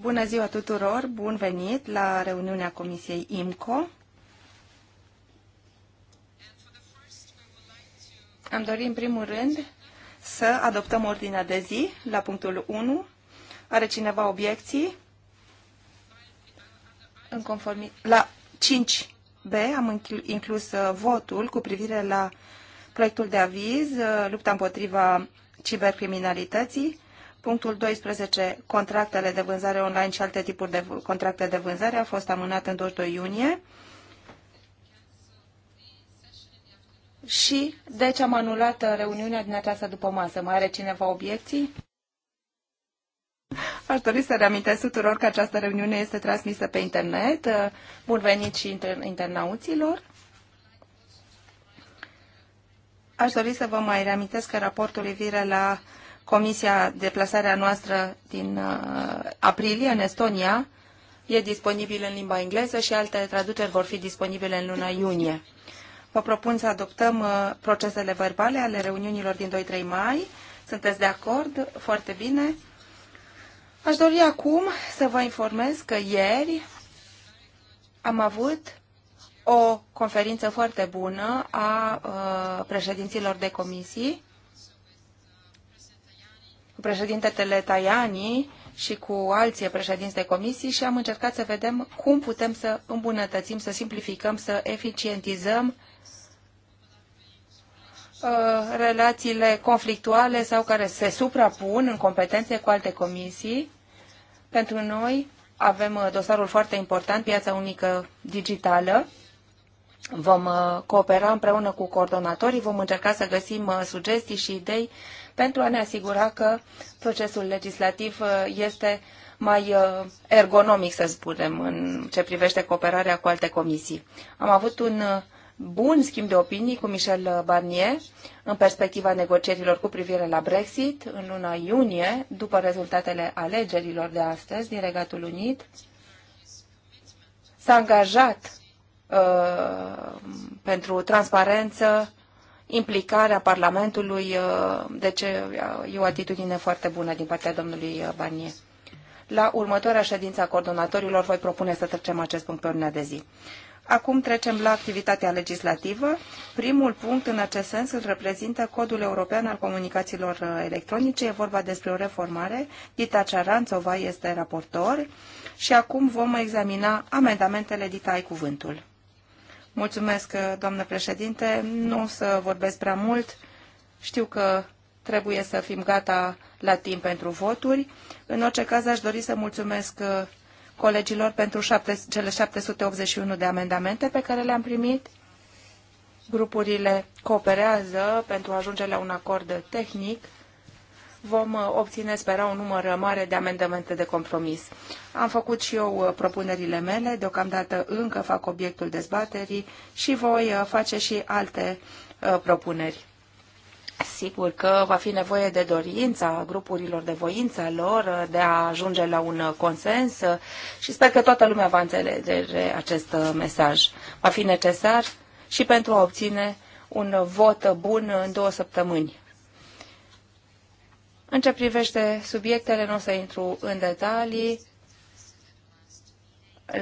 Bună ziua tuturor, bun venit la reuniunea Comisiei IMCO. Am dorit în primul rând să adoptăm ordinea de zi la punctul 1. Are cineva obiecții? În conformi... La 5B am inclus uh, votul cu privire la proiectul de aviz, uh, lupta împotriva cibercriminalității, Punctul 12, contractele de vânzare online și alte tipuri de contracte de vânzare a fost amânat în 22 iunie. Și, deci, am anulat uh, reuniunea din această după masă. Mai are cineva obiecții? Aș dori să reamintesc tuturor că această reuniune este transmisă pe internet. Uh, bun venit și internauților. Aș dori să vă mai reamintesc că raportul privire la comisia deplasarea noastră din uh, aprilie în Estonia e disponibil în limba engleză și alte traduceri vor fi disponibile în luna iunie. Vă propun să adoptăm uh, procesele verbale ale reuniunilor din 2-3 mai. Sunteți de acord? Foarte bine. Aș dori acum să vă informez că ieri am avut o conferință foarte bună a uh, președinților de comisii cu președintele Tajani și cu alții președinți de comisii și am încercat să vedem cum putem să îmbunătățim, să simplificăm, să eficientizăm uh, relațiile conflictuale sau care se suprapun în competențe cu alte comisii. Pentru noi avem uh, dosarul foarte important, piața unică digitală. Vom uh, coopera împreună cu coordonatorii, vom încerca să găsim uh, sugestii și idei pentru a ne asigura că procesul legislativ uh, este mai ergonomic, să spunem, în ce privește cooperarea cu alte comisii. Am avut un bun schimb de opinii cu Michel Barnier în perspectiva negocierilor cu privire la Brexit în luna iunie, după rezultatele alegerilor de astăzi din Regatul Unit. S-a angajat Uh, pentru transparență, implicarea Parlamentului, deci e o atitudine foarte bună din partea domnului uh, Barnier. La următoarea ședință a coordonatorilor voi propune să trecem acest punct pe ordinea de zi. Acum trecem la activitatea legislativă. Primul punct în acest sens îl reprezintă Codul European al Comunicațiilor Electronice. E vorba despre o reformare. Dita Cearanțova este raportor și acum vom examina amendamentele. Dita, ai cuvântul. Mulțumesc, uh, doamnă președinte. Nu o să vorbesc prea mult. Știu că trebuie să fim gata la timp pentru voturi. În orice caz, aș dori să mulțumesc uh, colegilor pentru șapte, cele 781 de amendamente pe care le-am primit. Grupurile cooperează pentru a ajunge la un acord tehnic vom uh, obține, spera, un număr mare de amendamente de compromis. Am făcut și eu uh, propunerile mele, deocamdată încă fac obiectul dezbaterii și voi uh, face și alte propuneri. Sigur că va fi nevoie de dorința grupurilor, de voința lor de a ajunge la un consens și sper că toată lumea va înțelege acest mesaj. Va fi necesar și pentru a obține un vot bun în două săptămâni. În ce privește subiectele, nu o să intru în detalii.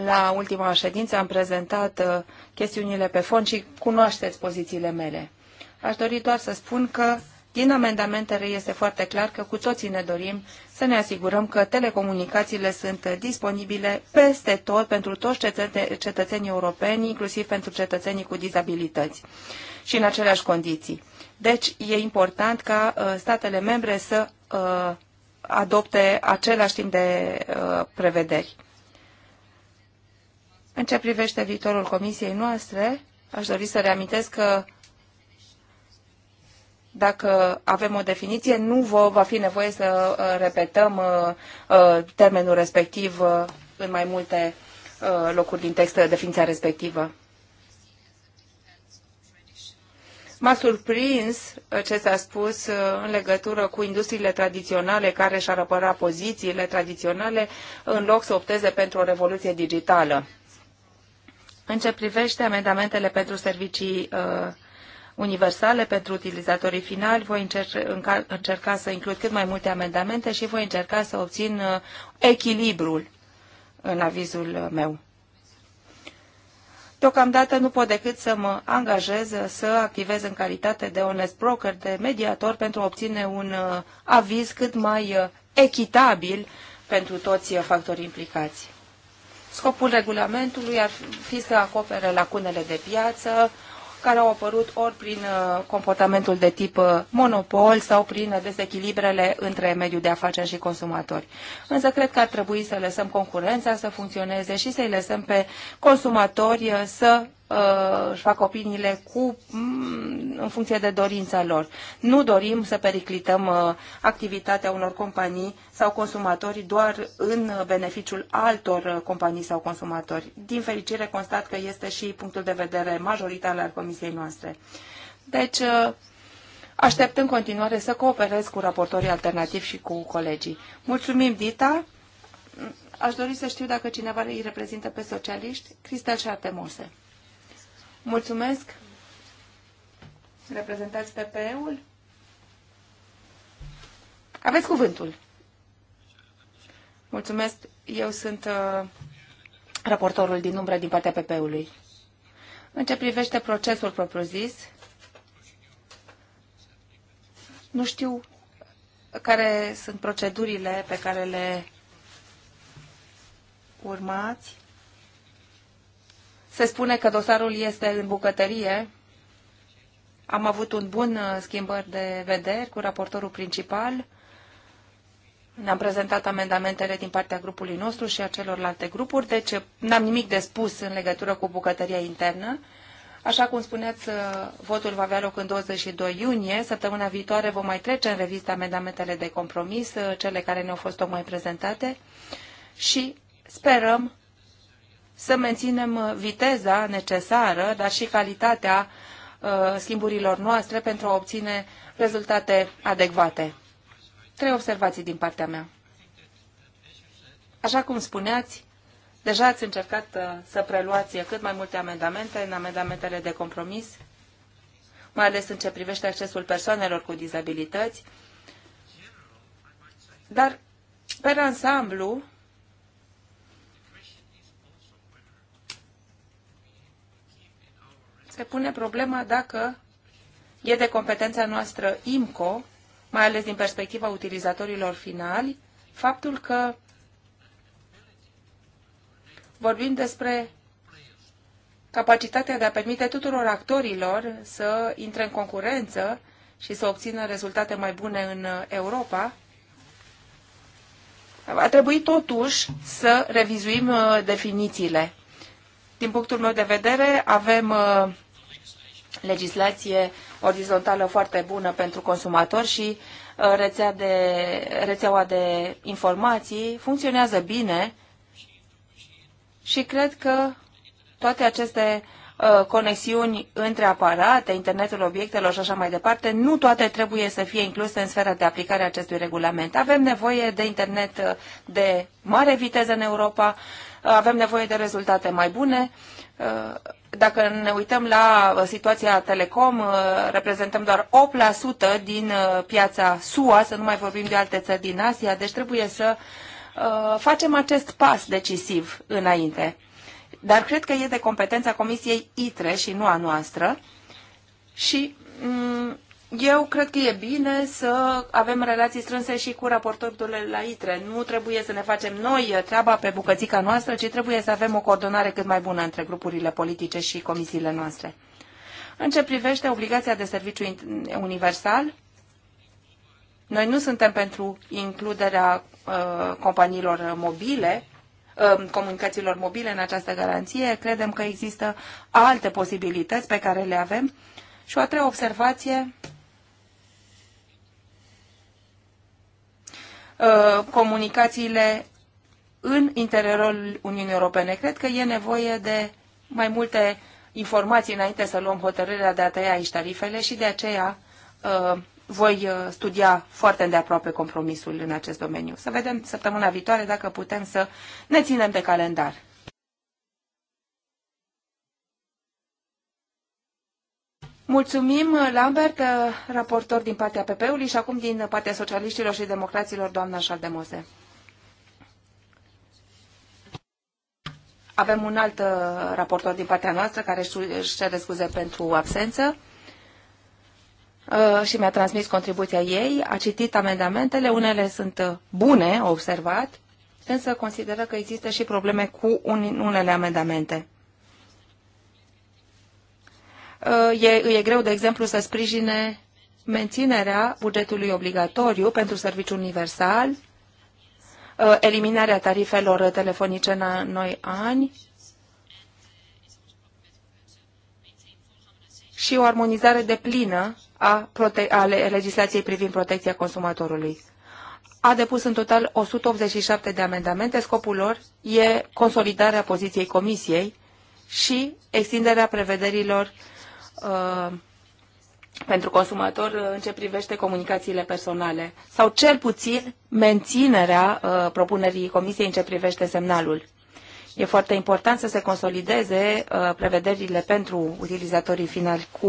La ultima ședință am prezentat uh, chestiunile pe fond și cunoașteți pozițiile mele. Aș dori doar să spun că din amendamentele este foarte clar că cu toții ne dorim să ne asigurăm că telecomunicațiile sunt disponibile peste tot pentru toți cetățenii europeni, inclusiv pentru cetățenii cu dizabilități și în aceleași condiții. Deci e important ca uh, statele membre să uh, adopte același timp de uh, prevederi. În ce privește viitorul comisiei noastre, aș dori să reamintesc că dacă avem o definiție, nu va fi nevoie să repetăm termenul respectiv în mai multe locuri din text, definiția respectivă. M-a surprins ce s-a spus uh, în legătură cu industriile tradiționale care și-ar apăra pozițiile tradiționale în loc să opteze pentru o revoluție digitală. În ce privește amendamentele pentru servicii uh, universale pentru utilizatorii finali, voi încerca, încerca să includ cât mai multe amendamente și voi încerca să obțin uh, echilibrul în avizul meu. Deocamdată nu pot decât să mă angajez să activez în calitate de honest broker, de mediator, pentru a obține un uh, aviz cât mai uh, echitabil pentru toți uh, factorii implicați. Scopul regulamentului ar fi să acopere lacunele de piață, care au apărut ori prin uh, comportamentul de tip uh, monopol sau prin dezechilibrele între mediul de afaceri și consumatori. Însă cred că ar trebui să lăsăm concurența să funcționeze și să-i lăsăm pe consumatori uh, să Uh, își fac opiniile cu, mm, în funcție de dorința lor. Nu dorim să periclităm uh, activitatea unor companii sau consumatori doar în beneficiul altor uh, companii sau consumatori. Din fericire constat că este și punctul de vedere majoritar al comisiei noastre. Deci, Aștept în continuare să cooperez cu raportorii alternativi și cu colegii. Mulțumim, Dita. Aș dori să știu dacă cineva îi reprezintă pe socialiști. Cristel Șartemose. Mulțumesc. Reprezentați PPE-ul? Aveți cuvântul. Mulțumesc. Eu sunt uh, raportorul din umbră din partea PP-ului. În ce privește procesul propriu-zis, nu știu care sunt procedurile pe care le urmați se spune că dosarul este în bucătărie. Am avut un bun uh, schimbări de vederi cu raportorul principal. Ne-am prezentat amendamentele din partea grupului nostru și a celorlalte grupuri, deci uh, n-am nimic de spus în legătură cu bucătăria internă. Așa cum spuneați, uh, votul va avea loc în 22 iunie. Săptămâna viitoare vom mai trece în revistă amendamentele de compromis, cele care ne-au fost tocmai prezentate și sperăm să menținem uh, viteza necesară, dar și calitatea uh, schimburilor noastre pentru a obține rezultate adecvate. Trei observații din partea mea. Așa cum spuneați, deja ați încercat uh, să preluați cât mai multe amendamente în amendamentele de compromis, mai ales în ce privește accesul persoanelor cu dizabilități, dar, pe ansamblu, se pune problema dacă e de competența noastră IMCO, mai ales din perspectiva utilizatorilor finali, faptul că vorbim despre capacitatea de a permite tuturor actorilor să intre în concurență și să obțină rezultate mai bune în Europa, va trebui totuși să revizuim uh, definițiile. Din punctul meu de vedere, avem uh, legislație orizontală foarte bună pentru consumator și uh, rețea de, rețeaua de informații funcționează bine și cred că toate aceste uh, conexiuni între aparate, internetul obiectelor și așa mai departe, nu toate trebuie să fie incluse în sfera de aplicare a acestui regulament. Avem nevoie de internet uh, de mare viteză în Europa, avem nevoie de rezultate mai bune Uh, dacă ne uităm la uh, situația Telecom, uh, reprezentăm doar 8% din piața SUA, să nu mai vorbim de alte țări din Asia, deci trebuie să facem acest pas decisiv înainte. Dar cred că e de competența Comisiei ITRE și nu a noastră și mm, eu cred că e bine să avem relații strânse și cu raportorul la ITRE. Nu trebuie să ne facem noi treaba pe bucățica noastră, ci trebuie să avem o coordonare cât mai bună între grupurile politice și comisiile noastre. În ce privește obligația de serviciu universal, noi nu suntem pentru includerea uh, companiilor mobile, uh, comunicațiilor mobile în această garanție. Credem că există alte posibilități pe care le avem. Și o a treia observație Uh, comunicațiile în interiorul Uniunii Europene. Cred că e nevoie de mai multe informații înainte să luăm hotărârea de a tăia aici tarifele și de aceea uh, voi uh, studia foarte îndeaproape compromisul în acest domeniu. Să vedem săptămâna viitoare dacă putem să ne ținem de calendar. Mulțumim, Lambert, uh, raportor din partea PP-ului și acum din partea socialiștilor și democraților, doamna Șaldemoze. Avem un alt uh, raportor din partea noastră care își cere scuze pentru absență uh, și mi-a transmis contribuția ei, a citit amendamentele, unele sunt bune, observat, însă consideră că există și probleme cu unele amendamente. Uh, e, îi e greu, de exemplu, să sprijine menținerea bugetului obligatoriu pentru serviciu universal, uh, eliminarea tarifelor telefonice în noi ani și o armonizare de plină a, a legislației privind protecția consumatorului a depus în total 187 de amendamente. Scopul lor e consolidarea poziției Comisiei și extinderea prevederilor Uh, pentru consumator uh, în ce privește comunicațiile personale sau cel puțin menținerea uh, propunerii Comisiei în ce privește semnalul. E foarte important să se consolideze uh, prevederile pentru utilizatorii finali cu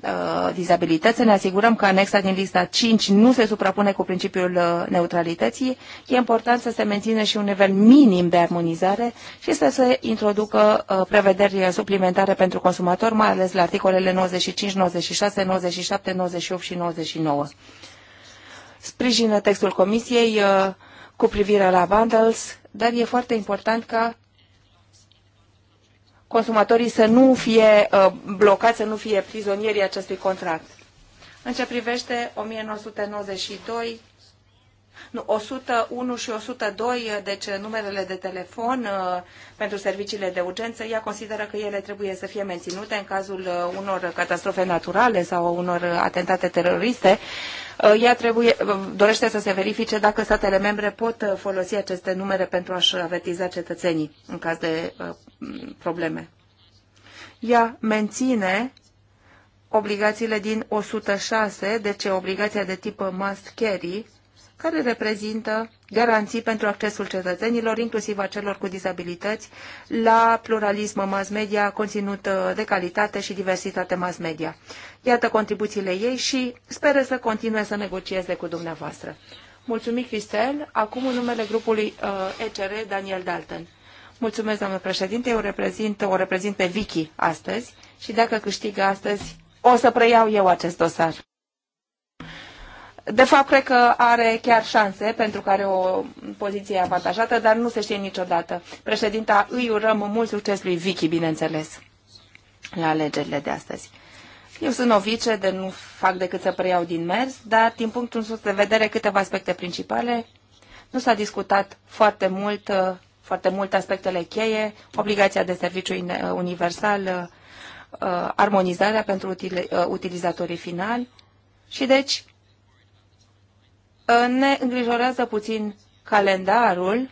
uh, dizabilități, să ne asigurăm că anexa din lista 5 nu se suprapune cu principiul uh, neutralității. E important să se mențină și un nivel minim de armonizare și să se introducă prevederi suplimentare pentru consumator, mai ales la articolele 95, 96, 97, 98 și 99. Sprijină textul Comisiei cu privire la bundles, dar e foarte important ca consumatorii să nu fie uh, blocați, să nu fie prizonierii acestui contract. În ce privește 1992, nu, 101 și 102, uh, deci uh, numerele de telefon pentru serviciile de urgență, ea consideră că ele trebuie să fie menținute în cazul unor catastrofe naturale sau unor atentate teroriste. Uh, ea trebuie, uh, dorește să se verifice dacă statele membre pot uh, folosi aceste numere pentru a-și avertiza cetățenii în caz de probleme. Ea menține obligațiile din 106, deci obligația de tip must carry, care reprezintă garanții pentru accesul cetățenilor, inclusiv a celor cu dizabilități, la pluralism mass media, conținut uh, de calitate și diversitate mass media. Iată contribuțiile ei și speră să continue să negocieze cu dumneavoastră. Mulțumim, Cristel. Acum, în numele grupului uh, ECR, Daniel Dalton. Mulțumesc, doamnă președinte. Eu reprezint, o reprezint pe Vicky astăzi și dacă câștigă astăzi, o să preiau eu acest dosar. De fapt, cred că are chiar șanse pentru că are o poziție avantajată, dar nu se știe niciodată. Președinta, îi urăm mult succes lui Vicky, bineînțeles, la alegerile de astăzi. Eu sunt novice, de nu fac decât să preiau din mers, dar din punctul sus de vedere câteva aspecte principale. Nu s-a discutat foarte mult, foarte mult aspectele cheie, obligația de serviciu universal, uh, armonizarea pentru uh, utilizatorii finali și deci Uh, ne îngrijorează puțin calendarul.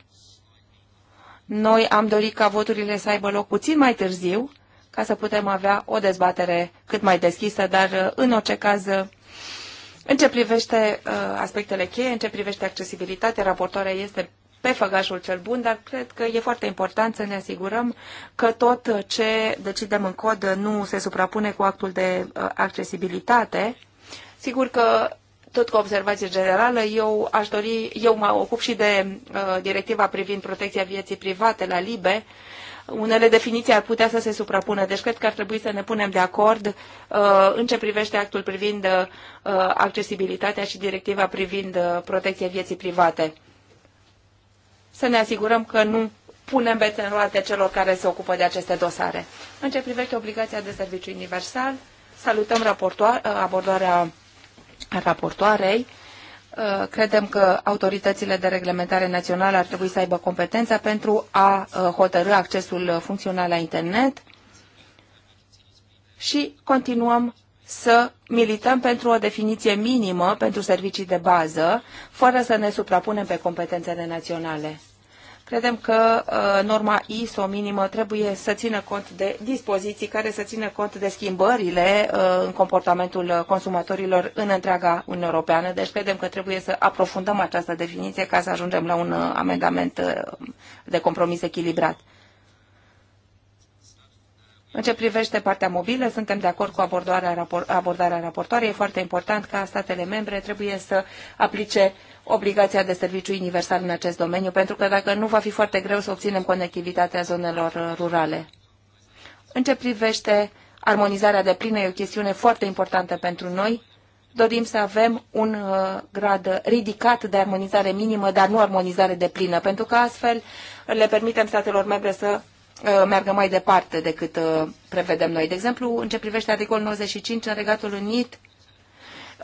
Noi am dorit ca voturile să aibă loc puțin mai târziu, ca să putem avea o dezbatere cât mai deschisă, dar uh, în orice caz, uh, în ce privește aspectele cheie, în ce privește accesibilitatea, raportoarea este pe făgașul cel bun, dar cred că e foarte important să ne asigurăm că tot ce decidem în cod nu se suprapune cu actul de accesibilitate. Sigur că tot cu observație generală, eu aș dori, eu mă ocup și de uh, directiva privind protecția vieții private la LIBE. Unele definiții ar putea să se suprapună, deci cred că ar trebui să ne punem de acord uh, în ce privește actul privind uh, accesibilitatea și directiva privind uh, protecția vieții private. Să ne asigurăm că nu punem bețe în roate celor care se ocupă de aceste dosare. În ce privește obligația de serviciu universal, salutăm uh, abordarea raportoarei, uh, credem că autoritățile de reglementare națională ar trebui să aibă competența pentru a uh, hotărâ accesul funcțional la internet și continuăm să milităm pentru o definiție minimă pentru servicii de bază, fără să ne suprapunem pe competențele naționale. Credem că uh, norma ISO minimă trebuie să țină cont de dispoziții care să țină cont de schimbările uh, în comportamentul uh, consumatorilor în întreaga Uniune Europeană. Deci credem că trebuie să aprofundăm această definiție ca să ajungem la un amendament de compromis echilibrat. În ce privește partea mobilă, suntem de acord cu abordarea, abordarea raportoarei. E foarte important ca statele membre trebuie să aplice obligația de serviciu universal în acest domeniu, pentru că dacă nu va fi foarte greu să obținem conectivitatea zonelor rurale. În ce privește armonizarea de plină, e o chestiune foarte importantă pentru noi. Dorim să avem un uh, grad ridicat de armonizare minimă, dar nu armonizare de plină, pentru că astfel le permitem statelor membre să uh, meargă mai departe decât uh, prevedem noi. De exemplu, în ce privește articolul 95 în Regatul Unit,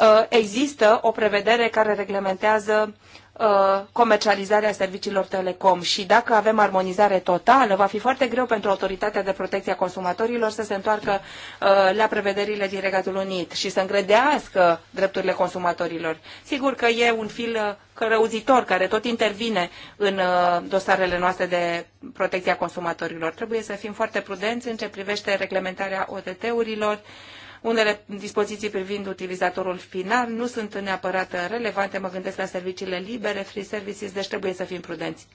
Uh, există o prevedere care reglementează uh, comercializarea serviciilor telecom și dacă avem armonizare totală, va fi foarte greu pentru Autoritatea de Protecție a Consumatorilor să se întoarcă uh, la prevederile din Regatul Unit și să îngrădească drepturile consumatorilor. Sigur că e un fil cărăuzitor care tot intervine în dosarele noastre de protecție a consumatorilor. Trebuie să fim foarte prudenți în ce privește reglementarea OTT-urilor, unele dispoziții privind utilizatorul final nu sunt neapărat relevante, mă gândesc la serviciile libere, free services, deci trebuie să fim prudenți.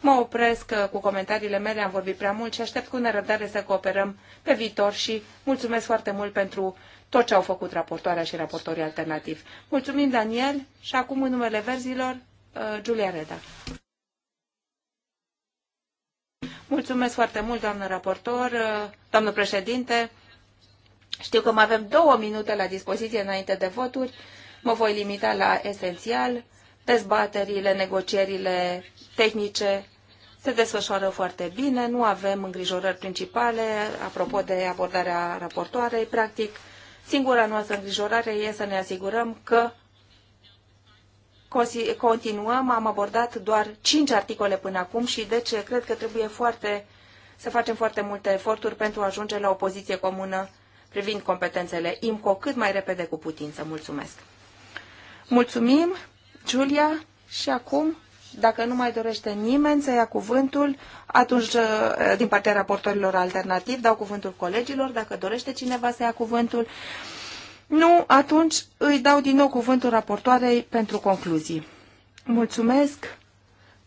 Mă opresc uh, cu comentariile mele, am vorbit prea mult și aștept cu nerăbdare să cooperăm pe viitor și mulțumesc foarte mult pentru tot ce au făcut raportoarea și raportorii alternativi. Mulțumim, Daniel, și acum în numele verzilor, uh, Giulia Reda. Mulțumesc foarte mult, doamnă raportor, uh, doamnă președinte. Știu că mai avem două minute la dispoziție înainte de voturi. Mă voi limita la esențial. Dezbaterile, negocierile tehnice se desfășoară foarte bine, nu avem îngrijorări principale apropo de abordarea raportoarei. Practic, singura noastră îngrijorare e să ne asigurăm că continuăm, am abordat doar cinci articole până acum și deci cred că trebuie foarte, să facem foarte multe eforturi pentru a ajunge la o poziție comună privind competențele IMCO cât mai repede cu putință. Mulțumesc! Mulțumim, Julia, și acum, dacă nu mai dorește nimeni să ia cuvântul, atunci, uh, din partea raportorilor alternativ, dau cuvântul colegilor, dacă dorește cineva să ia cuvântul. Nu, atunci îi dau din nou cuvântul raportoarei pentru concluzii. Mulțumesc!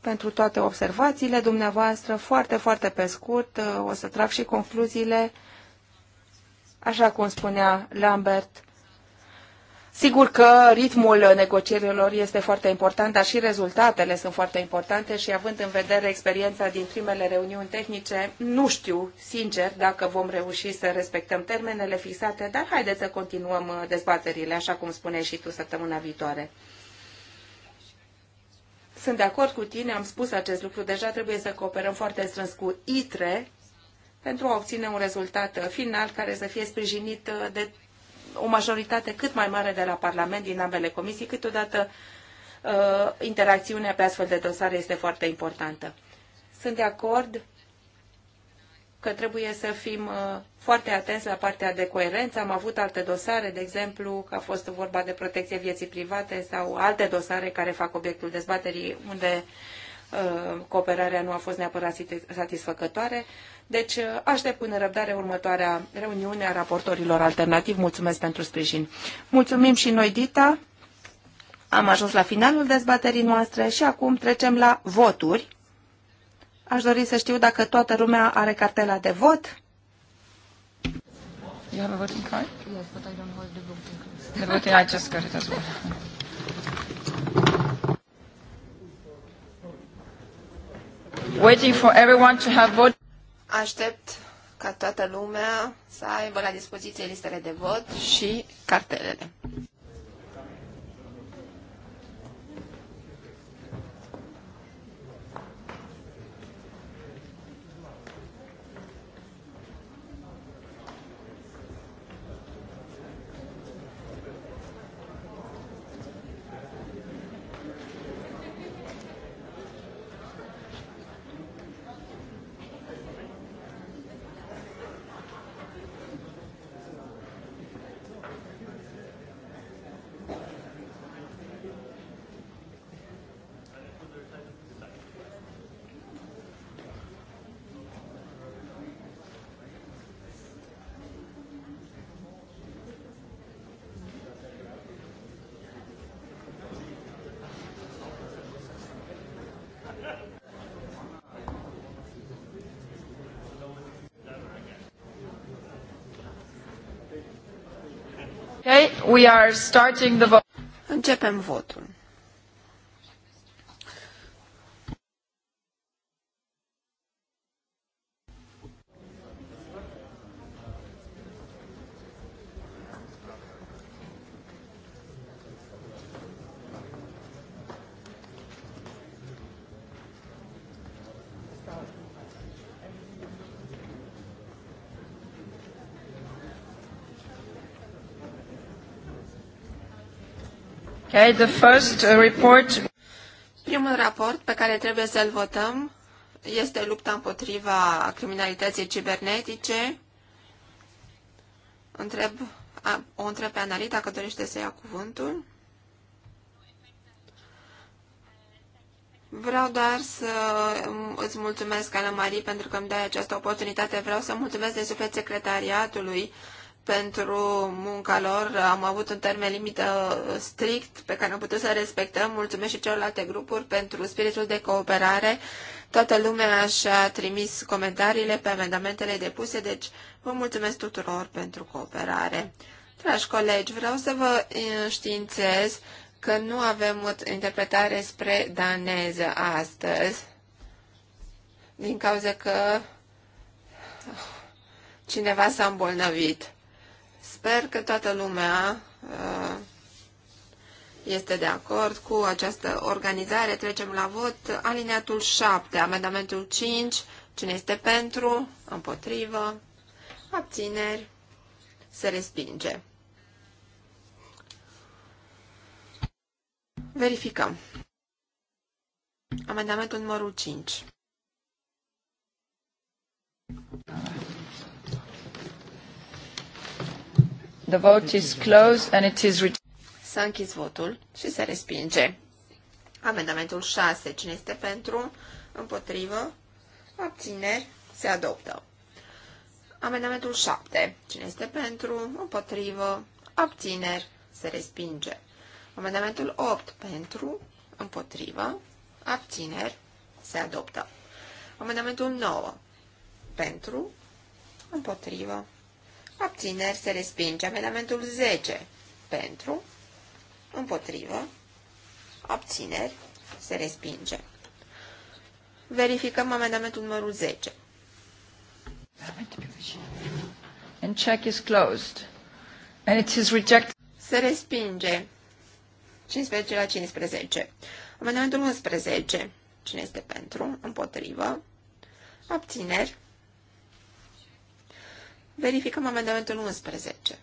pentru toate observațiile dumneavoastră. Foarte, foarte pe scurt, uh, o să trag și concluziile Așa cum spunea Lambert, Sigur că ritmul negocierilor este foarte important, dar și rezultatele sunt foarte importante și având în vedere experiența din primele reuniuni tehnice, nu știu, sincer, dacă vom reuși să respectăm termenele fixate, dar haideți să continuăm uh, dezbaterile, așa cum spuneai și tu săptămâna viitoare. Sunt de acord cu tine, am spus acest lucru, deja trebuie să cooperăm foarte strâns cu ITRE, pentru a obține un rezultat final care să fie sprijinit de o majoritate cât mai mare de la Parlament din ambele comisii. Câteodată uh, interacțiunea pe astfel de dosare este foarte importantă. Sunt de acord că trebuie să fim uh, foarte atenți la partea de coerență. Am avut alte dosare, de exemplu, că a fost vorba de protecție vieții private sau alte dosare care fac obiectul dezbaterii unde uh, cooperarea nu a fost neapărat satisfăcătoare. Deci uh, aștept cu nerăbdare următoarea reuniune a raportorilor alternativ. Mulțumesc pentru sprijin. Mulțumim și noi, Dita. Am ajuns la finalul dezbaterii noastre și acum trecem la voturi. Aș dori să știu dacă toată lumea are cartela de vot. You have a voting card? Yes, but I don't hold the voting card. The voting, I just got it as well. Waiting for everyone to have voted. Aștept ca toată lumea să aibă la dispoziție listele de vot și cartelele. We are starting the vote. Începem votul. Okay, the first uh, report... Primul raport pe care trebuie să-l votăm este lupta împotriva criminalității cibernetice. Întreb, o întreb pe Anali dacă dorește să ia cuvântul. Vreau doar să îți mulțumesc, Ana Marie, pentru că îmi dai această oportunitate. Vreau să mulțumesc de suflet secretariatului pentru munca lor. Am avut un termen limită uh, strict pe care am putut să respectăm. Mulțumesc și celorlalte grupuri pentru spiritul de cooperare. Toată lumea și-a trimis comentariile pe amendamentele depuse, deci vă mulțumesc tuturor pentru cooperare. Dragi colegi, vreau să vă uh, științez că nu avem o interpretare spre daneză astăzi, din cauza că cineva s-a îmbolnăvit. Sper că toată lumea uh, este de acord cu această organizare. Trecem la vot. Alineatul 7, amendamentul 5. Cine este pentru? Împotrivă? Abțineri? Se respinge. Verificăm. Amendamentul numărul 5. The vote is closed and it is S-a închis votul și se respinge. Amendamentul 6. Cine este pentru? Împotrivă? Abțineri? Se adoptă. Amendamentul 7. Cine este pentru? Împotrivă? Abțineri? Se respinge. Amendamentul 8. Pentru? Împotrivă? Abțineri? Se adoptă. Amendamentul 9. Pentru? Împotrivă? abțineri se respinge. Amendamentul 10 pentru, împotrivă, abțineri se respinge. Verificăm amendamentul numărul 10. And check is closed. And it is rejected. Se respinge. 15 la 15. Amendamentul 11. Cine este pentru? Împotrivă. Abțineri. Verificăm amendamentul 11.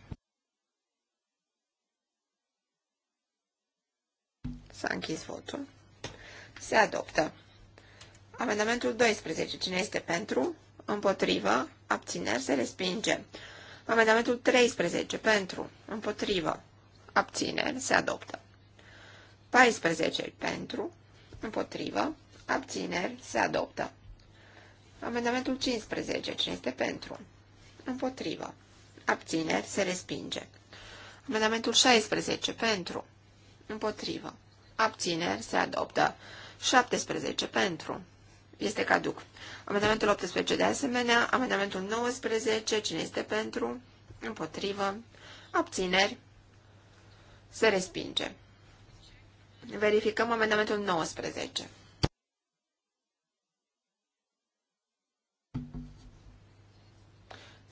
S-a închis votul. Se adoptă. Amendamentul 12. Cine este pentru? Împotrivă. Abțineri. Se respinge. Amendamentul 13. Pentru. Împotrivă. Abțineri. Se adoptă. 14. Pentru. Împotrivă. Abțineri. Se adoptă. Amendamentul 15. Cine este pentru? Împotrivă. Abțineri. Se respinge. Amendamentul 16. Pentru. Împotrivă. Abțineri. Se adoptă. 17. Pentru. Este caduc. Amendamentul 18 de asemenea. Amendamentul 19. Cine este pentru? Împotrivă. Abțineri. Se respinge. Verificăm amendamentul 19.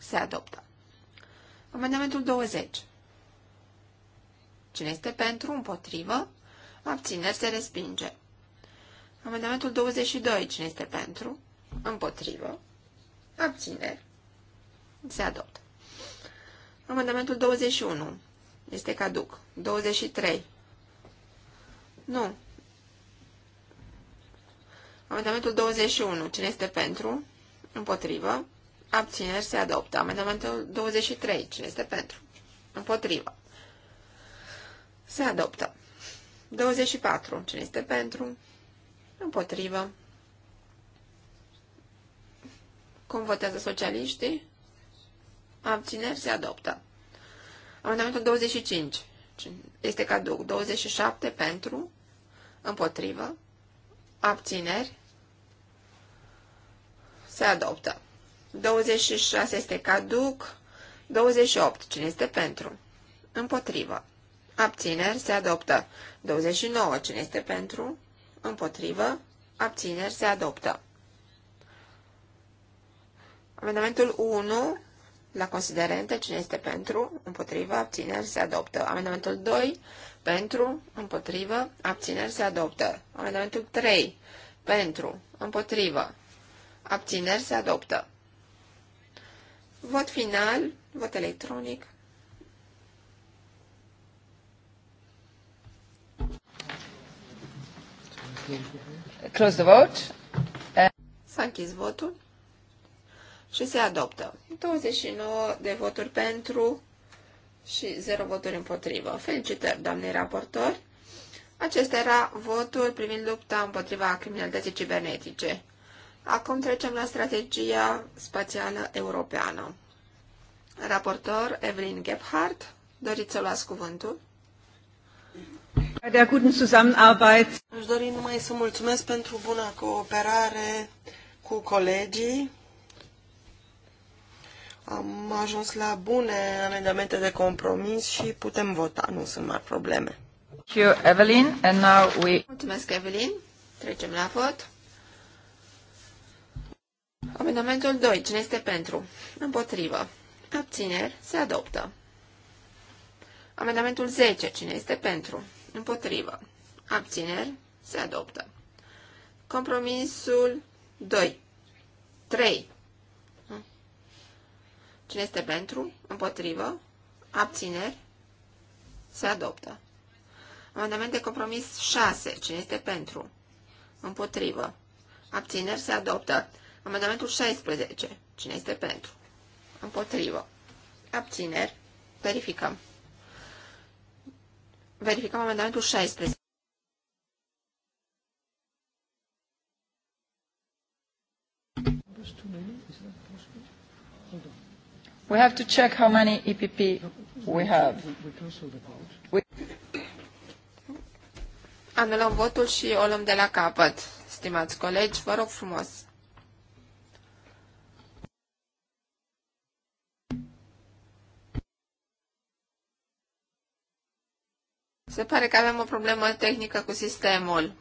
Se adoptă. Amendamentul 20. Cine este pentru, împotrivă, abțineri, se respinge. Amendamentul 22. Cine este pentru, împotrivă, abțineri, se adoptă. Amendamentul 21. Este caduc. 23. Nu. Amendamentul 21. Cine este pentru? Împotrivă. Abțineri se adoptă. Amendamentul 23. Cine este pentru? Împotrivă. Se adoptă. 24. Cine este pentru? Împotrivă. Cum votează socialiștii? Abțineri se adoptă. Amendamentul 25. Este caduc. 27 pentru. Împotrivă. Abțineri. Se adoptă. 26 este caduc. 28. Cine este pentru? Împotrivă. Abțineri se adoptă. 29. Cine este pentru? Împotrivă. Abțineri se adoptă. Amendamentul 1 la considerente. Cine este pentru? Împotrivă. Abțineri se adoptă. Amendamentul 2 pentru. Împotrivă. Abțineri se adoptă. Amendamentul 3 pentru. Împotrivă. Abțineri se adoptă. Vot final, vot electronic. Close the vote. S-a închis votul și se adoptă. 29 de voturi pentru și 0 voturi împotrivă. Felicitări, doamnei raportori! Acesta era votul privind lupta împotriva criminalității cibernetice. Acum trecem la strategia spațială europeană. Raportor Evelyn Gebhardt, doriți să luați cuvântul? Aș dori numai să mulțumesc pentru buna cooperare cu colegii. Am ajuns la bune amendamente de compromis și putem vota, nu sunt mari probleme. Evelyn. And now we... Mulțumesc, Evelyn. Trecem la vot. Amendamentul 2. Cine este pentru? Împotrivă. Abțineri. Se adoptă. Amendamentul 10. Cine este pentru? Împotrivă. Abțineri. Se adoptă. Compromisul 2. 3. Cine este pentru? Împotrivă. Abțineri. Se adoptă. Amendament de compromis 6. Cine este pentru? Împotrivă. Abțineri. Se adoptă. Amendamentul 16. Cine este pentru? Împotrivă. Abțineri. Verificăm. Verificăm amendamentul 16. We have to check how many EPP we have. Anulăm votul și o luăm de la capăt. Stimați colegi, vă rog frumos. Se pare că avem o problemă tehnică cu sistemul.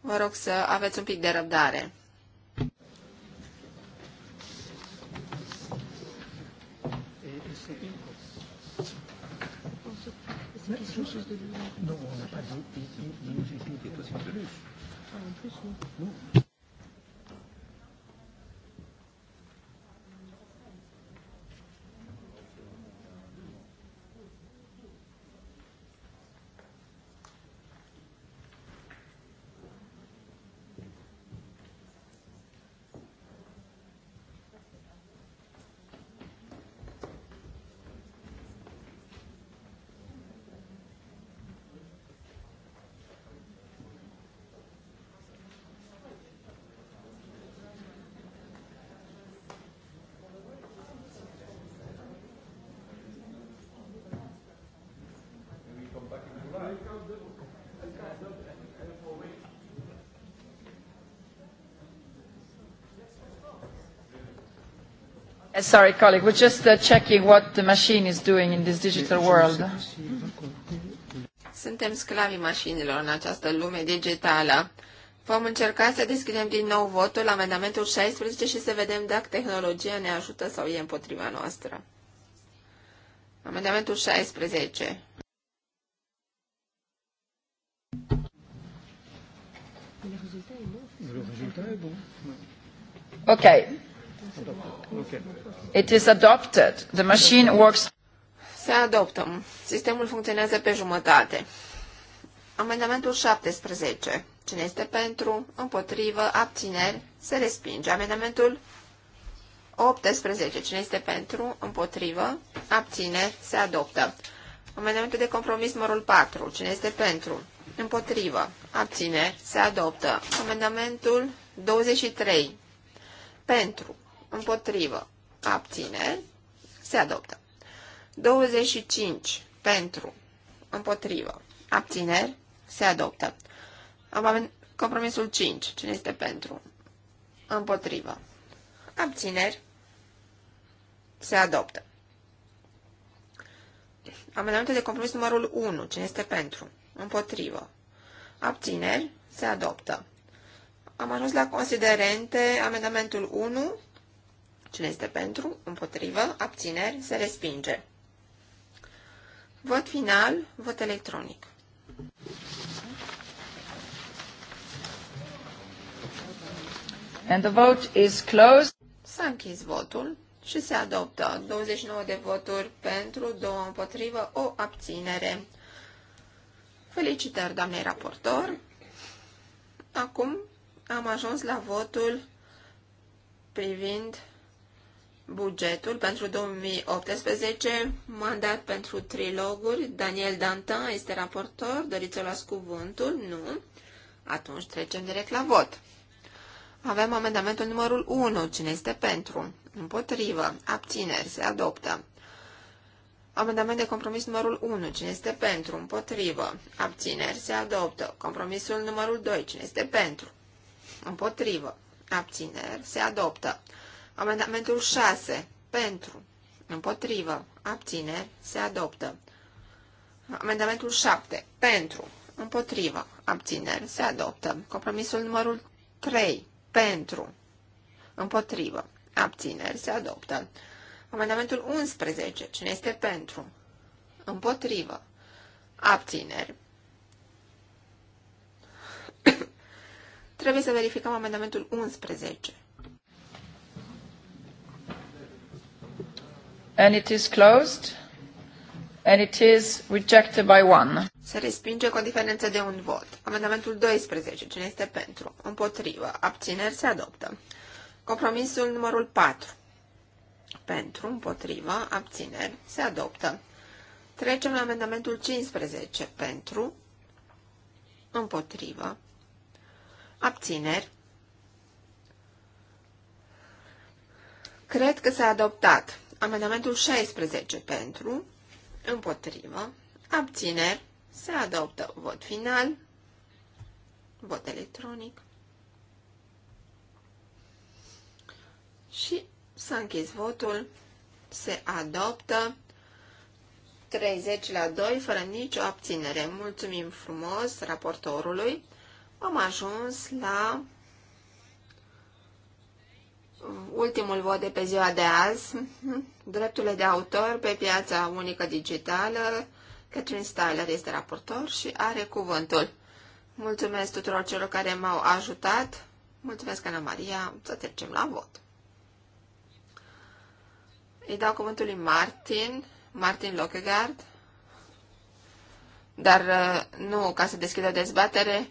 Vă rog să aveți un pic de răbdare. Non, on n'a pas de... Il, il, il nous explique des possibilités. Ah, en plus, non. non. Uh, sorry, colleague, we're just uh, checking what the machine is doing in this digital world. Suntem sclavii mașinilor în această lume digitală. Vom încerca să deschidem din nou votul la amendamentul 16 și să vedem dacă tehnologia ne ajută sau e împotriva noastră. Amendamentul 16. Okay, It is adopted. The machine works. Se adoptă. Sistemul funcționează pe jumătate. Amendamentul 17. Cine este pentru, împotrivă, abțineri, se respinge. Amendamentul 18. Cine este pentru, împotrivă, abțineri, se adoptă. Amendamentul de compromis numărul 4. Cine este pentru, împotrivă, abțineri, se adoptă. Amendamentul 23. Pentru, împotrivă, abțineri, se adoptă. 25 pentru, împotrivă, abțineri, se adoptă. Compromisul 5, cine este pentru, împotrivă, abțineri, se adoptă. Amendamentul de compromis numărul 1, cine este pentru, împotrivă, abțineri, se adoptă. Am ajuns la considerente amendamentul 1 Cine este pentru, împotrivă, abțineri, se respinge. Vot final, vot electronic. And the vote is closed. S-a închis votul și se adoptă 29 de voturi pentru, 2 împotrivă, o abținere. Felicitări, doamnei raportor. Acum am ajuns la votul privind bugetul pentru 2018, mandat pentru triloguri. Daniel Dantin este raportor. Doriți-o las cuvântul? Nu. Atunci trecem direct la vot. Avem amendamentul numărul 1. Cine este pentru? Împotrivă. Abțineri. Se adoptă. Amendament de compromis numărul 1. Cine este pentru? Împotrivă. Abțineri. Se adoptă. Compromisul numărul 2. Cine este pentru? Împotrivă. Abțineri. Se adoptă. Amendamentul 6. Pentru. Împotrivă. Abțineri. Se adoptă. Amendamentul 7. Pentru. Împotrivă. Abțineri. Se adoptă. Compromisul numărul 3. Pentru. Împotrivă. Abțineri. Se adoptă. Amendamentul 11. Cine este pentru? Împotrivă. Abțineri. Trebuie să verificăm amendamentul 11. and it is closed and it is rejected by one. Se respinge cu o diferență de un vot. Amendamentul 12. Cine este pentru? Împotrivă. Abțineri se adoptă. Compromisul numărul 4. Pentru, împotrivă, abțineri se adoptă. Trecem la amendamentul 15. Pentru, împotrivă, abțineri. Cred că s-a adoptat. Amendamentul 16 pentru, împotrivă, abțineri, se adoptă vot final, vot electronic. Și s-a închis votul, se adoptă 30 la 2, fără nicio abținere. Mulțumim frumos raportorului. Am ajuns la ultimul vot de pe ziua de azi, drepturile de autor pe piața unică digitală. Catherine Styler este raportor și are cuvântul. Mulțumesc tuturor celor care m-au ajutat. Mulțumesc, Ana Maria. Să trecem la vot. Îi dau cuvântul lui Martin, Martin Lockegaard. Dar uh, nu ca să deschidă o dezbatere,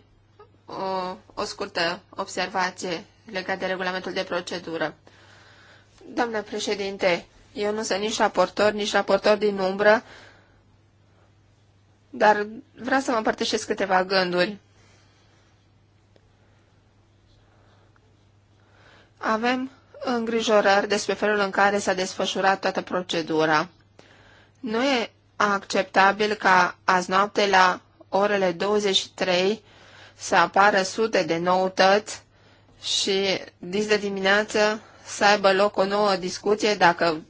o, o scurtă observație legat de regulamentul de procedură. Doamnă președinte, eu nu sunt nici raportor, nici raportor din umbră, dar vreau să vă împărtășesc câteva gânduri. Avem îngrijorări despre felul în care s-a desfășurat toată procedura. Nu e acceptabil ca azi noapte la orele 23 să apară sute de noutăți și dis de dimineață să aibă loc o nouă discuție dacă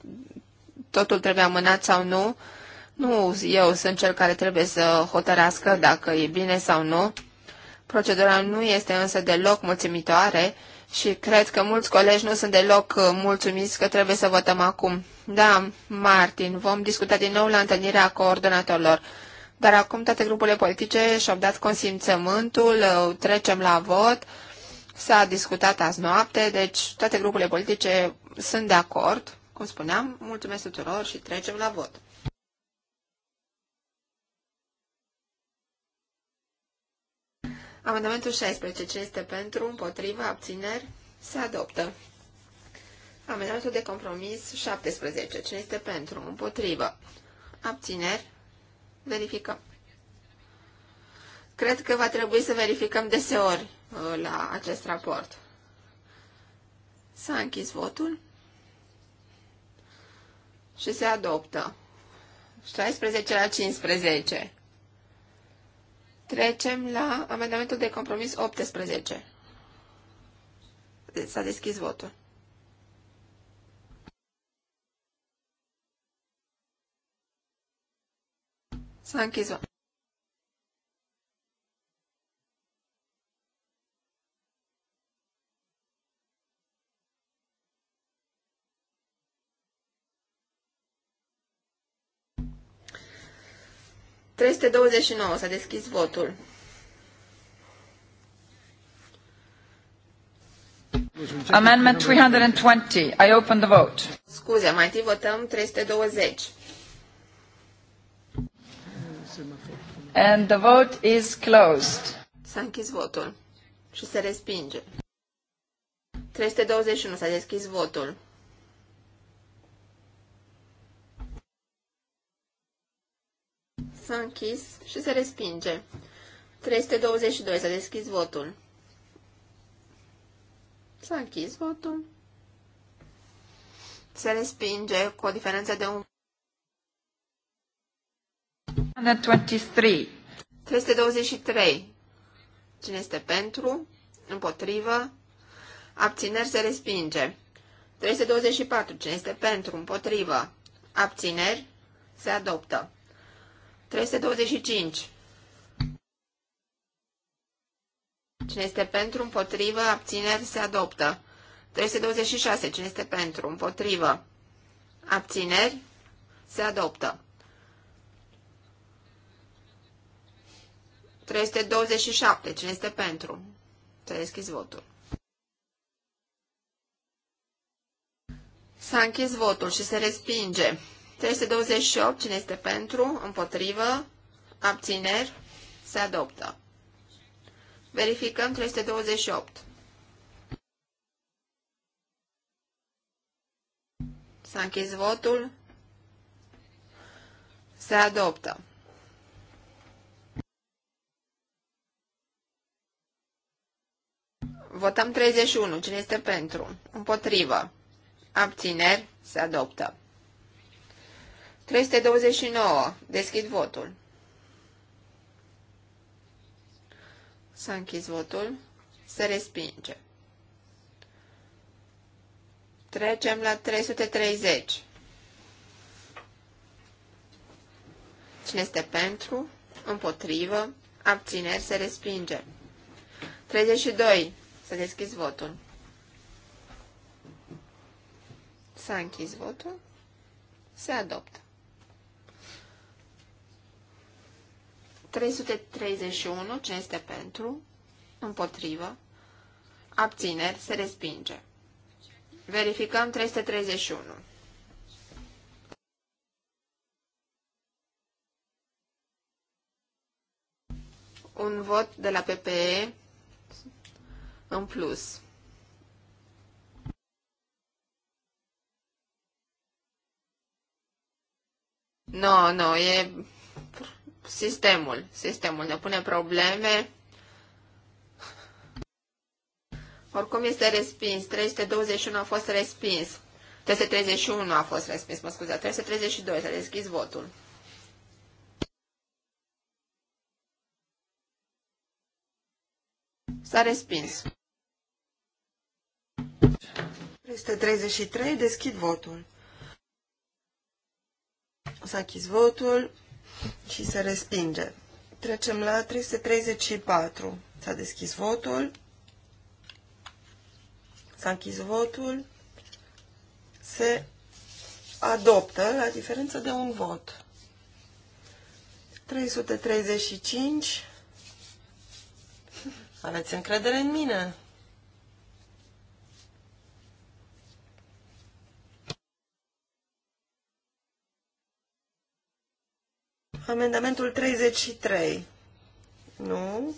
totul trebuie amânat sau nu. Nu eu sunt cel care trebuie să hotărască dacă e bine sau nu. Procedura nu este însă deloc mulțumitoare și cred că mulți colegi nu sunt deloc uh, mulțumiți că trebuie să votăm acum. Da, Martin, vom discuta din nou la întâlnirea coordonatorilor. Dar acum toate grupurile politice și-au dat consimțământul, uh, trecem la vot. S-a discutat azi noapte, deci toate grupurile politice sunt de acord. Cum spuneam, mulțumesc tuturor și trecem la vot. Amendamentul 16. Ce este pentru, împotriva, abțineri, se adoptă. Amendamentul de compromis 17. Ce este pentru, împotrivă, abțineri, verificăm. Cred că va trebui să verificăm deseori. Uh, la acest raport. S-a închis votul și se adoptă. 16 la 15. Trecem la amendamentul de compromis 18. S-a deschis votul. S-a închis votul. 329. S-a deschis votul. Amendment 320. I open the vote. Scuze, mai întâi votăm 320. And the vote is closed. S-a închis votul și se respinge. 321. S-a deschis votul. S-a închis și se respinge. 322. S-a deschis votul. S-a închis votul. Se respinge cu o diferență de un... 123. 323. Cine este pentru? Împotrivă? Abțineri se respinge. 324. Cine este pentru? Împotrivă? Abțineri se adoptă. 325. Cine este pentru, împotrivă, abțineri, se adoptă. 326. Cine este pentru, împotrivă, abțineri, se adoptă. 327. Cine este pentru? Să deschis votul. S-a închis votul și se respinge. 328. Cine este pentru? Împotrivă? Abțineri? Se adoptă. Verificăm 328. S-a închis votul. Se adoptă. Votăm 31. Cine este pentru? Împotrivă. Abțineri. Se adoptă. 329. Deschid votul. S-a închis votul. Se respinge. Trecem la 330. Cine este pentru? Împotrivă? Abțineri? Se respinge. 32. Să deschis votul. S-a închis votul. Se adoptă. 331, cine este pentru, împotrivă, abțineri, se respinge. Verificăm 331. Un vot de la PPE în plus. Nu, no, nu, no, e sistemul. Sistemul ne pune probleme. Oricum este respins. 321 a fost respins. 331 a fost respins, mă scuze. 332, s-a deschis votul. S-a respins. 333, deschid votul. S-a închis votul și se respinge. Trecem la 334. S-a deschis votul. S-a închis votul. Se adoptă la diferență de un vot. 335. Aveți încredere în mine. Amendamentul 33. Nu.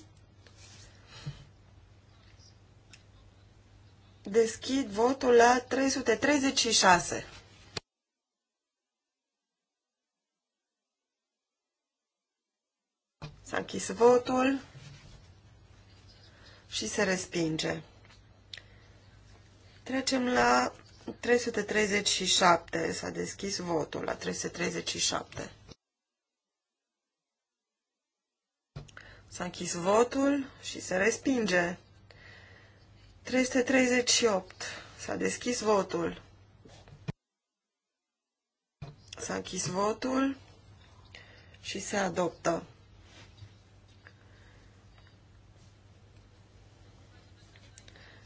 Deschid votul la 336. S-a închis votul și se respinge. Trecem la 337. S-a deschis votul la 337. S-a închis votul și se respinge. 338. S-a deschis votul. S-a închis votul și se adoptă.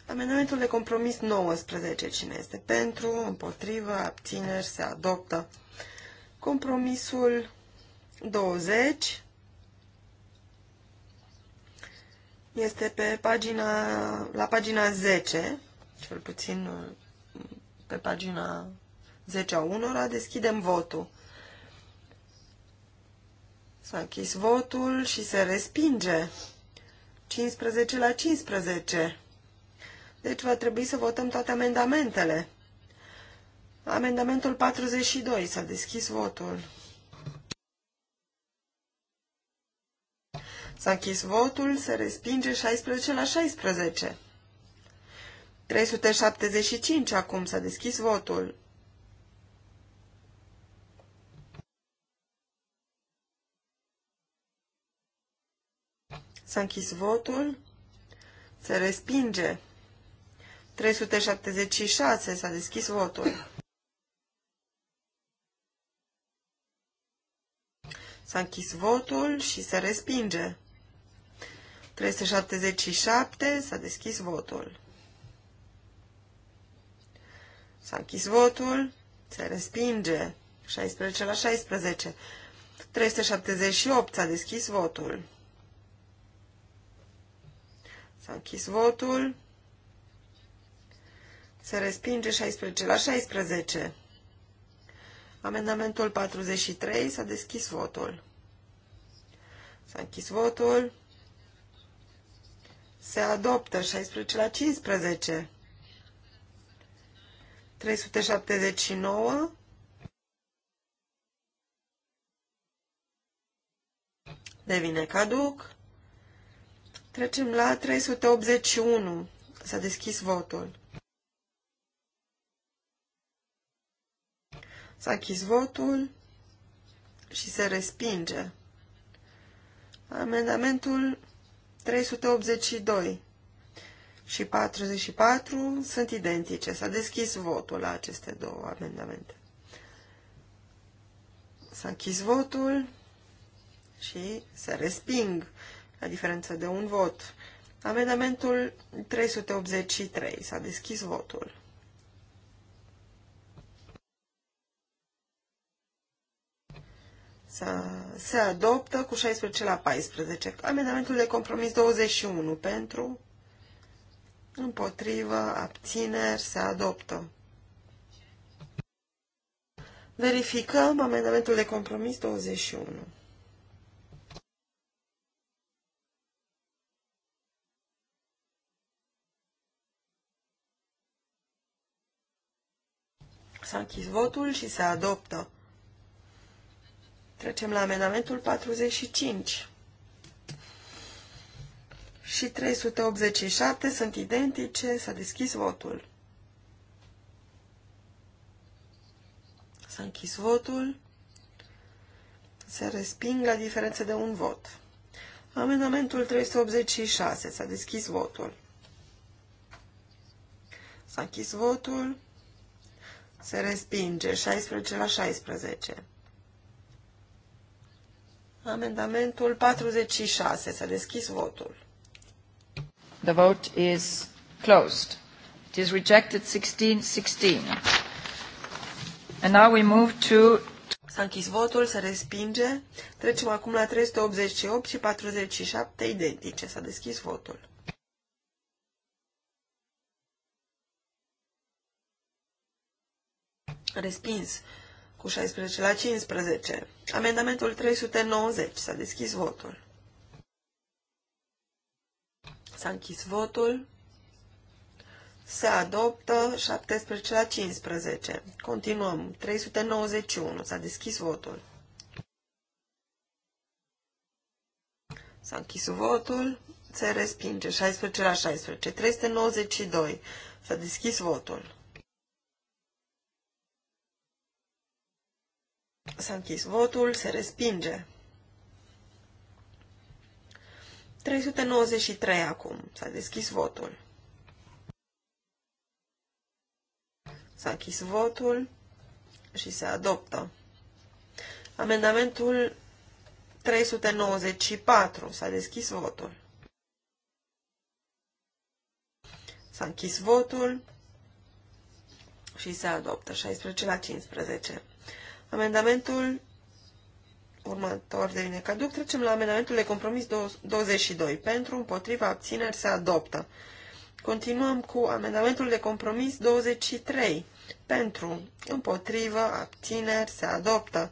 Amendamentul de compromis 19. Cine este pentru, împotrivă, abțineri, se adoptă. Compromisul 20. este pe pagina, la pagina 10, cel puțin pe pagina 10 a unora, deschidem votul. S-a închis votul și se respinge. 15 la 15. Deci va trebui să votăm toate amendamentele. Amendamentul 42. S-a deschis votul. S-a închis votul, se respinge 16 la 16. 375 acum s-a deschis votul. S-a închis votul, se respinge 376 s-a deschis votul. S-a închis votul și se respinge. 377. S-a deschis votul. S-a închis votul. Se respinge. 16 la 16. 378. S-a deschis votul. S-a închis votul. Se respinge 16 la 16. Amendamentul 43. S-a deschis votul. S-a închis votul se adoptă 16 la 15. 379 devine caduc. Trecem la 381. S-a deschis votul. S-a închis votul și se respinge. Amendamentul 382 și 44 sunt identice. S-a deschis votul la aceste două amendamente. S-a închis votul și se resping la diferență de un vot. Amendamentul 383. S-a deschis votul. să se adoptă cu 16 la 14. Amendamentul de compromis 21 pentru, împotrivă, abțineri, se adoptă. Verificăm amendamentul de compromis 21. S-a închis votul și se adoptă Trecem la amendamentul 45. Și 387 sunt identice. S-a deschis votul. S-a închis votul. Se resping la diferență de un vot. Amendamentul 386. S-a deschis votul. S-a închis votul. Se respinge 16 la 16. Amendamentul 46. S-a deschis votul. The vote is closed. It is rejected 16-16. And now we move to... S-a închis votul, se respinge. Trecem acum la 388 și 47 identice. S-a deschis votul. Respins cu 16 la 15. Amendamentul 390. S-a deschis votul. S-a închis votul. Se adoptă 17 la 15. Continuăm. 391. S-a deschis votul. S-a închis votul. Se respinge 16 la 16. 392. S-a deschis votul. S-a închis votul, se respinge. 393 acum. S-a deschis votul. S-a închis votul și se adoptă. Amendamentul 394. S-a deschis votul. S-a închis votul și se adoptă. 16 la 15. Amendamentul următor devine caduc. Trecem la amendamentul de compromis 22. Pentru, împotriva, abțineri se adoptă. Continuăm cu amendamentul de compromis 23. Pentru, împotrivă, abțineri se adoptă.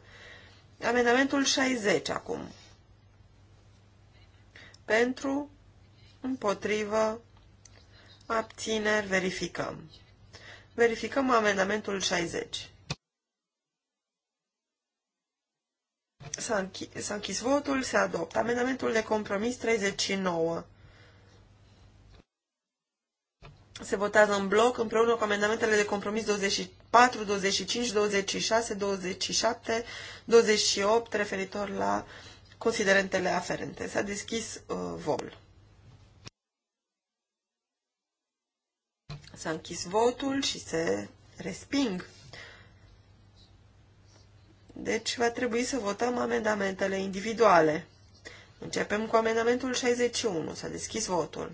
Amendamentul 60 acum. Pentru, împotrivă, abțineri verificăm. Verificăm amendamentul 60. S-a închis, închis votul, se adoptă. Amendamentul de compromis 39. Se votează în bloc împreună cu amendamentele de compromis 24, 25, 26, 27, 28 referitor la considerentele aferente. S-a deschis uh, vol. S-a închis votul și se resping. Deci va trebui să votăm amendamentele individuale. Începem cu amendamentul 61. S-a deschis votul.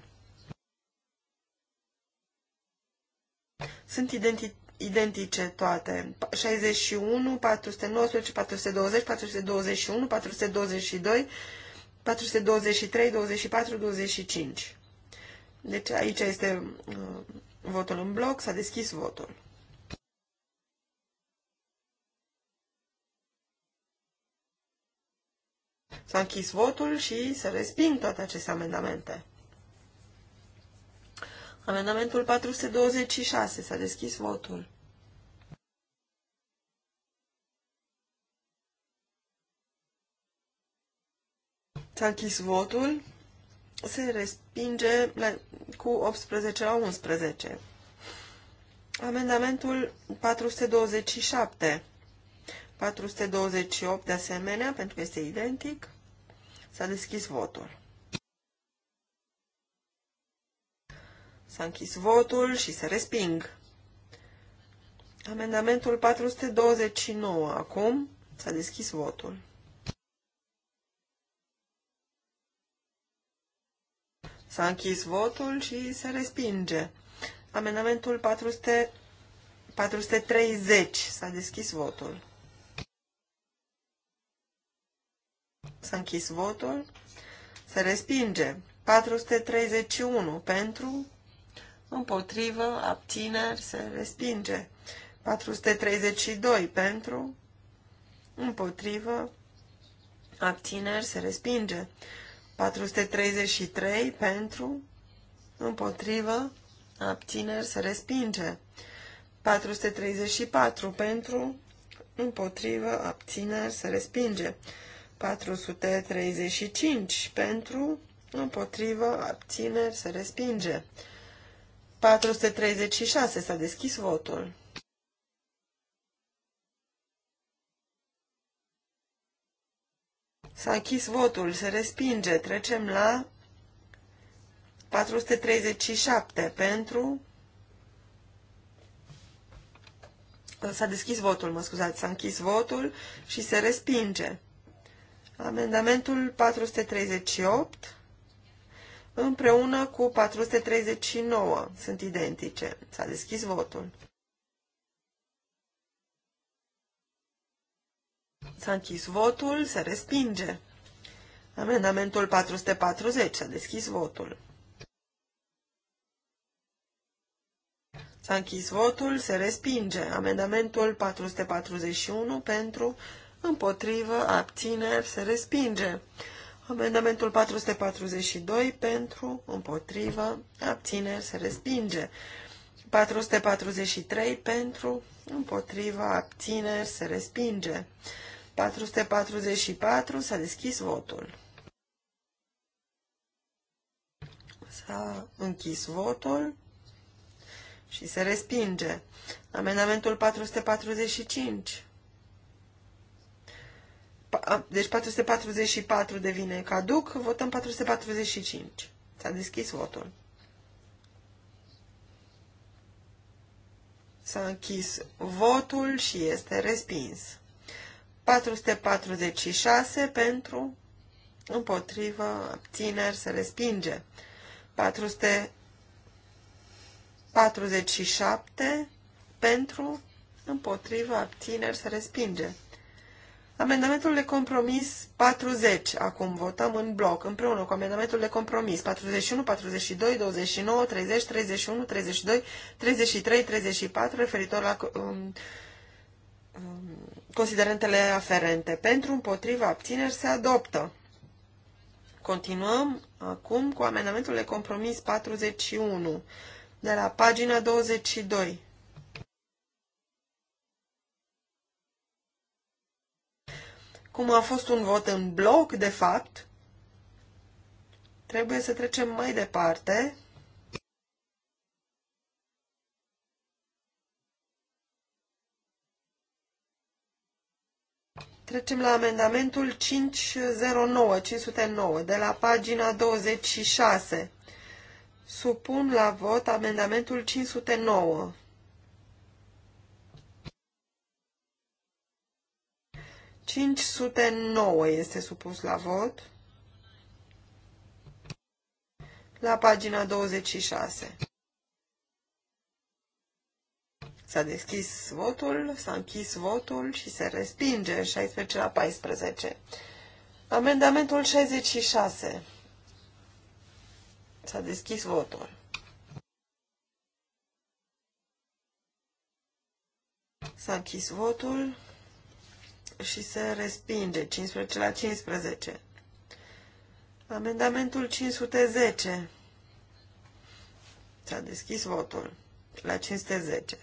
Sunt identi identice toate. 61, 419, 420, 421, 422, 423, 24, 25. Deci aici este uh, votul în bloc. S-a deschis votul. S-a închis votul și să resping toate aceste amendamente. Amendamentul 426. S-a deschis votul. S-a închis votul. Se respinge la, cu 18 la 11. Amendamentul 427. 428 de asemenea, pentru că este identic. S-a deschis votul. S-a închis votul și se resping. Amendamentul 429 acum s-a deschis votul. S-a închis votul și se respinge. Amendamentul 400, 430 s-a deschis votul. S-a închis votul. Se respinge. 431 pentru, împotrivă, abțineri, se respinge. 432 pentru, împotrivă, abțineri, se respinge. 433 pentru, împotrivă, abțineri, se respinge. 434 pentru, împotrivă, abțineri, se respinge. 435 pentru, împotrivă, abțineri, se respinge. 436 s-a deschis votul. S-a închis votul, se respinge. Trecem la 437 pentru... S-a deschis votul, mă scuzați, s-a închis votul și se respinge. Amendamentul 438 împreună cu 439 sunt identice. S-a deschis votul. S-a închis votul, se respinge. Amendamentul 440 s-a deschis votul. S-a închis votul, se respinge. Amendamentul 441 pentru împotrivă, abțineri, se respinge. Amendamentul 442 pentru, împotrivă, abțineri, se respinge. 443 pentru, împotrivă, abțineri, se respinge. 444 s-a deschis votul. S-a închis votul și se respinge. Amendamentul 445 deci 444 devine caduc, votăm 445. S-a deschis votul. S-a închis votul și este respins. 446 pentru, împotrivă, abțineri, se respinge. 447 pentru, împotrivă, abțineri, se respinge. Amendamentul de compromis 40, acum votăm în bloc, împreună cu amendamentul de compromis 41, 42, 29, 30, 31, 32, 33, 34, referitor la um, um, considerentele aferente. Pentru, împotriva, abțineri se adoptă. Continuăm acum cu amendamentul de compromis 41, de la pagina 22. cum a fost un vot în bloc, de fapt, trebuie să trecem mai departe. Trecem la amendamentul 509, 509, de la pagina 26. Supun la vot amendamentul 509. 509 este supus la vot. La pagina 26. S-a deschis votul, s-a închis votul și se respinge 16 la 14. Amendamentul 66. S-a deschis votul. S-a închis votul și se respinge. 15 la 15. Amendamentul 510. S-a deschis votul la 510.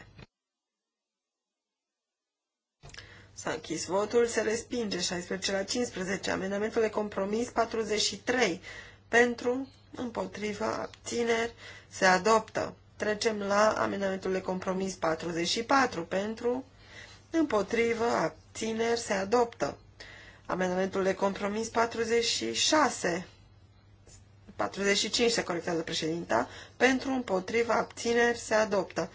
S-a închis votul, se respinge 16 la 15. Amendamentul de compromis 43 pentru, împotriva, abțineri, se adoptă. Trecem la amendamentul de compromis 44 pentru, împotrivă, abțineri tineri se adoptă. Amendamentul de compromis 46, 45 se corectează președinta, pentru împotriva abțineri se adoptă.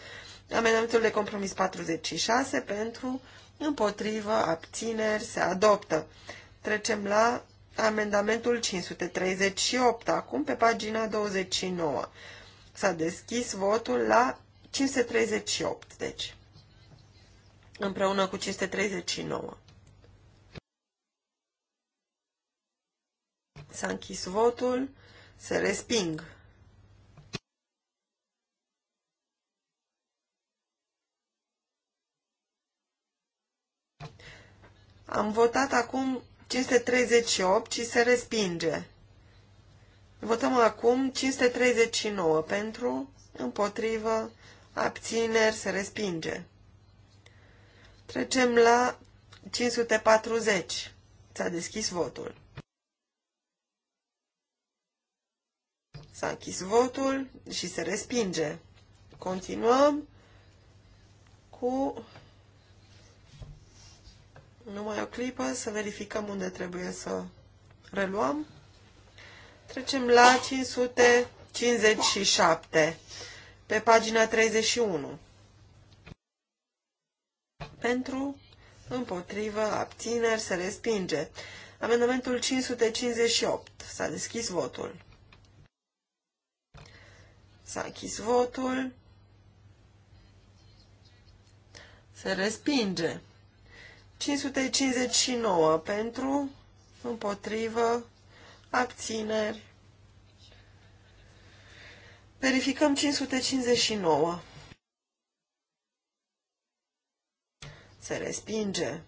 Amendamentul de compromis 46 pentru împotrivă abțineri se adoptă. Trecem la amendamentul 538, acum pe pagina 29. S-a deschis votul la 538, deci împreună cu 539. S-a închis votul, se resping. Am votat acum 538 și se respinge. Votăm acum 539 pentru, împotrivă, abțineri, se respinge. Trecem la 540. S-a deschis votul. S-a închis votul și se respinge. Continuăm cu numai o clipă să verificăm unde trebuie să reluăm. Trecem la 557 pe pagina 31 pentru, împotrivă, abțineri, se respinge. Amendamentul 558. S-a deschis votul. S-a închis votul. Se respinge. 559 pentru, împotrivă, abțineri. Verificăm 559. Se respinge.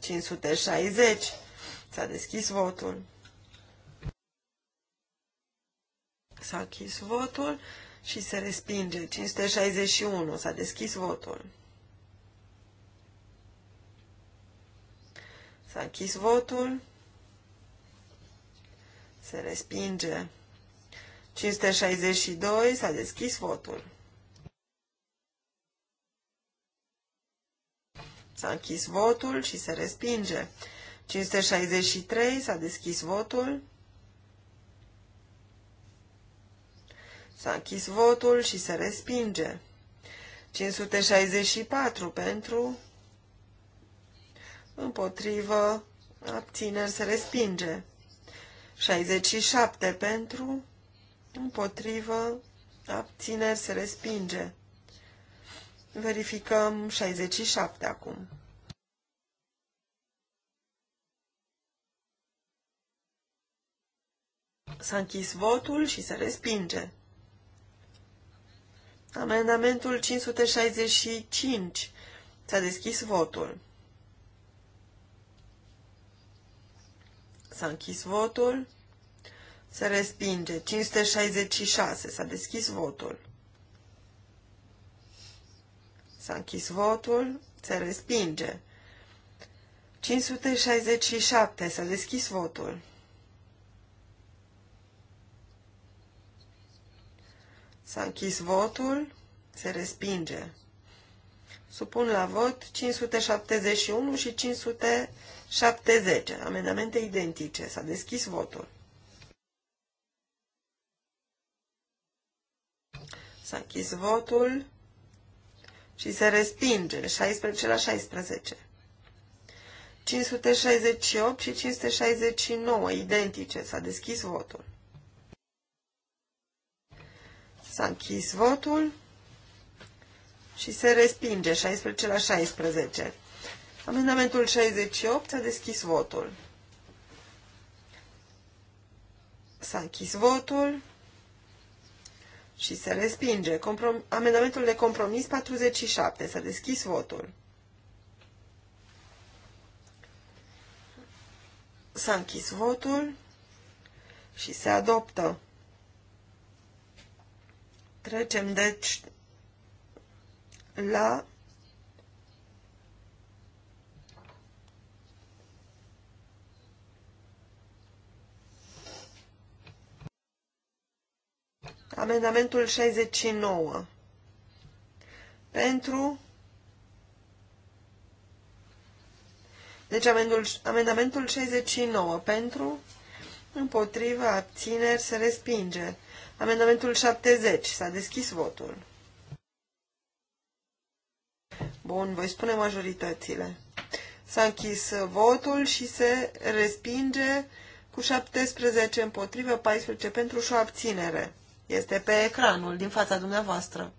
560. S-a deschis votul. S-a închis votul și se respinge. 561. S-a deschis votul. S-a închis votul. Se respinge. 562. S-a deschis votul. S-a închis votul și se respinge. 563 s-a deschis votul. S-a închis votul și se respinge. 564 pentru, împotrivă, abțineri se respinge. 67 pentru, împotrivă, abțineri se respinge. Verificăm 67 acum. S-a închis votul și se respinge. Amendamentul 565. S-a deschis votul. S-a închis votul. Se respinge. 566. S-a deschis votul. S-a închis votul, se respinge. 567, s-a deschis votul. a închis votul, se respinge. Supun la vot 571 și 570, amendamente identice. S-a deschis votul. S-a închis votul, și se respinge 16 la 16. 568 și 569 identice. S-a deschis votul. S-a închis votul și se respinge 16 la 16. Amendamentul 68 s-a deschis votul. S-a închis votul și se respinge. Comprom amendamentul de compromis 47. S-a deschis votul. S-a închis votul și se adoptă. Trecem, deci, la Amendamentul 69. Pentru. Deci amendul, amendamentul 69. Pentru. Împotriva. Abțineri. Se respinge. Amendamentul 70. S-a deschis votul. Bun, voi spune majoritățile. S-a închis votul și se respinge cu 17 împotrivă, 14 pentru și o abținere. Este pe ecranul din fața dumneavoastră.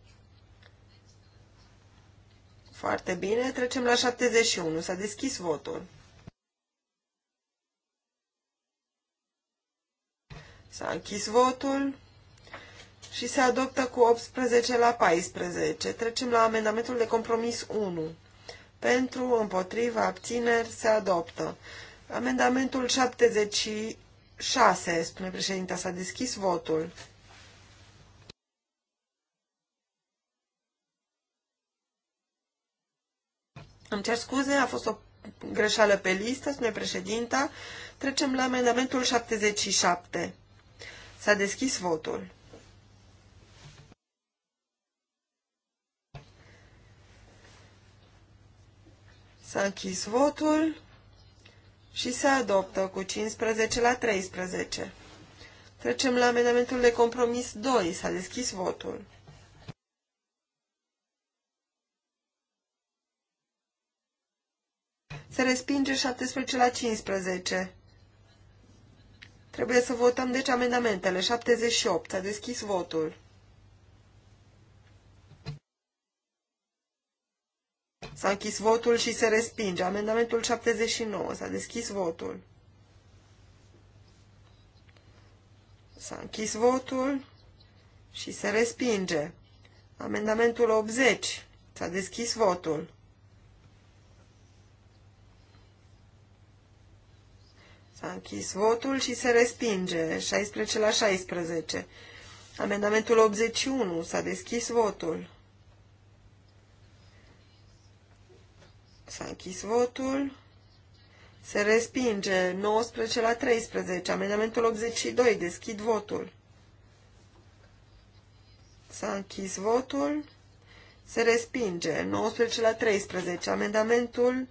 Foarte bine, trecem la 71. S-a deschis votul. S-a închis votul și se adoptă cu 18 la 14. Trecem la amendamentul de compromis 1. Pentru, împotriva, abțineri, se adoptă. Amendamentul 76, spune președinta, s-a deschis votul. Îmi cer scuze, a fost o greșeală pe listă, spune președinta. Trecem la amendamentul 77. S-a deschis votul. S-a închis votul și se adoptă cu 15 la 13. Trecem la amendamentul de compromis 2. S-a deschis votul. Se respinge 17 la 15. Trebuie să votăm deci amendamentele. 78. S-a deschis votul. S-a închis votul și se respinge. Amendamentul 79. S-a deschis votul. S-a închis votul și se respinge. Amendamentul 80. S-a deschis votul. S-a închis votul și se respinge. 16 la 16. Amendamentul 81. S-a deschis votul. S-a închis votul. Se respinge. 19 la 13. Amendamentul 82. Deschid votul. S-a închis votul. Se respinge. 19 la 13. Amendamentul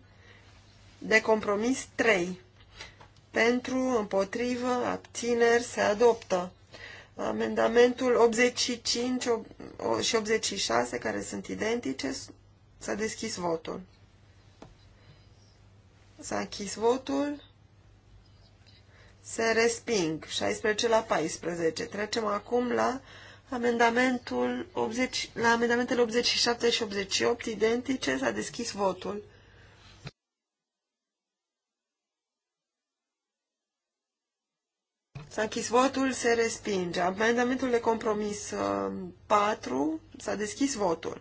de compromis 3 pentru, împotrivă, abțineri, se adoptă. Amendamentul 85 și 86, care sunt identice, s-a deschis votul. S-a închis votul. Se resping 16 la 14. Trecem acum la amendamentul 80, la amendamentele 87 și 88 identice s-a deschis votul. S-a închis votul, se respinge. Amendamentul de compromis 4, uh, s-a deschis votul.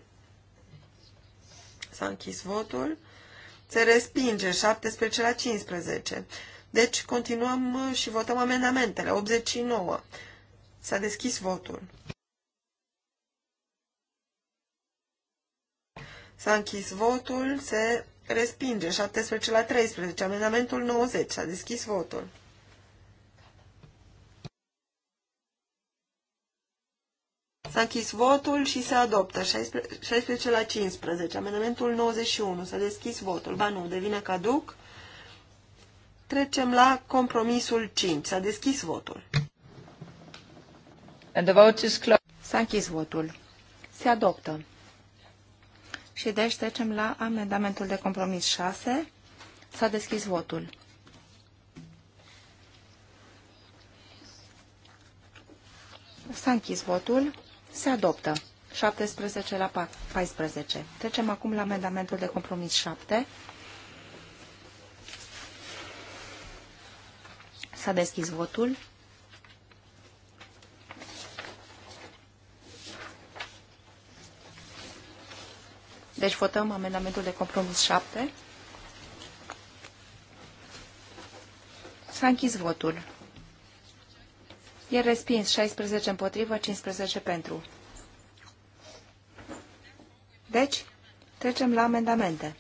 S-a închis votul, se respinge 17 la 15. Deci continuăm uh, și votăm amendamentele. 89. S-a deschis votul. S-a închis votul, se respinge 17 la 13. Amendamentul 90. S-a deschis votul. S-a închis votul și se adoptă. 16, 16 la 15. Amendamentul 91. S-a deschis votul. Ba nu, devine caduc. Trecem la compromisul 5. S-a deschis votul. And the vote is S-a închis votul. Se adoptă. Și deci trecem la amendamentul de compromis 6. S-a deschis votul. S-a închis votul. Se adoptă. 17 la 14. Trecem acum la amendamentul de compromis 7. S-a deschis votul. Deci votăm amendamentul de compromis 7. S-a închis votul. E respins 16 împotrivă, 15 pentru. Deci, trecem la amendamente.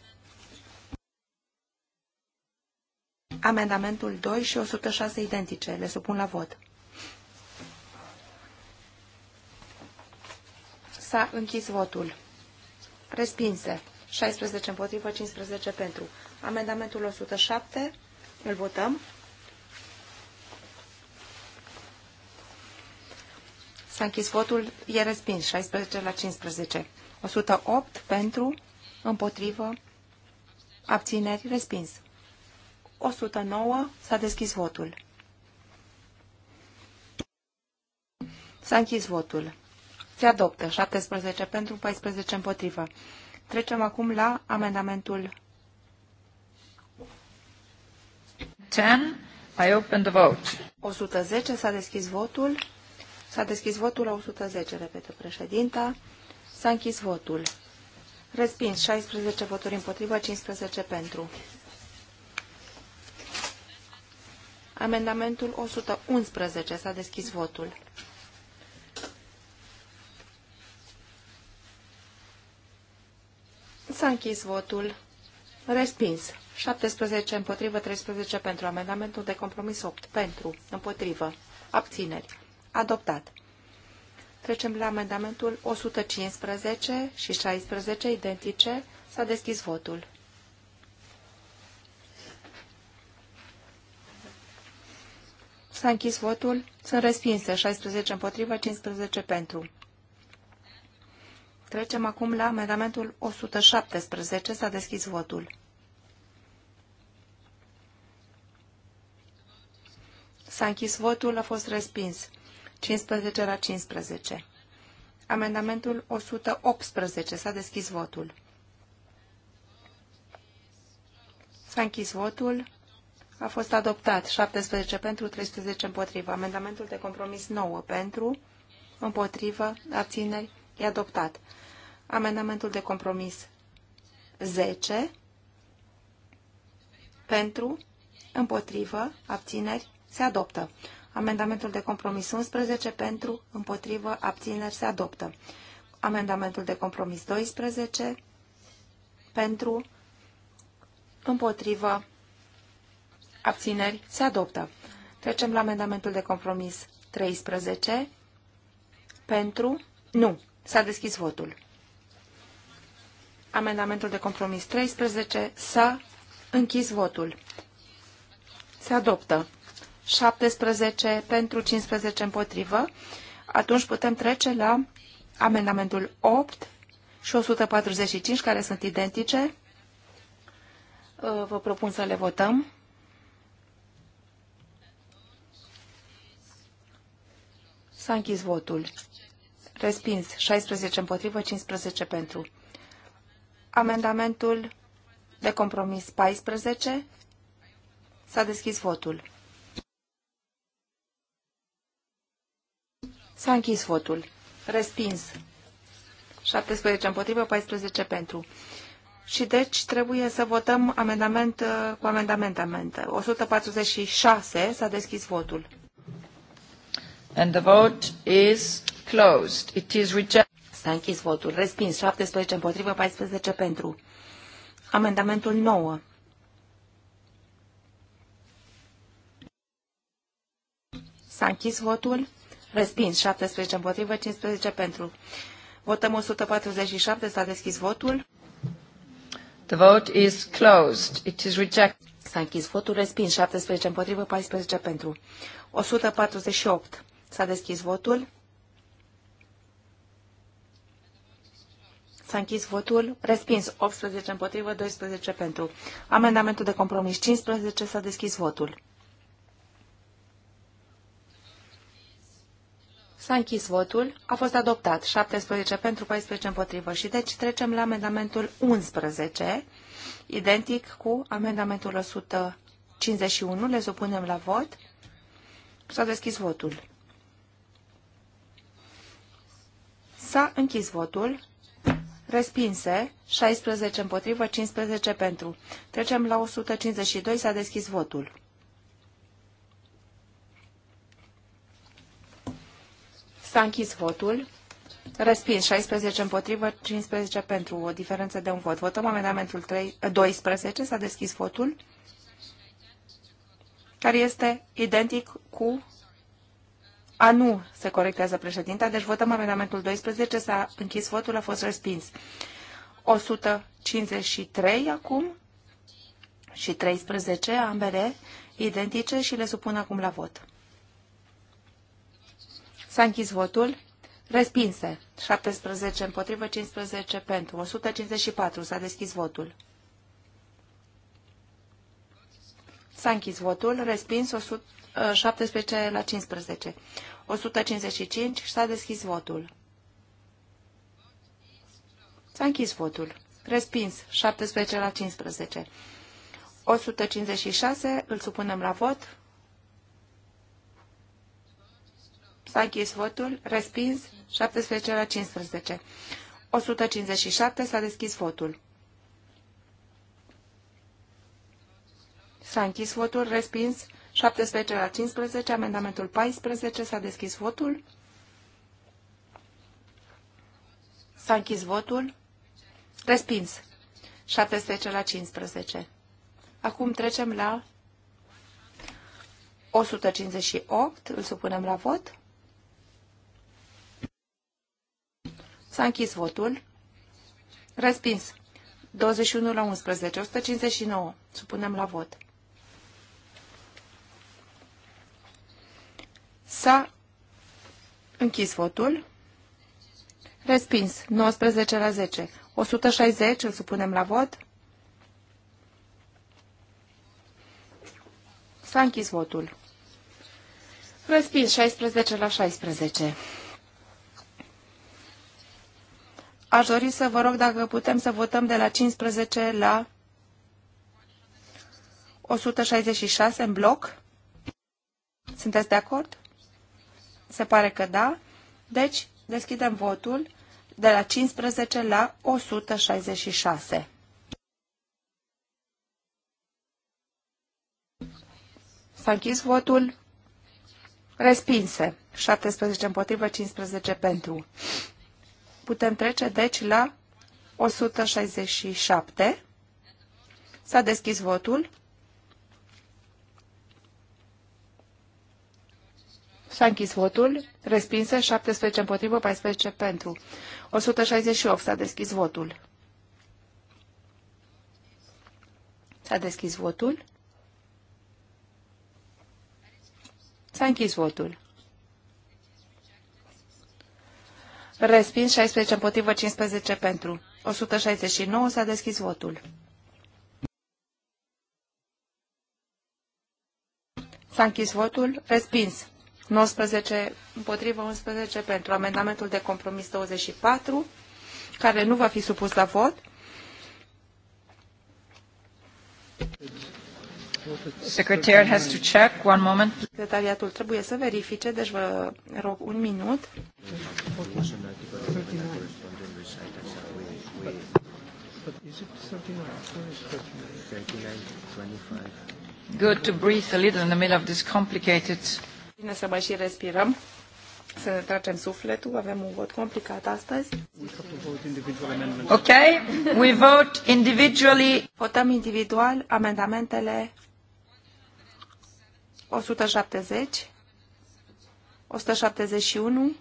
Amendamentul 2 și 106 identice. Le supun la vot. S-a închis votul. Respinse. 16 împotrivă, 15 pentru. Amendamentul 107. Îl votăm. S-a închis votul, e respins, 16 la 15. 108 pentru, împotrivă, abțineri, respins. 109 s-a deschis votul. S-a închis votul. Se adoptă 17 pentru, 14 împotrivă. Trecem acum la amendamentul 10. I open the vote. 110 s-a deschis votul. S-a deschis votul la 110, repetă președinta. S-a închis votul. Respins 16 voturi împotriva, 15 pentru. Amendamentul 111. S-a deschis votul. S-a închis votul. Respins. 17 împotrivă, 13 pentru. Amendamentul de compromis 8 pentru. Împotrivă. Abțineri adoptat. Trecem la amendamentul 115 și 16, identice. S-a deschis votul. S-a închis votul. Sunt respinse 16 împotriva, 15 pentru. Trecem acum la amendamentul 117. S-a deschis votul. S-a închis votul, a fost respins. 15 la 15. Amendamentul 118. S-a deschis votul. S-a închis votul. A fost adoptat 17 pentru, 13 împotrivă. Amendamentul de compromis 9 pentru, împotrivă, abțineri, e adoptat. Amendamentul de compromis 10 pentru, împotrivă, abțineri, se adoptă. Amendamentul de compromis 11 pentru, împotrivă, abțineri se adoptă. Amendamentul de compromis 12 pentru, împotrivă, abțineri se adoptă. Trecem la amendamentul de compromis 13 pentru, nu, s-a deschis votul. Amendamentul de compromis 13 s-a închis votul. Se adoptă. 17 pentru 15 împotrivă. Atunci putem trece la amendamentul 8 și 145, care sunt identice. Uh, vă propun să le votăm. S-a închis votul. Respins. 16 împotrivă, 15 pentru. Amendamentul de compromis 14. S-a deschis votul. S-a închis votul. Respins. 17 împotrivă, 14 pentru. Și deci trebuie să votăm amendament uh, cu amendament. amendament. 146 s-a deschis votul. And the vote is closed. It is rejected. S-a închis votul. Respins. 17 împotrivă, 14 pentru. Amendamentul 9. S-a închis votul. Respins 17 împotrivă, 15 pentru. Votăm 147, s-a deschis votul. The vote is closed. It is rejected. S-a închis votul, respins 17 împotrivă, 14 pentru. 148. S-a deschis votul. S-a închis votul, respins 18 împotrivă, 12 pentru. Amendamentul de compromis 15 s-a deschis votul. S-a închis votul. A fost adoptat 17 pentru 14 împotrivă. Și deci trecem la amendamentul 11, identic cu amendamentul 151. Le supunem la vot. S-a deschis votul. S-a închis votul. Respinse 16 împotrivă, 15 pentru. Trecem la 152. S-a deschis votul. S-a închis votul. Respins 16 împotrivă, 15 pentru o diferență de un vot. Votăm amendamentul 3, 12. Eh, s-a deschis votul, care este identic cu... A, nu, se corectează președinta, deci votăm amendamentul 12, s-a închis votul, a fost respins. 153 acum și 13, ambele identice și le supun acum la vot. S-a închis votul. Respinse. 17 împotrivă, 15 pentru. 154. S-a deschis votul. S-a închis votul. Respins 17 ă, la 15. 155. S-a deschis votul. S-a închis votul. Respins 17 la 15. 156. Îl supunem la vot. s votul. Respins. 17 la 15. 157. S-a deschis votul. S-a închis votul. Respins. 17 la 15. Amendamentul 14. S-a deschis votul. S-a închis votul. Respins. 17 la 15. Acum trecem la 158. Îl supunem la vot. S-a închis votul. Respins. 21 la 11. 159. Supunem la vot. S-a închis votul. Respins. 19 la 10. 160. Îl supunem la vot. S-a închis votul. Respins 16 la 16. Aș dori să vă rog dacă putem să votăm de la 15 la 166 în bloc. Sunteți de acord? Se pare că da. Deci, deschidem votul de la 15 la 166. S-a închis votul. Respinse. 17 împotrivă, 15 pentru. Putem trece, deci, la 167. S-a deschis votul. S-a închis votul. Respinse 17 împotrivă, 14 pentru. 168. S-a deschis votul. S-a deschis votul. S-a închis votul. Respins 16 împotrivă 15 pentru. 169 s-a deschis votul. S-a închis votul. Respins 19 împotrivă 11 pentru. Amendamentul de compromis 24, care nu va fi supus la vot. Secretariat has to check. One moment. Secretariatul trebuie să verifice, deci vă rog un minut. Good to breathe a little in the middle of this complicated. Bine să mai și respirăm să ne tragem sufletul, avem un vot complicat astăzi. Ok, we vote individually. Votăm individual amendamentele 170, 171.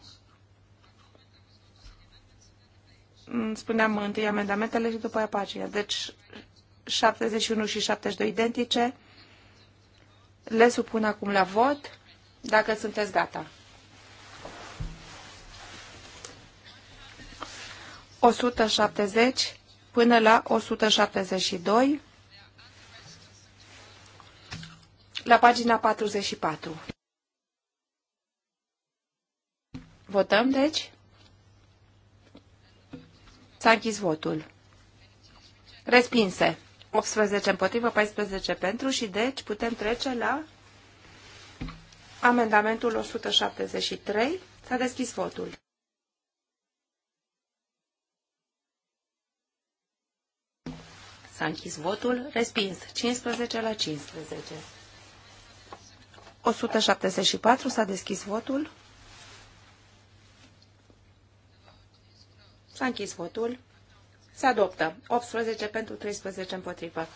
Mm, spuneam întâi amendamentele și după aia pagina. Deci 71 și 72 identice. Le supun acum la vot, dacă sunteți gata. 170 până la 172 la pagina 44. Votăm, deci? S-a închis votul. Respinse. 18 împotrivă, 14 pentru și deci putem trece la amendamentul 173. S-a deschis votul. S-a închis votul. Respins. 15 la 15. 174 s-a deschis votul. S-a închis votul. Se adoptă. 18 pentru 13 împotrivă.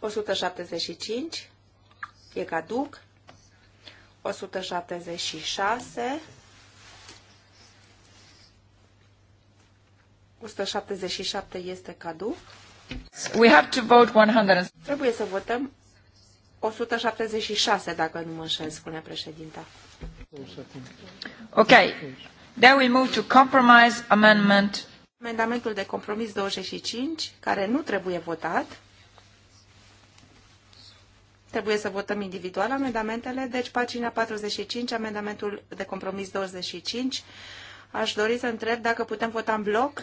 O sută șaptezeci și cinci e caduc. o sută șaptezeci și șase... 177 este We have to vote 100. Trebuie să votăm 176, dacă nu mă înșel, spune președinta. Ok. Then we move to compromise amendment. Amendamentul de compromis 25, care nu trebuie votat. Trebuie să votăm individual amendamentele, deci pagina 45, amendamentul de compromis 25. Aș dori să întreb dacă putem vota în bloc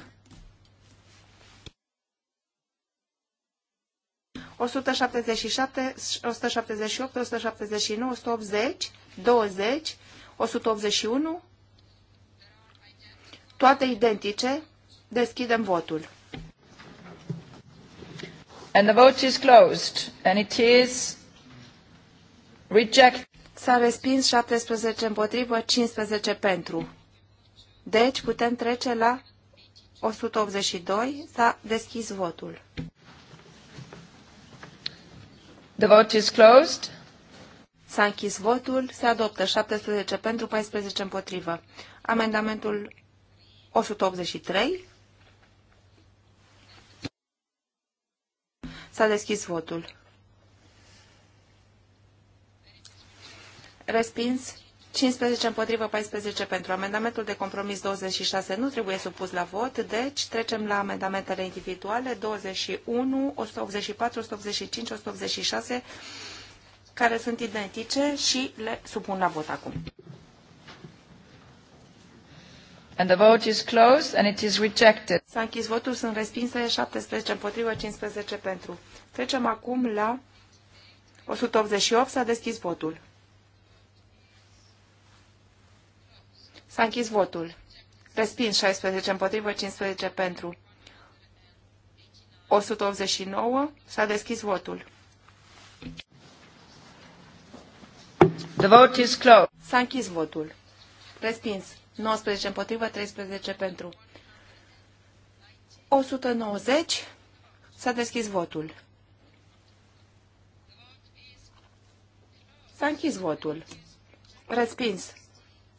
177, 178, 179, 180, 20, 181, toate identice. Deschidem votul. And the vote is closed and it is rejected. S-a respins 17 împotrivă, 15 pentru. Deci putem trece la 182. S-a deschis votul. The vote is closed. S-a închis votul. Se adoptă 17 pentru, 14 împotrivă. Amendamentul 183. S-a deschis votul. Respins 15 împotrivă, 14 pentru. Amendamentul de compromis 26 nu trebuie supus la vot, deci trecem la amendamentele individuale 21, 184, 185, 186, care sunt identice și le supun la vot acum. And the vote is closed and it is rejected. S-a închis votul, sunt respinse 17 împotrivă, 15 pentru. Trecem acum la 188, s-a deschis votul. S-a închis votul. Respins 16 împotrivă, 15 pentru. 189. S-a deschis votul. The vote is closed. S-a închis votul. Respins 19 împotrivă, 13 pentru. 190. S-a deschis votul. S-a închis votul. Respins.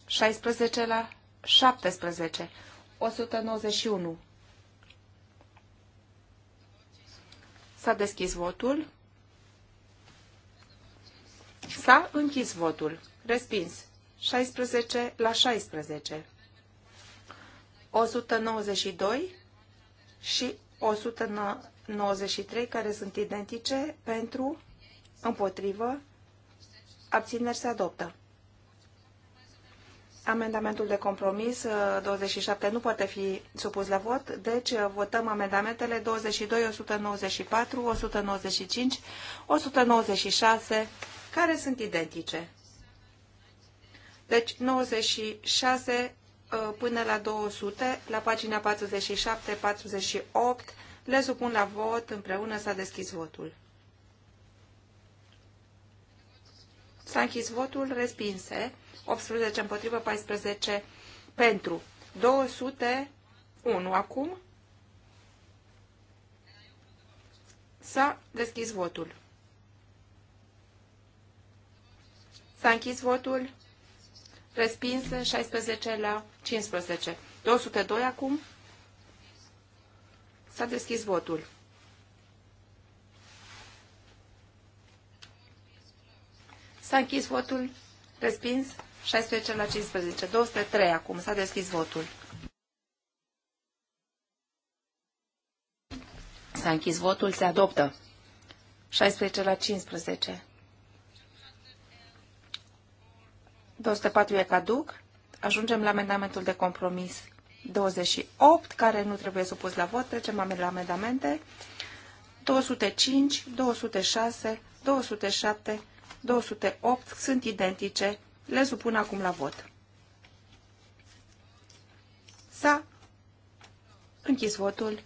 16 la 17. 191. S-a deschis votul. S-a închis votul. Respins. 16 la 16. 192 și 193 care sunt identice pentru, împotrivă, abțineri se adoptă. Amendamentul de compromis 27 uh, nu poate fi supus la vot, deci uh, votăm amendamentele 22, 194, 195, 196, care sunt identice. Deci 96 uh, până la 200, la pagina 47, 48, le supun la vot, împreună s-a deschis votul. S-a închis votul, respinse. 18 împotrivă, 14 pentru. 201 acum. S-a deschis votul. S-a închis votul. Respins 16 la 15. 202 acum. S-a deschis votul. S-a închis votul. Respins. 16 la 15. 203 acum. S-a deschis votul. S-a închis votul. Se adoptă. 16 la 15. 204 e caduc. Ajungem la amendamentul de compromis 28, care nu trebuie supus la vot. Trecem la amendamente. 205, 206, 207, 208 sunt identice. Le supun acum la vot. S-a închis votul.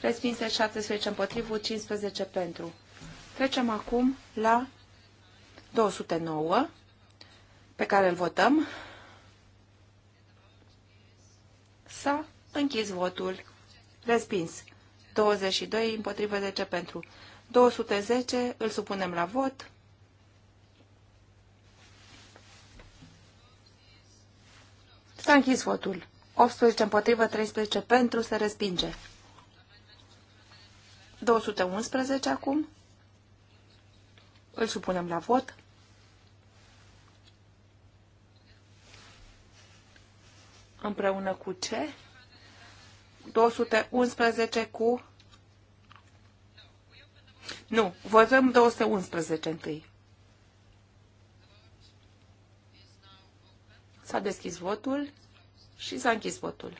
Respinse 17 împotrivă, 15 pentru. Trecem acum la 209 pe care îl votăm. S-a închis votul. Respins. 22 împotrivă 10 pentru. 210 îl supunem la vot. S-a închis votul. 18 împotrivă, 13 pentru, se respinge. 211 acum. Îl supunem la vot. Împreună cu ce? 211 cu... Nu, votăm 211 întâi. S-a deschis votul și s-a închis votul.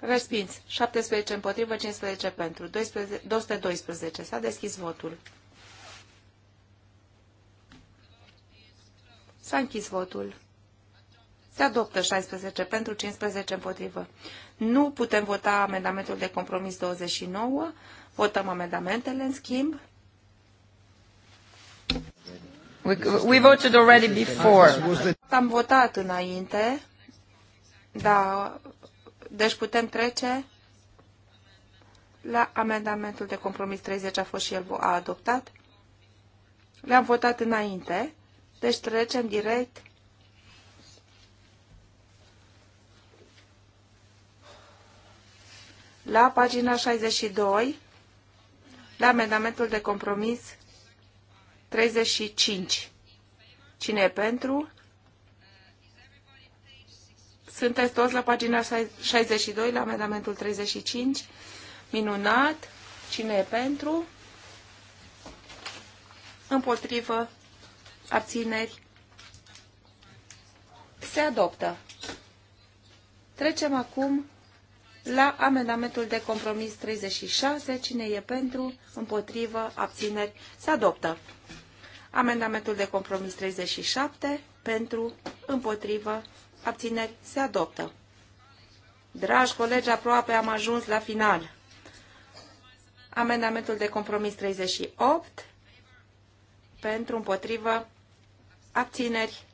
Respins. 17 împotrivă, 15 pentru. 12, 212. S-a deschis votul. S-a închis votul. Se adoptă 16 pentru, 15 împotrivă. Nu putem vota amendamentul de compromis 29. Votăm amendamentele, în schimb. We, we voted already before. Am votat înainte, da, deci putem trece la amendamentul de compromis 30 a fost și el a adoptat. Le-am votat înainte, deci trecem direct la pagina 62, la amendamentul de compromis 35. Cine e pentru? Sunteți toți la pagina 62, la amendamentul 35. Minunat. Cine e pentru? Împotrivă. Abțineri. Se adoptă. Trecem acum la amendamentul de compromis 36. Cine e pentru? Împotrivă. Abțineri. Se adoptă. Amendamentul de compromis 37 pentru, împotrivă, abțineri se adoptă. Dragi colegi, aproape am ajuns la final. Amendamentul de compromis 38 pentru, împotrivă, abțineri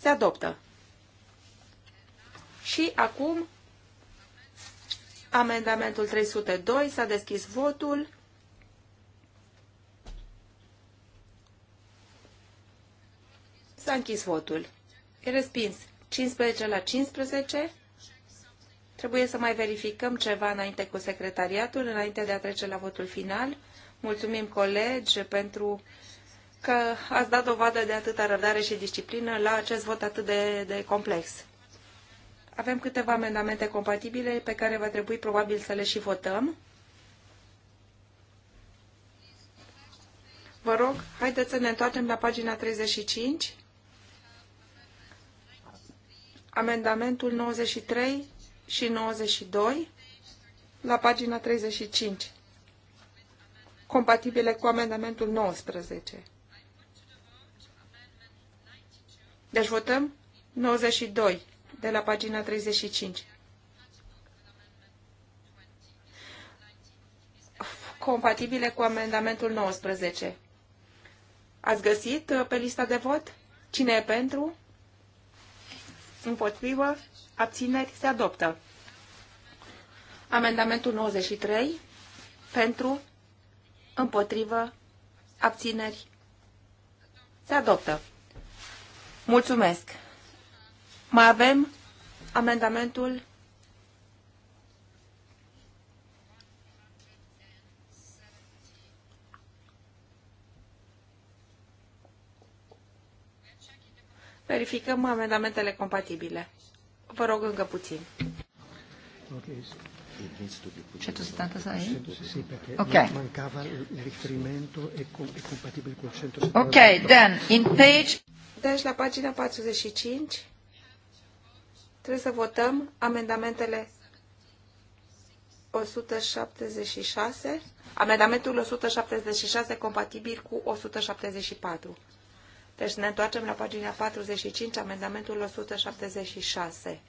se adoptă. Și acum, amendamentul 302, s-a deschis votul. S-a închis votul. E respins. 15 la 15. Trebuie să mai verificăm ceva înainte cu secretariatul, înainte de a trece la votul final. Mulțumim, colegi, pentru că ați dat dovadă de atâta răbdare și disciplină la acest vot atât de, de complex. Avem câteva amendamente compatibile pe care va trebui probabil să le și votăm. Vă rog, haideți să ne întoarcem la pagina 35 amendamentul 93 și 92 la pagina 35, compatibile cu amendamentul 19. Deci votăm 92 de la pagina 35. Compatibile cu amendamentul 19. Ați găsit uh, pe lista de vot? Cine e pentru? Împotrivă. Abțineri. Se adoptă. Amendamentul 93. Pentru. Împotrivă. Abțineri. Se adoptă. Mulțumesc. Mai avem amendamentul Verificăm amendamentele compatibile. Vă rog încă puțin. Ok. Ok, then, in page... Deci, la pagina 45, trebuie să votăm amendamentele 176, amendamentul 176 compatibil cu 174. Deci ne întoarcem la pagina 45, amendamentul 176.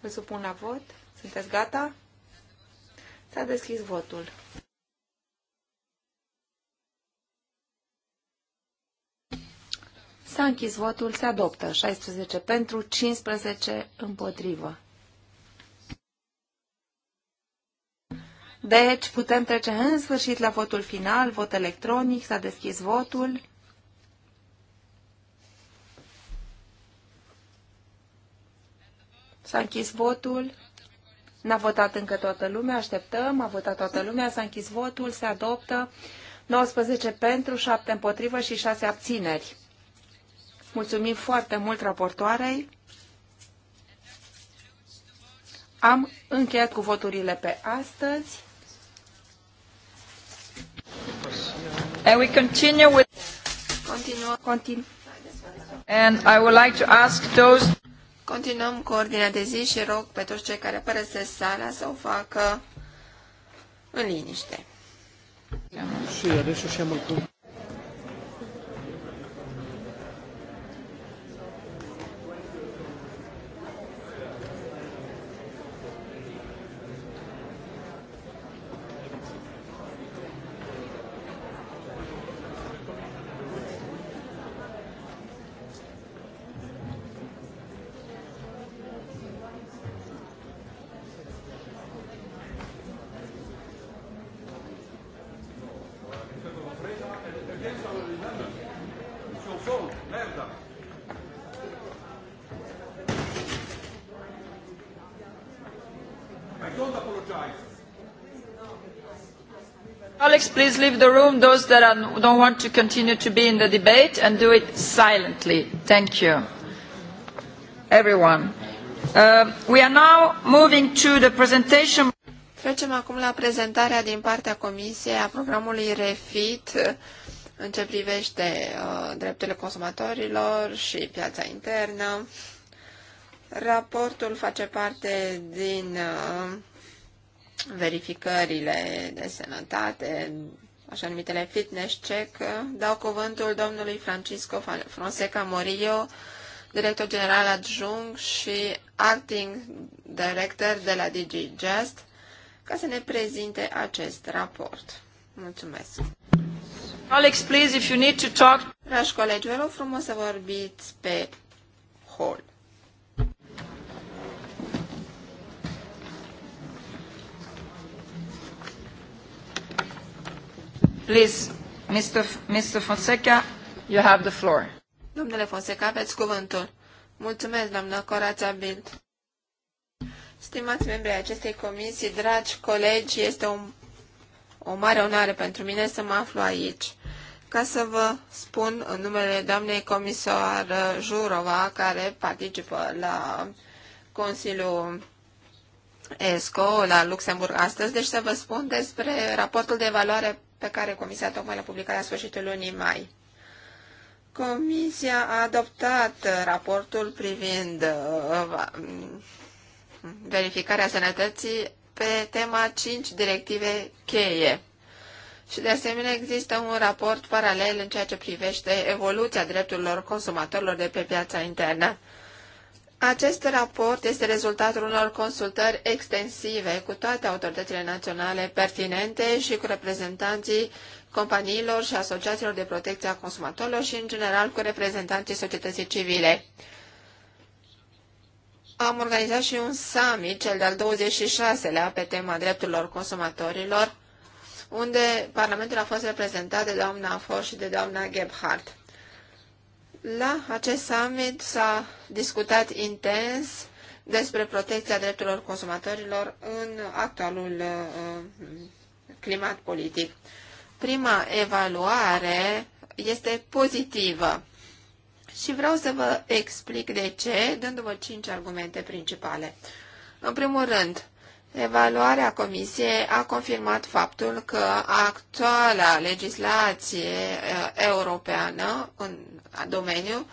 Îl supun la vot. Sunteți gata? S-a deschis votul. S-a închis votul, se adoptă 16 pentru, 15 împotrivă. Deci putem trece în sfârșit la votul final, vot electronic, s-a deschis votul. S-a închis votul. N-a votat încă toată lumea, așteptăm, a votat toată lumea, s-a închis votul, se adoptă 19 pentru, 7 împotrivă și 6 abțineri. Mulțumim foarte mult raportoarei. Am încheiat cu voturile pe astăzi. And we continue with... Continuă, continu. And I would like to ask those... Continuăm cu ordinea de zi și rog pe toți cei care părăsesc sala să o facă în liniște. Și, adesso deci, siamo al punto please leave the room. Those that are, don't want to continue to be in the debate and do it silently. Thank you, everyone. Uh, we are now moving to the presentation. Trecem acum la prezentarea din partea Comisiei a programului REFIT uh, în ce privește uh, drepturile consumatorilor și piața internă. Raportul face parte din uh, verificările de sănătate, așa numitele fitness check, dau cuvântul domnului Francisco Fonseca Morillo, director general adjunct și acting director de la DG Just, ca să ne prezinte acest raport. Mulțumesc! Alex, please, if you need to talk... Dragi colegi, vă rog frumos să vorbiți pe hol. Please, Mr. Mr. Fonseca, you have the floor. Domnule Fonseca, aveți cuvântul. Mulțumesc, doamnă Corața Bild. Stimați membri ai acestei comisii, dragi colegi, este o, o mare onoare pentru mine să mă aflu aici. Ca să vă spun în numele doamnei comisar Jurova, care participă la Consiliul ESCO la Luxemburg astăzi, deci să vă spun despre raportul de evaluare pe care Comisia tocmai l-a publicat la sfârșitul lunii mai. Comisia a adoptat raportul privind uh, verificarea sănătății pe tema 5 directive cheie. Și de asemenea există un raport paralel în ceea ce privește evoluția drepturilor consumatorilor de pe piața internă. Acest raport este rezultatul unor consultări extensive cu toate autoritățile naționale pertinente și cu reprezentanții companiilor și asociațiilor de protecție a consumatorilor și, în general, cu reprezentanții societății civile. Am organizat și un summit, cel de-al 26-lea, pe tema drepturilor consumatorilor, unde Parlamentul a fost reprezentat de doamna Afor și de doamna Gebhardt. La acest summit s-a discutat intens despre protecția drepturilor consumatorilor în actualul uh, climat politic. Prima evaluare este pozitivă și vreau să vă explic de ce, dându-vă cinci argumente principale. În primul rând, Evaluarea Comisiei a confirmat faptul că actuala legislație uh, europeană în domeniu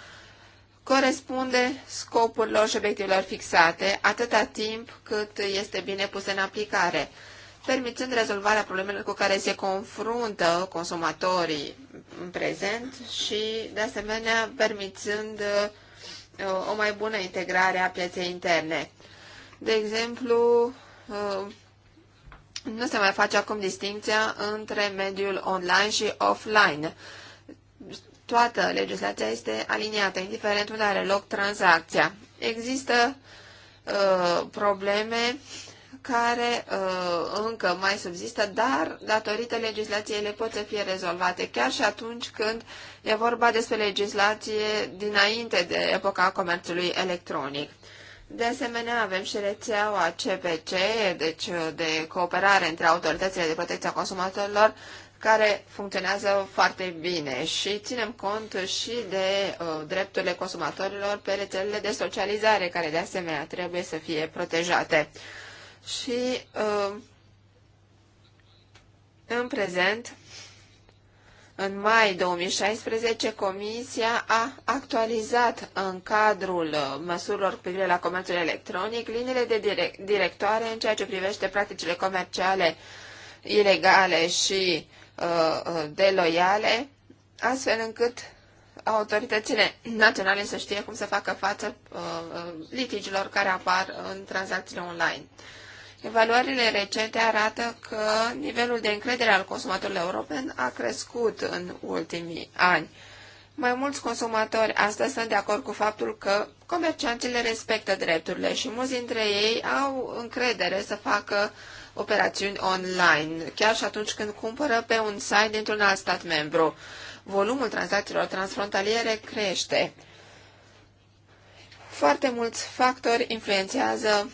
corespunde scopurilor și obiectivelor fixate atâta timp cât este bine pusă în aplicare, permițând rezolvarea problemelor cu care se confruntă consumatorii în prezent și, de asemenea, permițând uh, o mai bună integrare a pieței interne. De exemplu, Uh, nu se mai face acum distinția între mediul online și offline. Toată legislația este aliniată, indiferent unde are loc tranzacția. Există uh, probleme care uh, încă mai subzistă, dar datorită legislației ele pot să fie rezolvate, chiar și atunci când e vorba despre legislație dinainte de epoca comerțului electronic. De asemenea, avem și rețeaua CPC, deci de cooperare între autoritățile de protecție a consumatorilor, care funcționează foarte bine și ținem cont și de uh, drepturile consumatorilor pe rețelele de socializare, care de asemenea trebuie să fie protejate. Și uh, în prezent, în mai 2016, Comisia a actualizat în cadrul uh, măsurilor privire la comerțul electronic liniile de directoare în ceea ce privește practicile comerciale ilegale și uh, uh, deloiale, astfel încât autoritățile naționale să știe cum să facă față uh, uh litigilor care apar în tranzacțiile online. Evaluările recente arată că nivelul de încredere al consumatorilor europeni a crescut în ultimii ani. Mai mulți consumatori astăzi sunt de acord cu faptul că comercianții le respectă drepturile și mulți dintre ei au încredere să facă operațiuni online, chiar și atunci când cumpără pe un site dintr-un alt stat membru. Volumul tranzacțiilor transfrontaliere crește. Foarte mulți factori influențează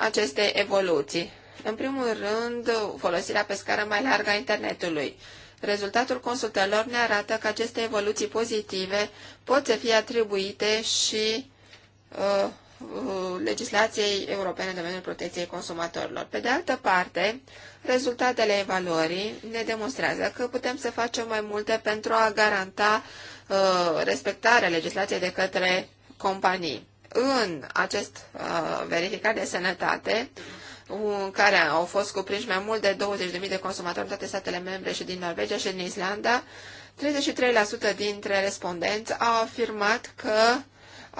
aceste evoluții? În primul rând, folosirea pe scară mai largă a internetului. Rezultatul consultărilor ne arată că aceste evoluții pozitive pot să fie atribuite și uh, uh, legislației europene în domeniul protecției consumatorilor. Pe de altă parte, rezultatele evaluării ne demonstrează că putem să facem mai multe pentru a garanta uh, respectarea legislației de către companii în acest uh, verificat de sănătate, în care au fost cuprinși mai mult de 20.000 de consumatori în toate statele membre și din Norvegia și din Islanda, 33% dintre respondenți au afirmat că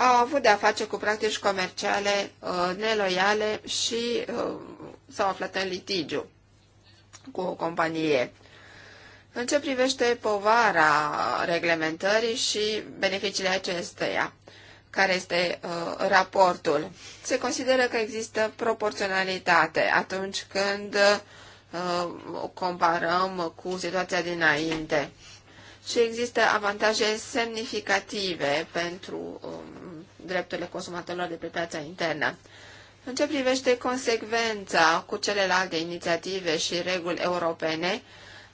au avut de-a face cu practici comerciale uh, neloiale și uh, s-au aflat în litigiu cu o companie. În ce privește povara reglementării și beneficiile acesteia? care este uh, raportul. Se consideră că există proporționalitate atunci când uh, comparăm cu situația dinainte și există avantaje semnificative pentru um, drepturile consumatorilor de pe piața internă. În ce privește consecvența cu celelalte inițiative și reguli europene,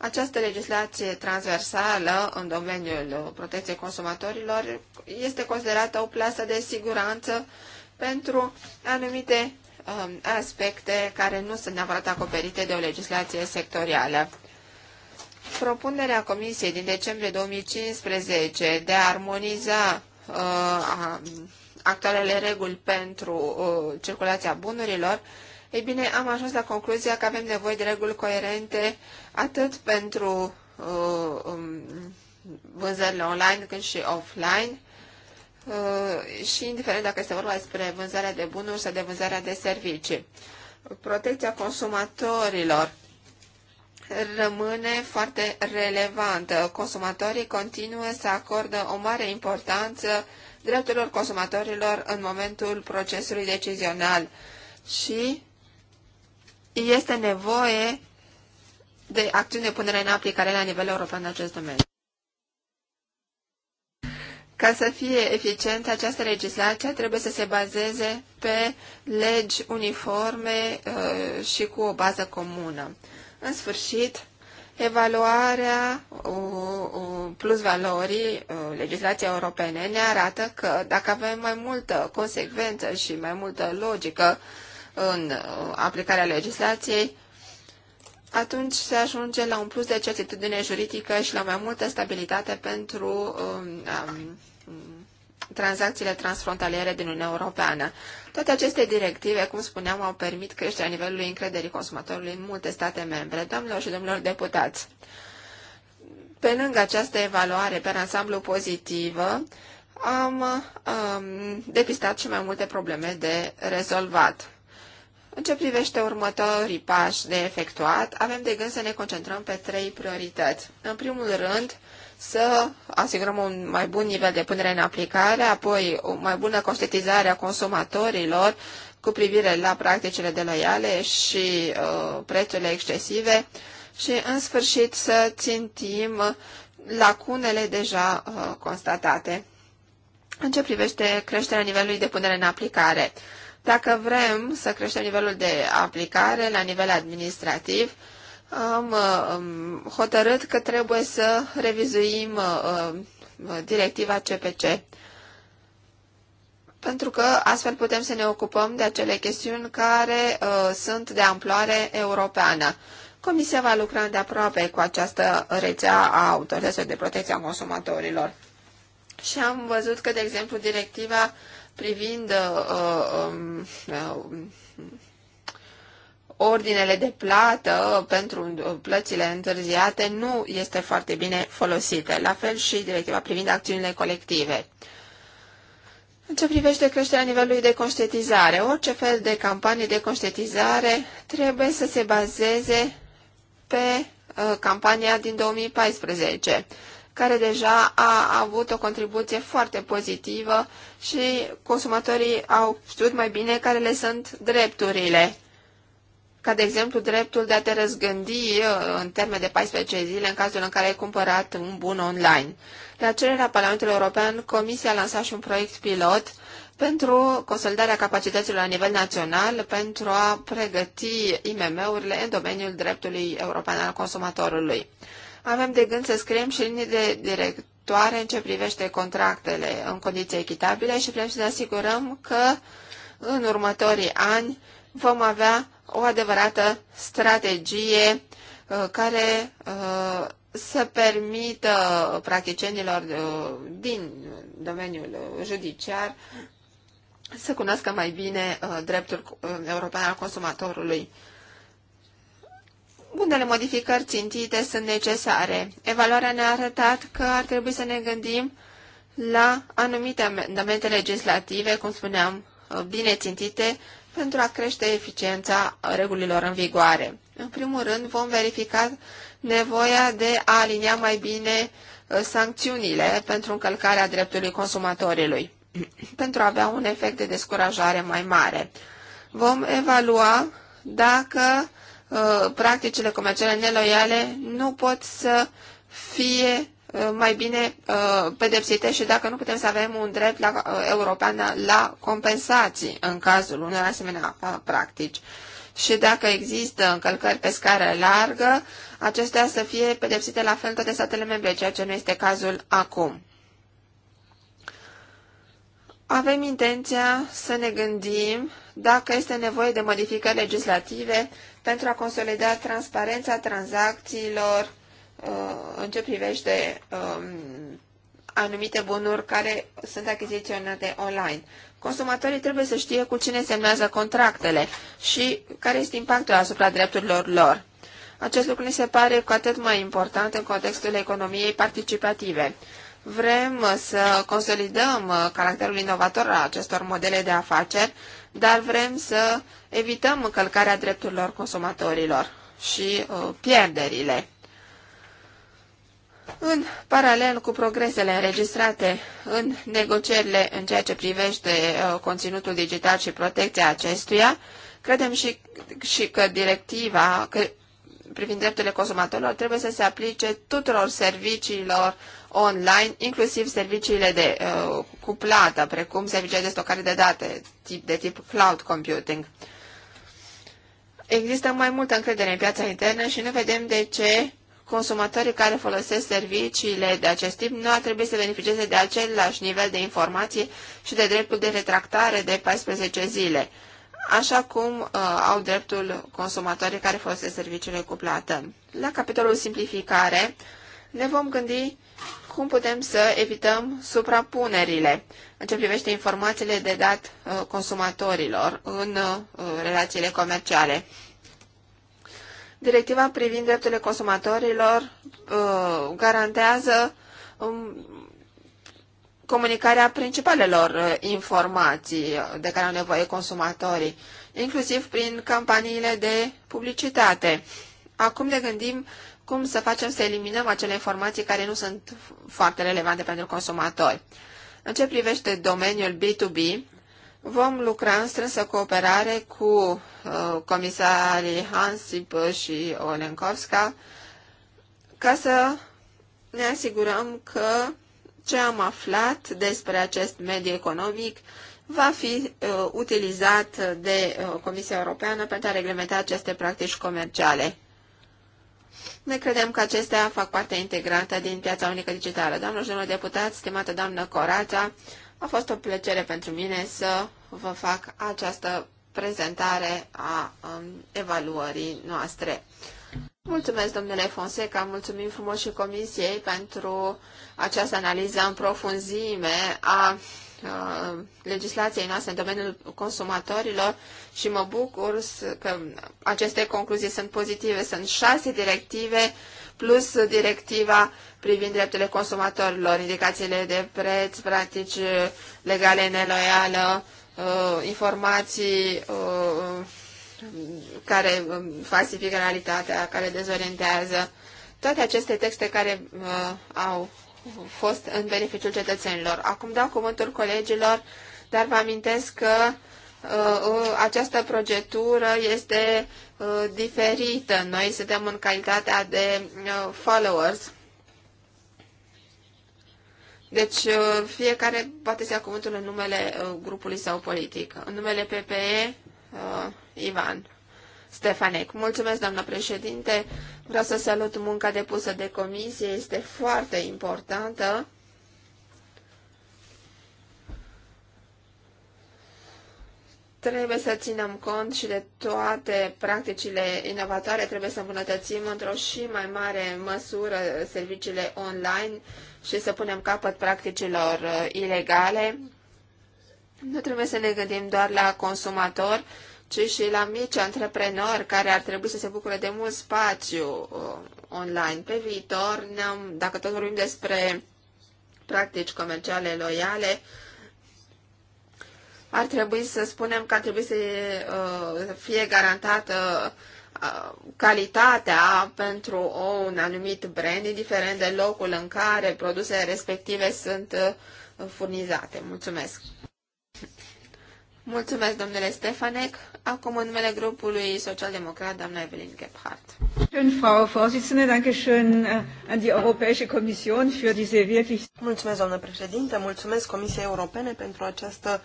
această legislație transversală în domeniul protecției consumatorilor este considerată o plasă de siguranță pentru anumite um, aspecte care nu sunt neapărat acoperite de o legislație sectorială. Propunerea Comisiei din decembrie 2015 de a armoniza uh, actualele reguli pentru uh, circulația bunurilor ei bine, am ajuns la concluzia că avem nevoie de reguli coerente atât pentru uh, um, vânzările online cât și offline uh, și indiferent dacă este vorba despre vânzarea de bunuri sau de vânzarea de servicii. Protecția consumatorilor rămâne foarte relevantă. Consumatorii continuă să acordă o mare importanță drepturilor consumatorilor în momentul procesului decizional și este nevoie de acțiuni de punere în aplicare la nivel european în acest domeniu. Ca să fie eficientă această legislație, trebuie să se bazeze pe legi uniforme uh, și cu o bază comună. În sfârșit, evaluarea uh, uh, plus valorii legislației europene ne arată că dacă avem mai multă consecvență și mai multă logică în uh, aplicarea legislației, atunci se ajunge la un plus de certitudine juridică și la mai multă stabilitate pentru um, um, tranzacțiile transfrontaliere din Uniunea Europeană. Toate aceste directive, cum spuneam, au permit creșterea nivelului încrederii consumatorului în multe state membre. Doamnelor și domnilor deputați, pe lângă această evaluare pe ansamblu pozitivă, am um, depistat și mai multe probleme de rezolvat. În ce privește următorii pași de efectuat, avem de gând să ne concentrăm pe trei priorități. În primul rând, să asigurăm un mai bun nivel de punere în aplicare, apoi o mai bună conștientizare a consumatorilor cu privire la practicile deloiale și uh, prețurile excesive și, în sfârșit, să țintim lacunele deja uh, constatate. În ce privește creșterea nivelului de punere în aplicare, dacă vrem să creștem nivelul de aplicare la nivel administrativ, am hotărât că trebuie să revizuim uh, uh, directiva CPC. Pentru că astfel putem să ne ocupăm de acele chestiuni care uh, sunt de amploare europeană. Comisia va lucra îndeaproape cu această rețea a autorităților de protecție a consumatorilor. Și am văzut că, de exemplu, directiva privind uh, um, uh, ordinele de plată pentru uh, plățile întârziate nu este foarte bine folosită, la fel și directiva privind acțiunile colective. În ce privește creșterea nivelului de conștientizare, orice fel de campanie de conștientizare trebuie să se bazeze pe uh, campania din 2014 care deja a avut o contribuție foarte pozitivă și consumatorii au știut mai bine care le sunt drepturile. Ca de exemplu dreptul de a te răzgândi uh, în termen de 14 zile în cazul în care ai cumpărat un bun online. La cererea Parlamentului European, Comisia a lansat și un proiect pilot pentru consolidarea capacităților la nivel național pentru a pregăti IMM-urile în domeniul dreptului european al consumatorului. Avem de gând să scriem și linii de directoare în ce privește contractele în condiții echitabile și vrem să ne asigurăm că în următorii ani vom avea o adevărată strategie uh, care uh, să permită practicienilor uh, din domeniul judiciar să cunoască mai bine dreptul european al consumatorului unele modificări țintite sunt necesare. Evaluarea ne-a arătat că ar trebui să ne gândim la anumite amendamente legislative, cum spuneam, uh, bine țintite, pentru a crește eficiența regulilor în vigoare. În primul rând, vom verifica nevoia de a alinia mai bine uh, sancțiunile pentru încălcarea dreptului consumatorului, pentru a avea un efect de descurajare mai mare. Vom evalua dacă Uh, practicile comerciale neloiale nu pot să fie uh, mai bine uh, pedepsite și dacă nu putem să avem un drept la, european la compensații în cazul unor asemenea practici. Și dacă există încălcări pe scară largă, acestea să fie pedepsite la fel toate statele membre, ceea ce nu este cazul acum. Avem intenția să ne gândim dacă este nevoie de modificări legislative pentru a consolida transparența tranzacțiilor uh, în ce privește um, anumite bunuri care sunt achiziționate online. Consumatorii trebuie să știe cu cine semnează contractele și care este impactul asupra drepturilor lor. Acest lucru ne se pare cu atât mai important în contextul economiei participative. Vrem să consolidăm uh, caracterul inovator al acestor modele de afaceri dar vrem să evităm încălcarea drepturilor consumatorilor și uh, pierderile. În paralel cu progresele înregistrate în negocierile în ceea ce privește uh, conținutul digital și protecția acestuia, credem și, și că directiva că, privind drepturile consumatorilor trebuie să se aplice tuturor serviciilor online, inclusiv serviciile de uh, cu plată, precum serviciile de stocare de date tip, de tip cloud computing. Există mai multă încredere în piața internă și nu vedem de ce consumatorii care folosesc serviciile de acest tip nu ar trebui să beneficieze de același nivel de informații și de dreptul de retractare de 14 zile, așa cum uh, au dreptul consumatorii care folosesc serviciile cu plată. La capitolul simplificare ne vom gândi cum putem să evităm suprapunerile în ce privește informațiile de dat uh, consumatorilor în uh, relațiile comerciale. Directiva privind drepturile consumatorilor uh, garantează um, comunicarea principalelor informații de care au nevoie consumatorii, inclusiv prin campaniile de publicitate. Acum ne gândim cum să facem să eliminăm acele informații care nu sunt foarte relevante pentru consumatori. În ce privește domeniul B2B, vom lucra în strânsă cooperare cu uh, comisarii Hansip și Olenkovska ca să ne asigurăm că ce am aflat despre acest mediu economic va fi uh, utilizat de uh, Comisia Europeană pentru a reglementa aceste practici comerciale. Ne credem că acestea fac parte integrantă din piața unică digitală. Doamnă și domnul deputat, stimată doamnă Corața, a fost o plăcere pentru mine să vă fac această prezentare a um, evaluării noastre. Mulțumesc, domnule Fonseca, mulțumim frumos și comisiei pentru această analiză în profunzime a Uh, legislației noastre în domeniul consumatorilor și mă bucur că aceste concluzii sunt pozitive. Sunt șase directive plus directiva privind drepturile consumatorilor, indicațiile de preț, practici legale neloială, uh, informații uh, care um, falsifică realitatea, care dezorientează. Toate aceste texte care uh, au fost în beneficiul cetățenilor. Acum dau cuvântul colegilor, dar vă amintesc că uh, uh această progetură este uh, diferită. Noi suntem în calitatea de uh, followers. Deci uh, fiecare poate să ia cuvântul în numele uh, grupului sau politic. În numele PPE, uh, Ivan Stefanec. Mulțumesc, doamnă președinte. Vreau să salut munca depusă de comisie, este foarte importantă. Trebuie să ținem cont și de toate practicile inovatoare, trebuie să îmbunătățim într-o și mai mare măsură serviciile online și să punem capăt practicilor uh, ilegale. Nu trebuie să ne gândim doar la consumator, ci și la mici antreprenori care ar trebui să se bucure de mult spațiu uh, online. Pe viitor, ne-am, dacă tot vorbim despre practici comerciale loiale, ar trebui să spunem că ar trebui să uh, fie garantată uh, calitatea pentru o, un anumit brand, indiferent de locul în care produsele respective sunt uh, furnizate. Mulțumesc! Mulțumesc, domnule Stefanec! Acum, în numele grupului social-democrat, doamna Evelyn Gebhardt. Äh, mulțumesc, doamnă președinte, mulțumesc Comisiei Europene pentru această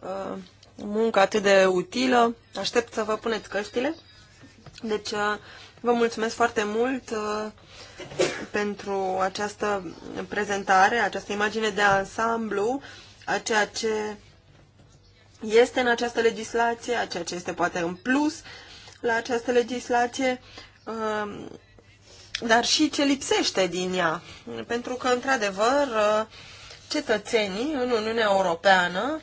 uh, muncă atât de utilă. Aștept să vă puneți căștile. Deci, uh, vă mulțumesc foarte mult uh, pentru această prezentare, această imagine de ansamblu a ceea ce este în această legislație, ceea ce este poate în plus la această legislație, um, dar și ce lipsește din ea. Pentru că, într-adevăr, uh, cetățenii în Uniunea Europeană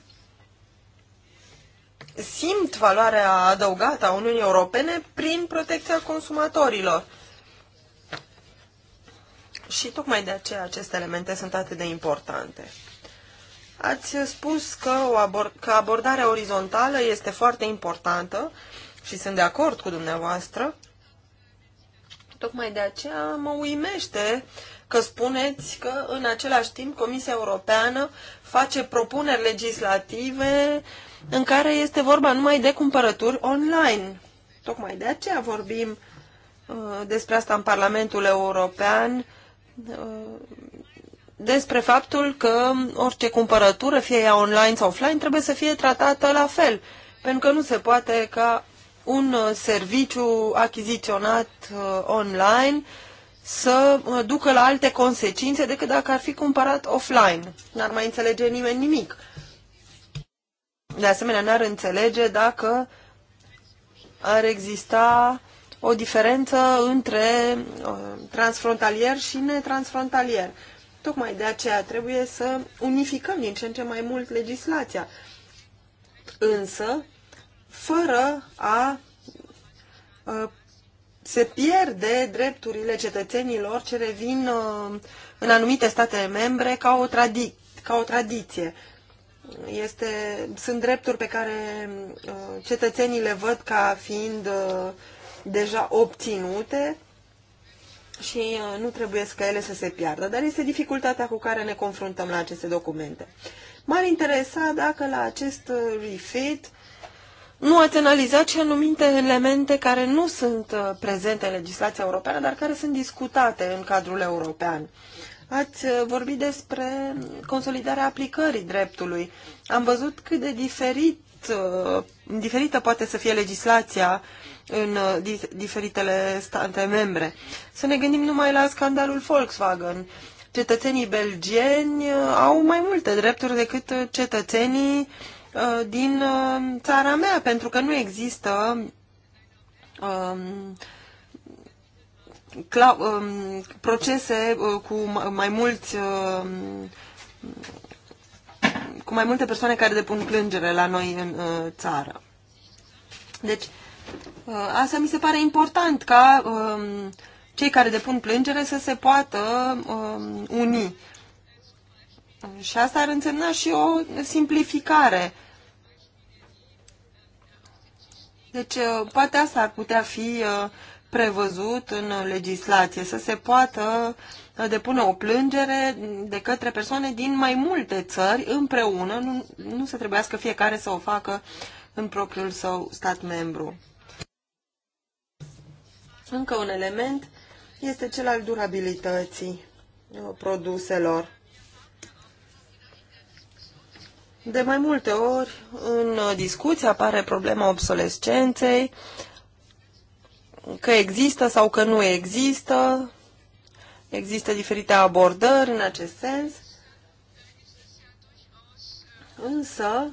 simt valoarea adăugată a Uniunii Europene prin protecția consumatorilor. Și tocmai de aceea aceste elemente sunt atât de importante. Ați spus că, o abord, că abordarea orizontală este foarte importantă și sunt de acord cu dumneavoastră. Tocmai de aceea mă uimește că spuneți că în același timp Comisia Europeană face propuneri legislative în care este vorba numai de cumpărături online. Tocmai de aceea vorbim uh, despre asta în Parlamentul European uh, despre faptul că orice cumpărătură, fie ea online sau offline, trebuie să fie tratată la fel, pentru că nu se poate ca un uh, serviciu achiziționat uh, online să uh, ducă la alte consecințe decât dacă ar fi cumpărat offline. N-ar mai înțelege nimeni nimic. De asemenea, n-ar înțelege dacă ar exista o diferență între transfrontalier și netransfrontalier. Tocmai de aceea trebuie să unificăm din ce în ce mai mult legislația, însă fără a, se pierde drepturile cetățenilor ce revin a, în anumite state membre ca o, tradi- ca o tradiție. Este, sunt drepturi pe care a, cetățenii le văd ca fiind deja obținute și uh, nu trebuie ca ele să se piardă, dar este dificultatea cu care ne confruntăm la aceste documente. M-ar interesa dacă la acest uh, refit nu ați analizat și anumite elemente care nu sunt uh, prezente în legislația europeană, dar care sunt discutate în cadrul european. Ați vorbit despre consolidarea aplicării dreptului. Am văzut cât de diferit Uh, diferită poate să fie legislația în uh, diferitele state membre. Să ne gândim numai la scandalul Volkswagen. Cetățenii belgieni uh, au mai multe drepturi decât cetățenii din țara mea, pentru că nu există um, cla- um, procese cu mai mulți um, cu mai multe persoane care depun plângere la noi în uh, țară. Deci, uh, asta mi se pare important ca uh, cei care depun plângere să se poată uh, uni. Și asta ar însemna și o simplificare. Deci, uh, poate asta ar putea fi uh, prevăzut în legislație, să se poată uh, depună o plângere de către persoane din mai multe țări împreună, nu, nu se trebuiască fiecare să o facă în propriul său stat membru. Încă un element este cel al durabilității uh, produselor. De mai multe ori în uh, discuție apare problema obsolescenței, că există sau că nu există, Există diferite abordări în acest sens, însă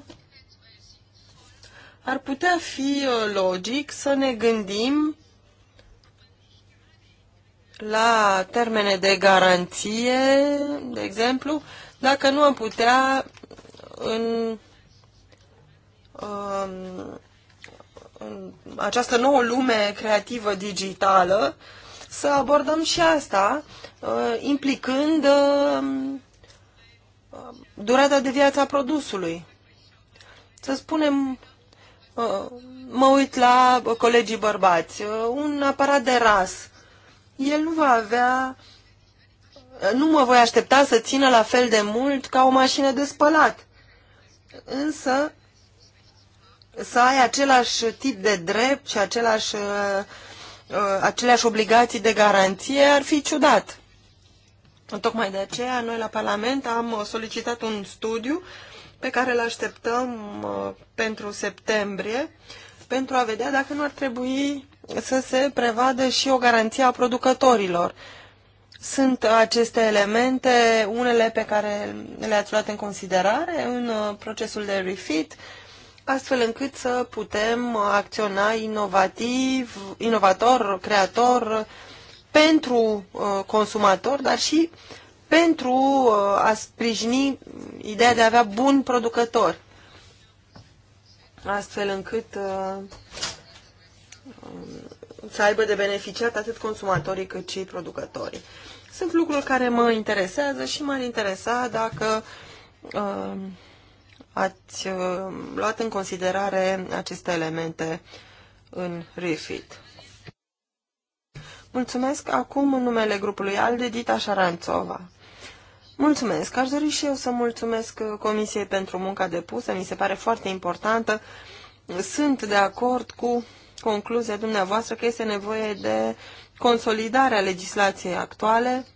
ar putea fi uh, logic să ne gândim la termene de garanție, de exemplu, dacă nu am putea în, um, în această nouă lume creativă digitală să abordăm și asta, uh, implicând uh, uh, durata de viață a produsului. Să spunem, mă uit la colegii bărbați, un aparat de ras, el nu va avea, nu mă voi aștepta să țină la fel de mult ca o mașină de spălat. Însă, să ai același tip de drept și același Uh, aceleași obligații de garanție ar fi ciudat. Tocmai de aceea, noi la Parlament am uh, solicitat un studiu pe care îl așteptăm uh, pentru septembrie, pentru a vedea dacă nu ar trebui să se prevadă și o garanție a producătorilor. Sunt aceste elemente, unele pe care le-ați luat în considerare în procesul de refit, astfel încât să putem acționa inovativ, inovator, creator pentru uh, consumator, dar și pentru uh, a sprijini ideea de a avea bun producător, astfel încât uh, um, să aibă de beneficiat atât consumatorii cât și producătorii. Sunt lucruri care mă interesează și m-ar interesa dacă ați uh, luat în considerare aceste elemente în refit. Mulțumesc acum în numele grupului ALDE, Dita Șaranțova. Mulțumesc. Aș dori și eu să mulțumesc uh, Comisiei pentru munca depusă. Mi se pare foarte importantă. Sunt de acord cu concluzia dumneavoastră că este nevoie de consolidarea legislației actuale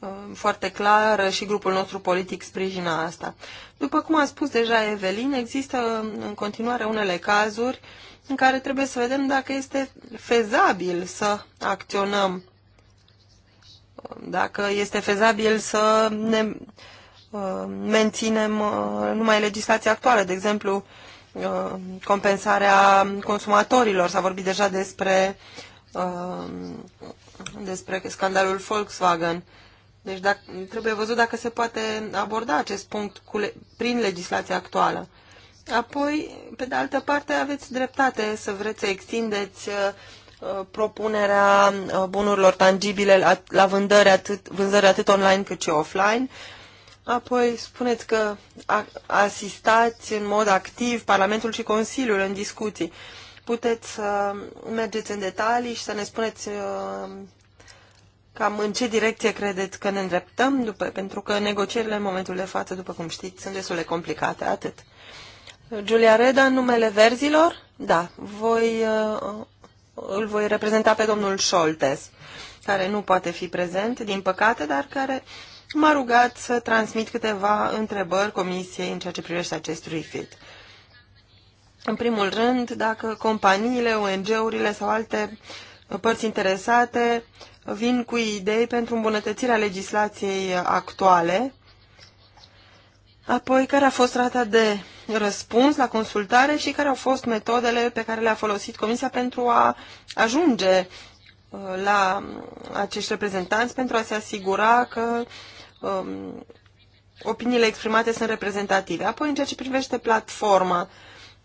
Uh, foarte clară și grupul nostru politic sprijină asta. După cum a spus deja Evelin, există în continuare unele cazuri în care trebuie să vedem dacă este fezabil să acționăm, dacă este fezabil să ne uh, menținem uh, numai legislația actuală, de exemplu, compensarea consumatorilor. S-a vorbit deja despre, despre scandalul Volkswagen deci dacă, trebuie văzut dacă se poate aborda acest punct cu le, prin legislația actuală. Apoi, pe de altă parte, aveți dreptate să vreți să extindeți uh, propunerea uh, bunurilor tangibile la, la vândări atât, vânzări atât online cât și offline. Apoi spuneți că a, asistați în mod activ Parlamentul și Consiliul în discuții. Puteți să mergeți în detalii și să ne spuneți uh, Cam în ce direcție credeți că ne îndreptăm? După, pentru că negocierile în momentul de față, după cum știți, sunt destul de complicate, atât. Giulia Reda, în numele verzilor? Da, voi, uh, îl voi reprezenta pe domnul Scholtes, care nu poate fi prezent, din păcate, dar care m-a rugat să transmit câteva întrebări comisiei în ceea ce privește acest refit. În primul rând, dacă companiile, ONG-urile sau alte părți interesate vin cu idei pentru îmbunătățirea legislației actuale. Apoi, care a fost rata de răspuns la consultare și care au fost metodele pe care le-a folosit Comisia pentru a ajunge uh, la acești reprezentanți pentru a se asigura că um, opiniile exprimate sunt reprezentative. Apoi, în ceea ce privește platforma,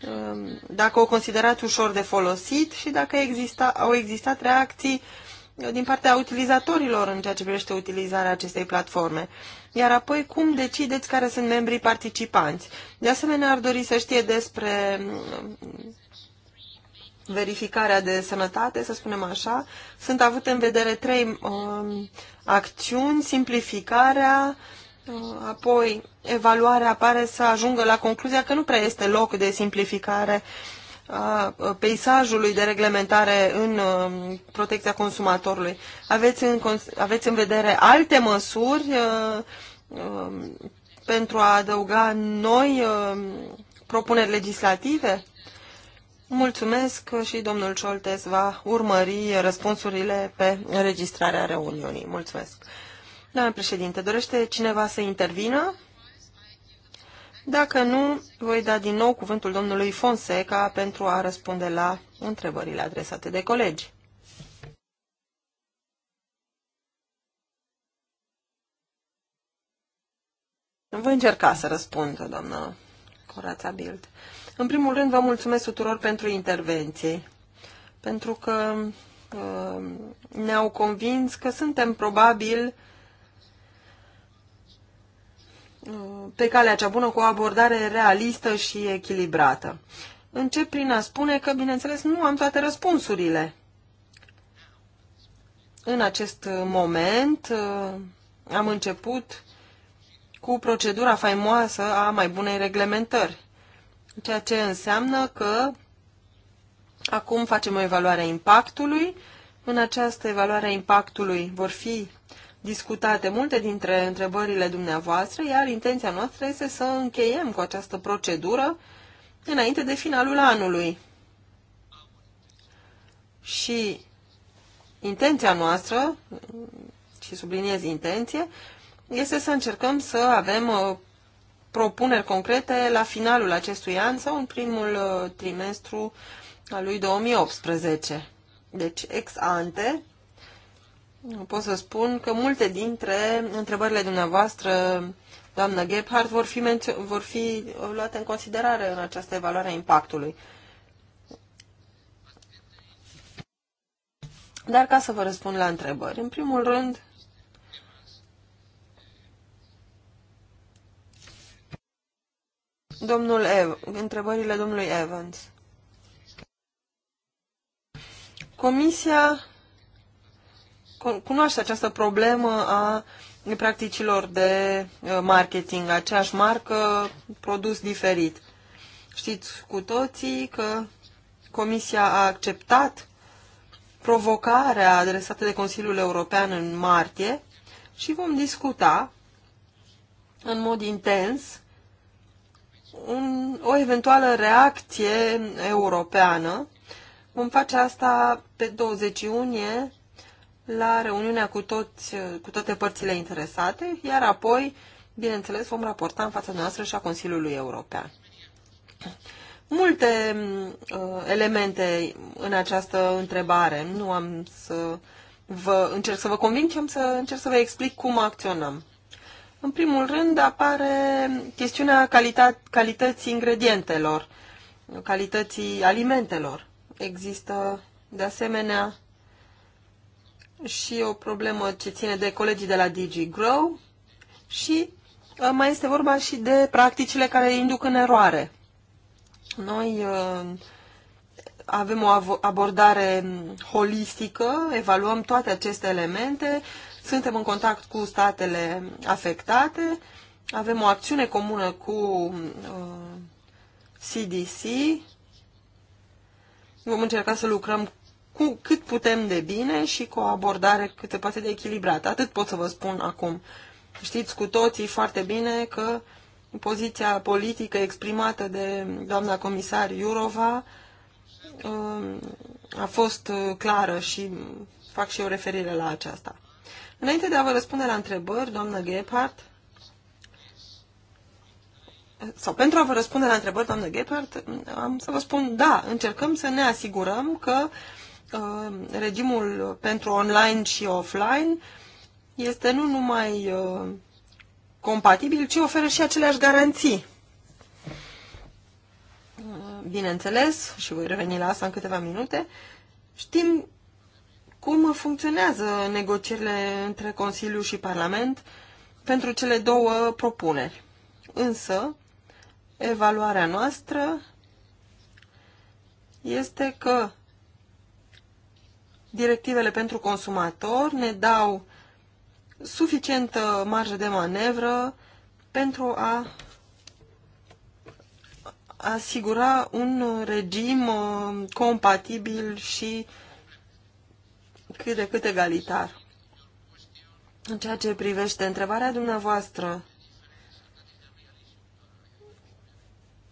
um, dacă o considerați ușor de folosit și dacă exista, au existat reacții uh, din partea utilizatorilor în ceea ce privește utilizarea acestei platforme. Iar apoi, cum decideți care sunt membrii participanți? De asemenea, ar dori să știe despre mm, verificarea de sănătate, să spunem așa. Sunt avute în vedere trei um, acțiuni, simplificarea, uh, Apoi, evaluarea pare să ajungă la concluzia că nu prea este loc de simplificare a peisajului de reglementare în protecția consumatorului. Aveți în, aveți în vedere alte măsuri pentru a adăuga noi propuneri legislative? Mulțumesc și domnul Cioltes va urmări răspunsurile pe înregistrarea reuniunii. Mulțumesc. Doamne președinte, dorește cineva să intervină? Dacă nu, voi da din nou cuvântul domnului Fonseca pentru a răspunde la întrebările adresate de colegi. Voi încerca să răspund, doamnă Corața Bild. În primul rând, vă mulțumesc tuturor pentru intervenții, pentru că uh, ne-au convins că suntem probabil Mm, pe calea cea bună cu o abordare realistă și echilibrată. Încep prin a spune că, bineînțeles, nu am toate răspunsurile. În acest moment mm, am început cu procedura faimoasă a mai bunei reglementări, ceea ce înseamnă că acum facem o evaluare a impactului. În această evaluare a impactului vor fi discutate multe dintre întrebările dumneavoastră, iar intenția noastră este să încheiem cu această procedură înainte de finalul anului. Și intenția noastră, și subliniez intenție, este să încercăm să avem uh, propuneri concrete la finalul acestui an sau în primul uh, trimestru al lui 2018. Deci, ex ante, pot să spun că multe dintre întrebările dumneavoastră, doamnă Gebhardt, vor fi, vor fi luate în considerare în această evaluare a impactului. Dar ca să vă răspund la întrebări, în primul rând, domnul Ev întrebările domnului Evans. Comisia cunoaște această problemă a practicilor de uh, marketing, aceeași marcă, produs diferit. Știți cu toții că Comisia a acceptat provocarea adresată de Consiliul European în martie și vom discuta în mod intens un, o eventuală reacție europeană. Vom face asta pe 20 iunie la reuniunea cu, toți, cu toate părțile interesate, iar apoi, bineînțeles, vom raporta în fața noastră și a Consiliului European. Multe uh, elemente în această întrebare. Nu am să vă încerc să vă convinc, ci am să încerc să vă explic cum acționăm. În primul rând apare chestiunea calitate, calității ingredientelor, calității alimentelor. Există, de asemenea, și o problemă ce ține de colegii de la DG Grow și uh, mai este vorba și de practicile care induc în eroare. Noi uh, avem o abordare holistică, evaluăm toate aceste elemente, suntem în contact cu statele afectate, avem o acțiune comună cu CDC, uh, vom încerca să lucrăm cu cât putem de bine și cu o abordare cât se poate de echilibrată. Atât pot să vă spun acum. Știți cu toții foarte bine că poziția politică exprimată de doamna comisar Iurova um, a fost uh, clară și fac și eu referire la aceasta. Înainte de a vă răspunde la întrebări, doamnă Gephardt, sau pentru a vă răspunde la întrebări, doamnă Gephardt, am să vă spun, da, încercăm să ne asigurăm că Uh, regimul pentru online și offline este nu numai uh, compatibil, ci oferă și aceleași garanții. Uh, bineînțeles, și voi reveni la asta în câteva minute, știm cum funcționează negocierile între Consiliu și Parlament pentru cele două propuneri. Însă, evaluarea noastră este că directivele pentru consumator ne dau suficientă marjă de manevră pentru a asigura un regim uh, compatibil și cât de cât egalitar. În ceea ce privește întrebarea dumneavoastră,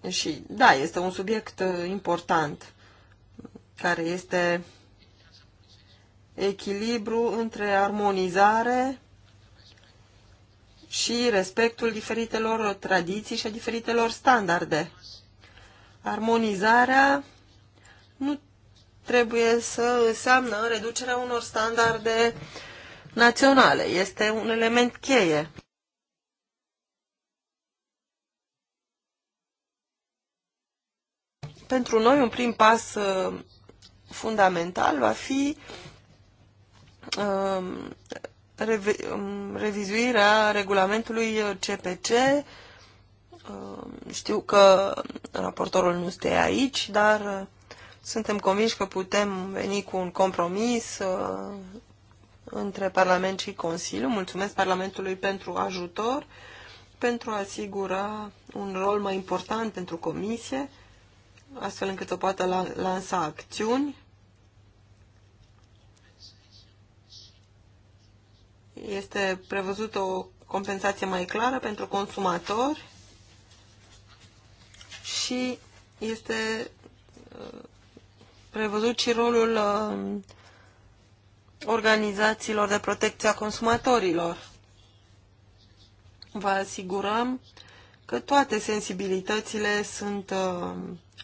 și da, este un subiect uh, important care este echilibru între armonizare și respectul diferitelor tradiții și a diferitelor standarde. Armonizarea nu trebuie să înseamnă reducerea unor standarde naționale. Este un element cheie. Pentru noi un prim pas uh, fundamental va fi Um, um, revizuirea regulamentului CPC. Um, știu că raportorul nu este aici, dar uh, suntem convinși că putem veni cu un compromis uh, între Parlament și Consiliu. Mulțumesc Parlamentului pentru ajutor, pentru a asigura un rol mai important pentru Comisie, astfel încât să poată lansa acțiuni Este prevăzută o compensație mai clară pentru consumatori și este uh, prevăzut și rolul uh, organizațiilor de protecție a consumatorilor. Vă asigurăm că toate sensibilitățile sunt uh,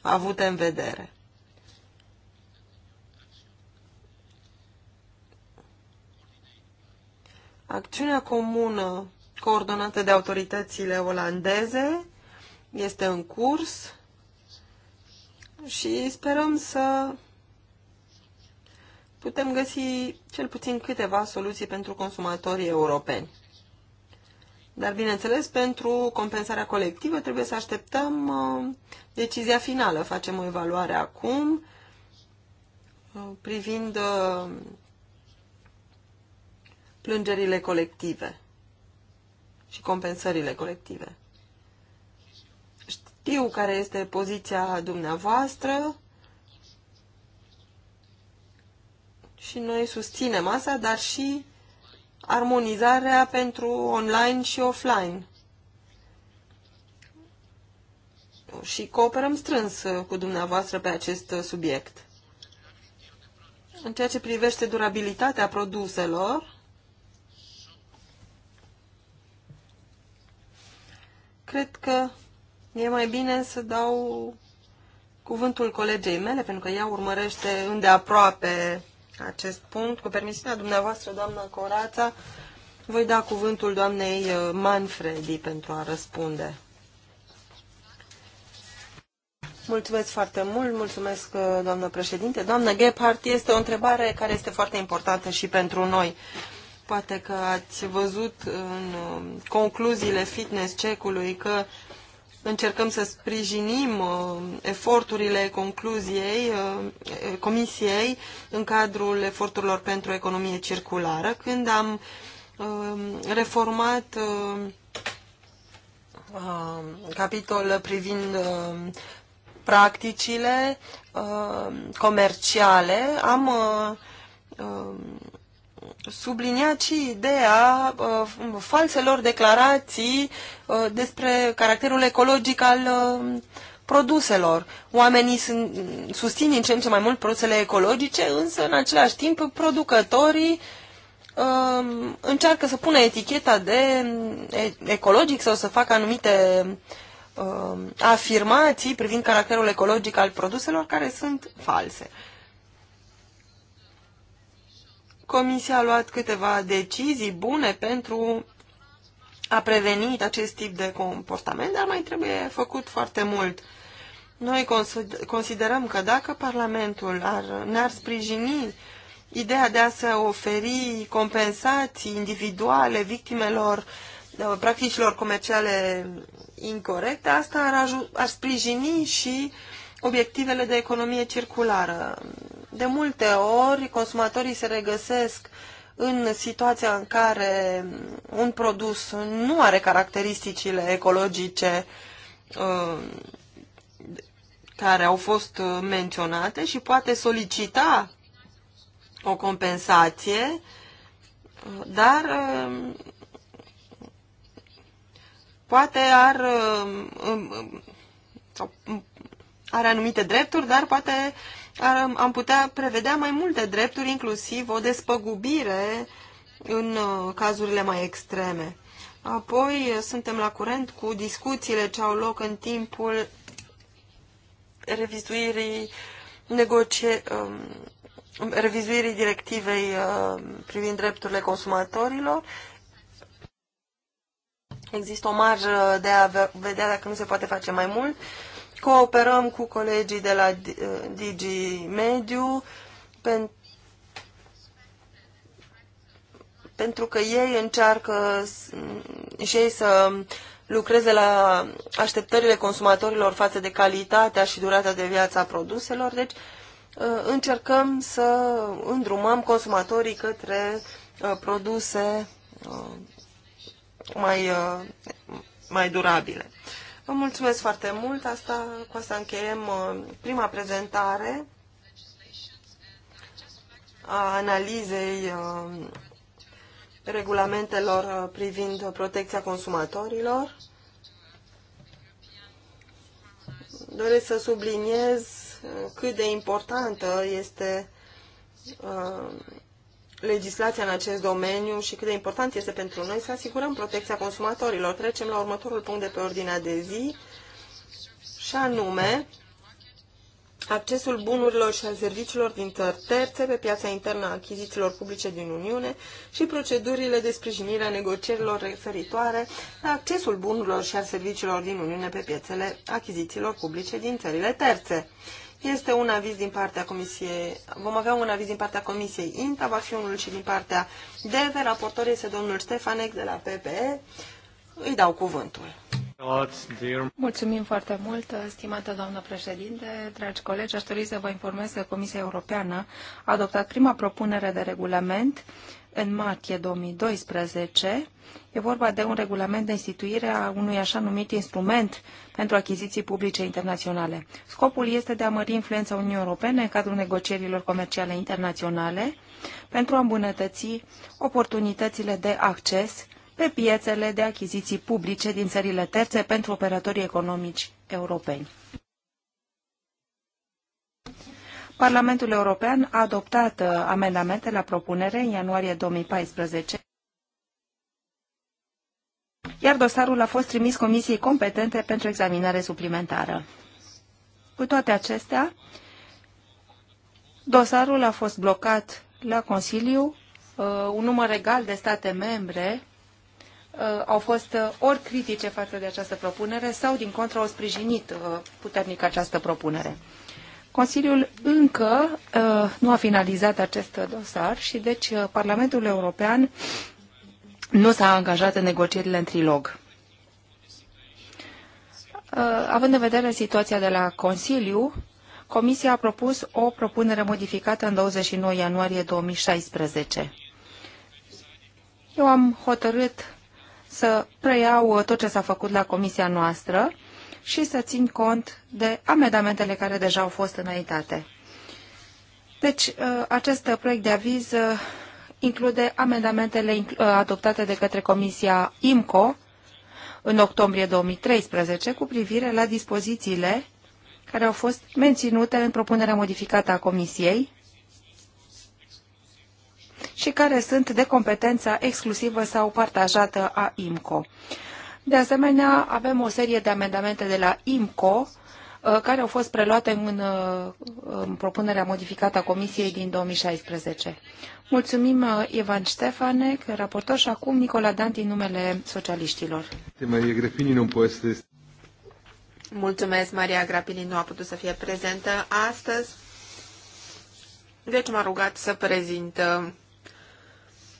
avute în vedere. Acțiunea comună coordonată de autoritățile olandeze este în curs și sperăm să putem găsi cel puțin câteva soluții pentru consumatorii europeni. Dar, bineînțeles, pentru compensarea colectivă trebuie să așteptăm uh, decizia finală. Facem o evaluare acum uh, privind uh, plângerile colective și compensările colective. Știu care este poziția dumneavoastră și noi susținem asta, dar și armonizarea pentru online și offline. Și cooperăm strâns cu dumneavoastră pe acest subiect. În ceea ce privește durabilitatea produselor, Cred că e mai bine să dau cuvântul colegei mele, pentru că ea urmărește îndeaproape acest punct. Cu permisiunea dumneavoastră, doamna Corața, voi da cuvântul doamnei uh, Manfredi pentru a răspunde. Mulțumesc foarte mult, mulțumesc uh, doamnă președinte. Doamnă Gephardt, este o întrebare care este foarte importantă și pentru noi. Uh, Poate că ați văzut în um, concluziile fitness check-ului că încercăm să sprijinim um, eforturile concluziei um, Comisiei în cadrul eforturilor pentru economie circulară, când am reformat capitol privind practicile comerciale, am uh, subliniat și ideea uh, falselor declarații uh, despre caracterul ecologic al uh, produselor. Oamenii sunt, susțin din ce în ce mai mult produsele ecologice, însă în același timp producătorii uh, încearcă să pună eticheta de ecologic sau să facă anumite uh, afirmații privind caracterul ecologic al produselor care sunt false. Uh, Comisia a luat câteva decizii bune pentru a preveni acest tip de comportament, dar mai trebuie făcut foarte mult. Noi considerăm că dacă Parlamentul ar, ne-ar sprijini ideea de a se oferi compensații individuale victimelor uh, practicilor comerciale incorrecte, asta ar, ar sprijini și obiectivele de economie circulară. De multe ori, consumatorii se regăsesc în situația în care un produs nu are caracteristicile ecologice uh, care au fost uh, menționate și poate solicita o compensație, uh, dar poate ar are anumite drepturi, dar poate am putea prevedea mai multe drepturi, inclusiv o despăgubire în uh, cazurile mai extreme. Apoi uh, suntem la curent cu discuțiile ce au loc în timpul revizuirii, negocie, um, revizuirii directivei uh, privind drepturile consumatorilor. Există o marjă de a vedea dacă nu se poate face mai mult Cooperăm cu colegii de la Digi Mediu pentru pentru că ei încearcă și ei să lucreze la așteptările consumatorilor față de calitatea și durata de viață a produselor. Deci uh, încercăm să îndrumăm consumatorii către uh, produse uh, mai, mai durabile. Vă mulțumesc foarte mult. Asta, cu asta încheiem uh, prima prezentare a analizei uh, regulamentelor uh, privind protecția consumatorilor. Doresc să subliniez cât de importantă este legislația în acest domeniu și cât de important este pentru noi să asigurăm protecția consumatorilor. Trecem la următorul punct de pe ordinea de zi, și anume accesul bunurilor și al serviciilor din țări terțe pe piața internă a achizițiilor publice din Uniune și procedurile de sprijinire a negocierilor referitoare la accesul bunurilor și al serviciilor din Uniune pe piețele achizițiilor publice din țările terțe. Este un aviz din partea comisiei, vom avea un aviz din partea comisiei INTA, va fi unul și din partea DV, raportor este domnul Stefanec de la PPE. Îi dau cuvântul. Mulțumim foarte mult, stimată doamnă președinte, dragi colegi. Aș dori să vă informez că Comisia Europeană a adoptat prima propunere de regulament în martie 2012. E vorba de un regulament de instituire a unui așa numit instrument pentru achiziții publice internaționale. Scopul este de a mări influența Uniunii Europene în cadrul negocierilor comerciale internaționale pentru a îmbunătăți oportunitățile de acces pe piețele de achiziții publice din țările terțe pentru operatorii economici europeni. Parlamentul European a adoptat uh, amendamente la propunere în ianuarie 2014, iar dosarul a fost trimis comisiei competente pentru examinare suplimentară. Cu toate acestea, dosarul a fost blocat la Consiliu, uh, un număr egal de state membre uh, au fost ori critice față de această propunere sau, din contră, au sprijinit puternic această propunere. Consiliul încă uh, nu a finalizat acest dosar și deci uh, Parlamentul European nu s-a angajat în negocierile în trilog. Uh, având în vedere situația de la Consiliu, Comisia a propus o propunere modificată în 29 ianuarie 2016. Eu am hotărât să preiau tot ce s-a făcut la Comisia noastră și să țin cont de amendamentele care deja au fost înaintate. Deci, uh, acest proiect de aviz uh, include amendamentele uh, adoptate de către Comisia IMCO în octombrie 2013 cu privire la dispozițiile care au fost menținute în propunerea modificată a Comisiei și care sunt de competența exclusivă sau partajată a IMCO. De asemenea, avem o serie de amendamente de la IMCO uh, care au fost preluate în, uh, în propunerea modificată a Comisiei din 2016. Mulțumim uh, Ivan Ștefanec, raportor și acum Nicola Danti în numele socialiștilor. Maria Grepini nu poate Mulțumesc, Maria Grapini nu a putut să fie prezentă astăzi, deci m-a rugat să prezint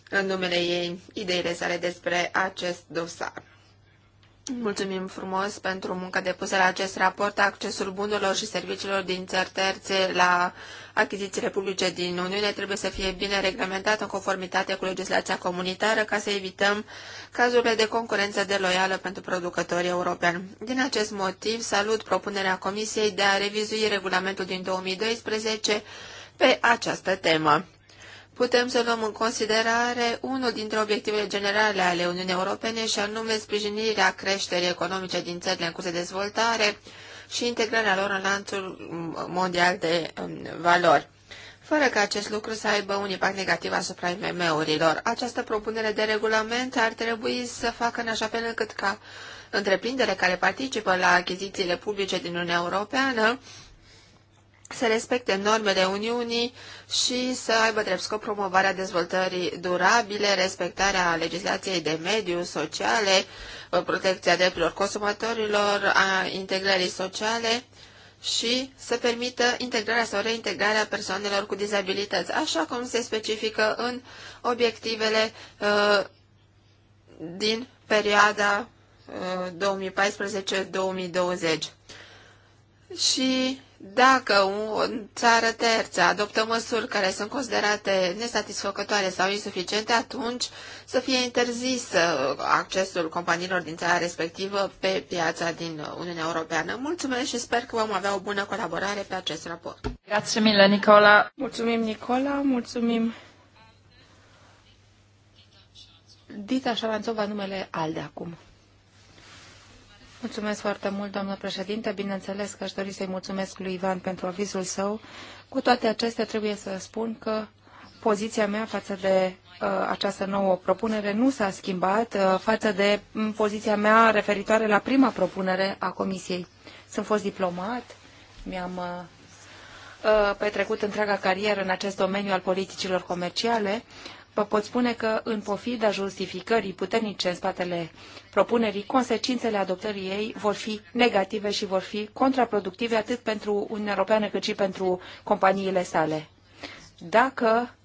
în numele ei ideile sale despre acest dosar. Mulțumim frumos pentru munca depusă la acest raport, accesul bunurilor și serviciilor din țări terțe la achizițiile publice din Uniune trebuie să fie bine reglementat în conformitate cu legislația comunitară ca să evităm cazurile de concurență deloială pentru producătorii europeni. Din acest motiv, salut propunerea Comisiei de a revizui regulamentul din 2012 pe această temă putem să luăm în considerare unul dintre obiectivele generale ale Uniunii Europene și anume sprijinirea creșterii economice din țările în curs de dezvoltare și integrarea lor în lanțul mondial de um, valori fără ca acest lucru să aibă un impact negativ asupra IMM-urilor. Această propunere de regulament ar trebui să facă în așa fel încât ca întreprinderile care participă la achizițiile publice din Uniunea Europeană să respecte normele Uniunii și să aibă drept scop promovarea dezvoltării durabile, respectarea legislației de mediu, sociale, protecția drepturilor consumatorilor, a integrării sociale și să permită integrarea sau reintegrarea persoanelor cu dizabilități, așa cum se specifică în obiectivele uh, din perioada uh, 2014-2020. Și dacă o țară terță adoptă măsuri care sunt considerate nesatisfăcătoare sau insuficiente, atunci să fie interzis uh, accesul companiilor din țara respectivă pe piața din Uniunea Europeană. Mulțumesc și sper că vom avea o bună colaborare pe acest raport. Grazie mille, Nicola. Mulțumim, Nicola. Mulțumim. Dita Șaranțova, numele ALDE acum. Mulțumesc foarte mult, doamnă președinte. Bineînțeles că aș dori să-i mulțumesc lui Ivan pentru avizul său. Cu toate acestea, trebuie să spun că poziția mea față de uh, această nouă propunere nu s-a schimbat uh, față de um, poziția mea referitoare la prima propunere a Comisiei. Sunt fost diplomat, mi-am uh, uh petrecut întreaga carieră în acest domeniu al politicilor comerciale vă pot spune că, în pofida justificării puternice în spatele propunerii, consecințele adoptării ei vor fi negative și vor fi contraproductive atât pentru Uniunea Europeană cât și pentru companiile sale. Dacă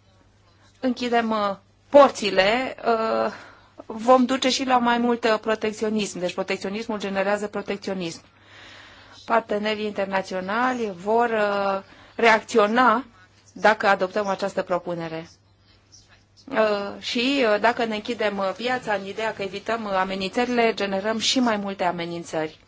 închidem uh, porțile, uh, vom duce și la mai mult uh, protecționism. Deci protecționismul generează protecționism. Partenerii internaționali vor reacționa dacă adoptăm această propunere. Uh, și uh, dacă ne închidem piața uh, în ideea că evităm amenințările, generăm și mai multe amenințări.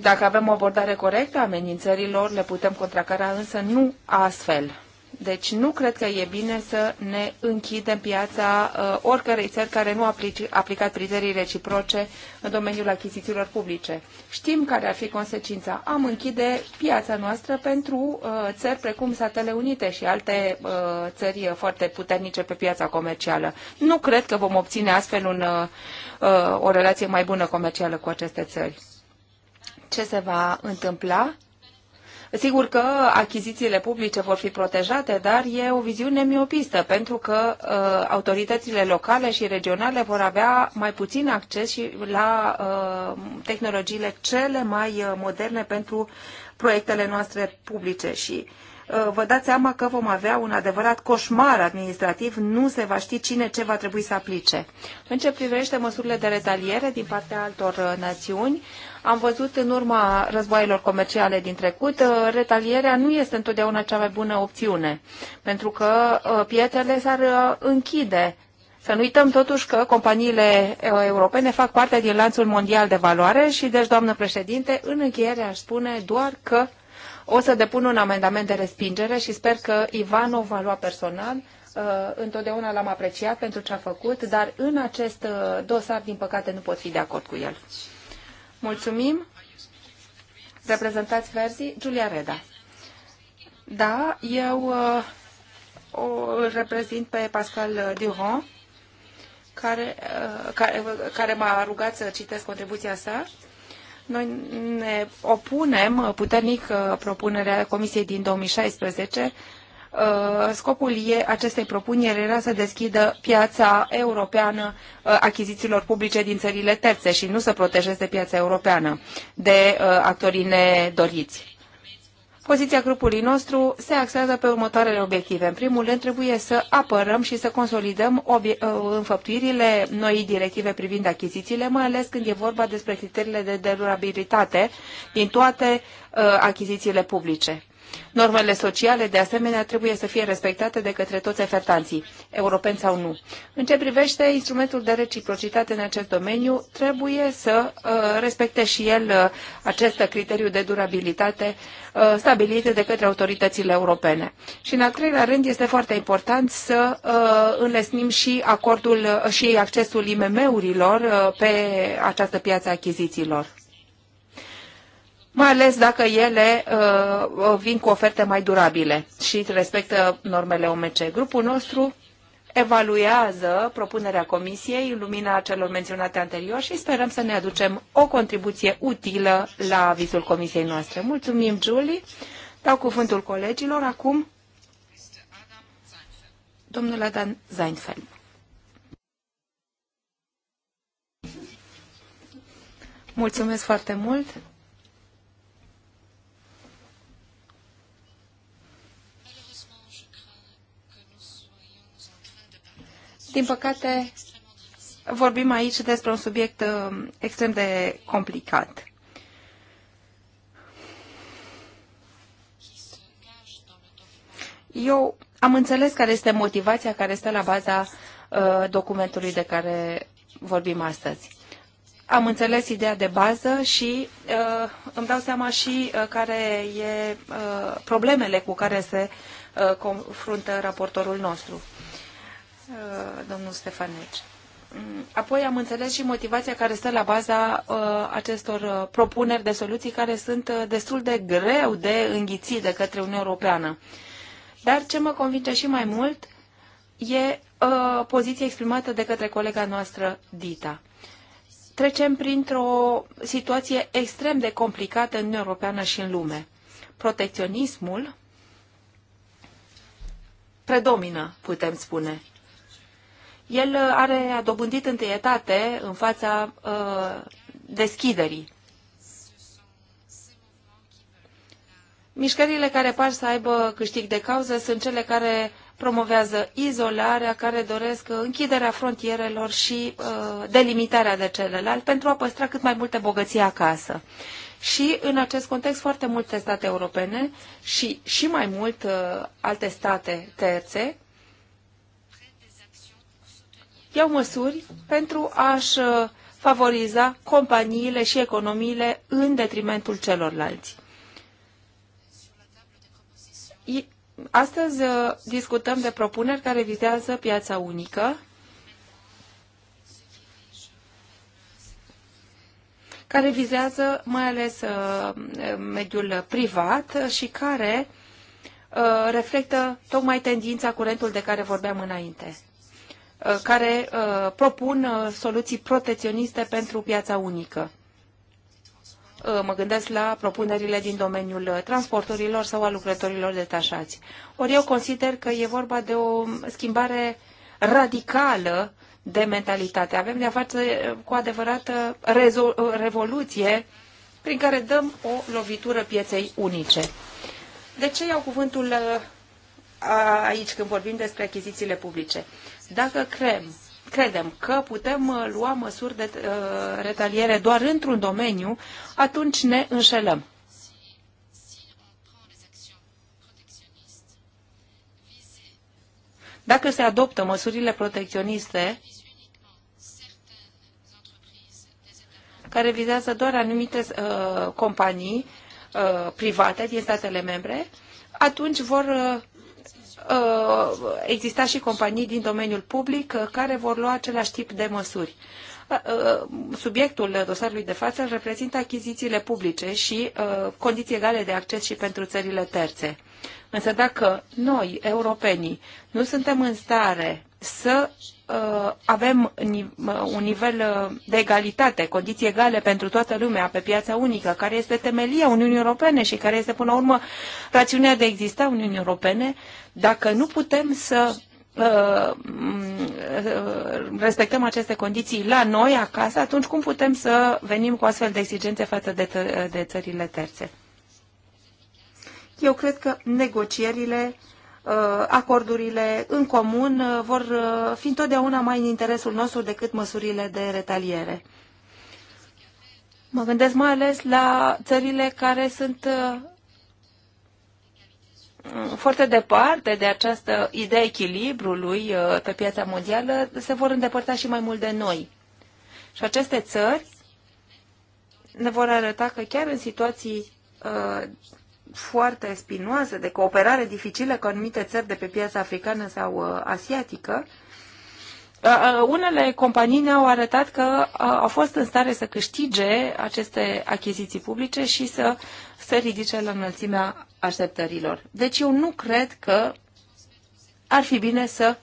Dacă avem o abordare corectă a amenințărilor, le putem contracara, însă nu astfel. Deci nu cred că e bine să ne închidem piața uh, oricărei țări care nu a aplicat criterii reciproce în domeniul achizițiilor publice. Știm care ar fi consecința. Am închide piața noastră pentru uh, țări precum Statele Unite și alte uh, țări foarte puternice pe piața comercială. Nu cred că vom obține astfel un, uh, uh o relație mai bună comercială cu aceste țări. Ce se va întâmpla? Sigur că achizițiile publice vor fi protejate, dar e o viziune miopistă, pentru că uh, autoritățile locale și regionale vor avea mai puțin acces și la uh, tehnologiile cele mai uh, moderne pentru proiectele noastre publice și uh, Vă dați seama că vom avea un adevărat coșmar administrativ, nu se va ști cine ce va trebui să aplice. În ce privește măsurile de retaliere din partea altor uh, națiuni, am văzut în urma războaielor comerciale din trecut, uh, retalierea nu este întotdeauna cea mai bună opțiune, pentru că uh, piețele s-ar uh, închide. Să nu uităm totuși că companiile europene fac parte din lanțul mondial de valoare și deci, doamnă președinte, în încheiere aș spune doar că o să depun un amendament de respingere și sper că Ivanov va lua personal întotdeauna l-am apreciat pentru ce a făcut, dar în acest dosar, din păcate, nu pot fi de acord cu el. Mulțumim. Reprezentați verzii, Giulia Reda. Da, eu uh, o reprezint pe Pascal Durand, care, uh, care, care m-a rugat să citesc contribuția sa. Noi ne opunem puternic uh, propunerea Comisiei din 2016 Uh, scopul acestei propuneri era să deschidă piața europeană uh, achizițiilor publice din țările terțe și nu să protejeze piața europeană de uh, actorii nedoriți. Poziția grupului nostru se axează pe următoarele obiective. În primul rând, trebuie să apărăm și să consolidăm înfăptuirile noii directive privind achizițiile, mai ales când e vorba despre criteriile de durabilitate din toate uh, achizițiile publice. Normele sociale, de asemenea, trebuie să fie respectate de către toți ofertanții, europeni sau nu. În ce privește instrumentul de reciprocitate în acest domeniu, trebuie să uh, respecte și el uh, acest criteriu de durabilitate uh, stabilit de către autoritățile europene. Și în al treilea rând este foarte important să înlesnim și acordul și accesul IMM-urilor pe această piață a achizițiilor mai ales dacă ele uh, uh, vin cu oferte mai durabile și respectă normele OMC. Grupul nostru evaluează propunerea Comisiei în lumina celor menționate anterior și sperăm să ne aducem o contribuție utilă la avizul Comisiei noastre. Mulțumim, Julie. Dau cuvântul colegilor acum. Domnul Adam Seinfeld. Mulțumesc foarte mult. Din păcate, vorbim aici despre un subiect uh, extrem de complicat. Eu am înțeles care este motivația care stă la baza uh, documentului de care vorbim astăzi. Am înțeles ideea de bază și uh, îmi dau seama și uh, care e uh, problemele cu care se uh, confruntă raportorul nostru. Uh, domnul Stefaneci. Mm, apoi am înțeles și motivația care stă la baza uh, acestor uh, propuneri de soluții care sunt uh, destul de greu de înghițit de către Uniunea Europeană. Dar ce mă convinge și mai mult e uh, poziția exprimată de către colega noastră, Dita. Trecem printr-o situație extrem de complicată în Uniunea Europeană și în lume. Protecționismul predomină, putem spune, el uh, are a dobândit întâietate în fața uh, deschiderii. Mișcările care par să aibă câștig de cauză sunt cele care promovează izolarea, care doresc închiderea frontierelor și uh, delimitarea de celălalt pentru a păstra cât mai multe bogății acasă. Și în acest context foarte multe state europene și și mai mult uh, alte state terțe iau măsuri pentru a-și uh, favoriza companiile și economiile în detrimentul celorlalți. Astăzi uh, discutăm de propuneri care vizează piața unică, care vizează mai ales uh, mediul privat și care reflectă tocmai tendința curentul de care vorbeam înainte. Uh, care uh, propun uh, soluții protecționiste pentru piața unică. Mă gândesc la propunerile din domeniul transporturilor sau a lucrătorilor detașați. Ori eu consider că e vorba de o schimbare radicală de mentalitate. Avem de-a face cu adevărată revoluție prin care dăm o lovitură pieței unice. De ce iau cuvântul aici când vorbim despre achizițiile publice? Dacă crem, credem că putem uh, lua măsuri de uh, retaliere doar într-un domeniu, atunci ne înșelăm. Dacă se adoptă măsurile protecționiste care vizează doar anumite uh, companii uh, private din statele membre, atunci vor uh, Uh, exista și companii din domeniul public uh, care vor lua același tip de măsuri. Uh, subiectul dosarului de față îl reprezintă achizițiile publice și condiții egale de acces și pentru țările terțe. Însă dacă noi, europenii, nu suntem în stare să Uh, avem uh, un nivel uh, de egalitate, condiții egale pentru toată lumea pe piața unică, care este temelia Uniunii Europene și care este, până la urmă, rațiunea de a exista Uniunii Europene, dacă nu putem să mm, respectăm aceste condiții la noi, acasă, atunci cum putem să venim cu astfel de exigențe față de, ță- de țările terțe? Eu cred că negocierile Uh, acordurile în comun uh, vor uh, fi întotdeauna mai în interesul nostru decât măsurile de retaliere. Mă gândesc mai ales la țările care sunt foarte departe de această idee echilibrului pe piața mondială, se vor îndepărta și mai mult de noi. Și aceste țări ne vor arăta că chiar în situații foarte spinoasă, de cooperare dificilă cu anumite țări de pe piața africană sau uh, asiatică, uh, uh, unele companii ne-au arătat că au fost în stare să câștige aceste achiziții publice și să se ridice la înălțimea așteptărilor. Deci eu nu cred că ar fi bine să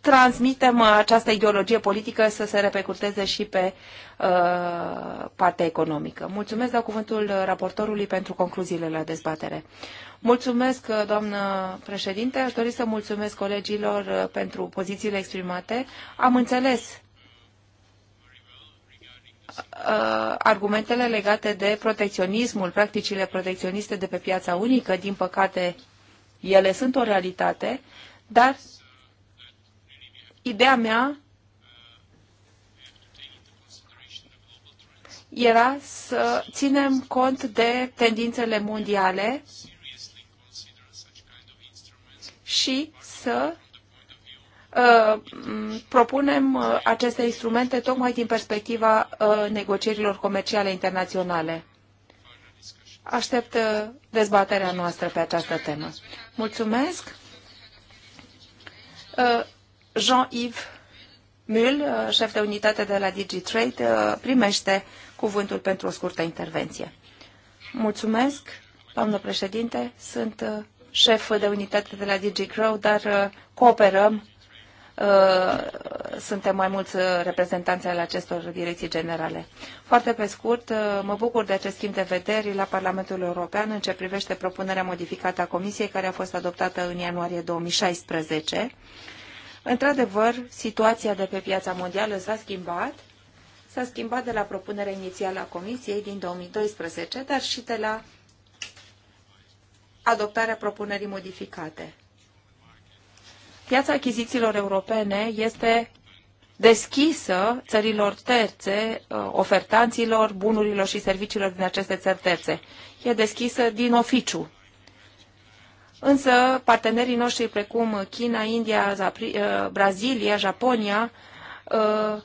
transmitem uh, această ideologie politică să se repercuteze și pe uh, partea economică. Mulțumesc, dau cuvântul raportorului pentru concluziile la dezbatere. Mulțumesc, uh, doamnă președinte. Aș dori să mulțumesc colegilor uh, pentru pozițiile exprimate. Am înțeles argumentele legate de protecționismul, practicile protecționiste de pe piața unică, din păcate, ele sunt o realitate, dar ideea mea era să ținem cont de tendințele mondiale și să uh, propunem uh, aceste instrumente tocmai din perspectiva uh, negocierilor comerciale internaționale. Aștept uh, dezbaterea noastră pe această temă. Mulțumesc! Uh, Jean-Yves Mul, șef de unitate de la DigiTrade, primește cuvântul pentru o scurtă intervenție. Mulțumesc, doamnă președinte, sunt uh, șef de unitate de la DigiCrow, dar uh, cooperăm uh, suntem mai mulți reprezentanți ale acestor direcții generale. Foarte pe scurt, mă bucur de acest schimb de vederi la Parlamentul European în ce privește propunerea modificată a Comisiei care a fost adoptată în ianuarie 2016 Într-adevăr, situația de pe piața mondială s-a schimbat. S-a schimbat de la propunerea inițială a Comisiei din 2012, dar și de la adoptarea propunerii modificate. Piața achizițiilor europene este deschisă țărilor terțe, uh, ofertanților, bunurilor și serviciilor din aceste țări terțe. E deschisă din oficiu. Însă partenerii noștri precum China, India, Zapri, uh, Brazilia, Japonia uh,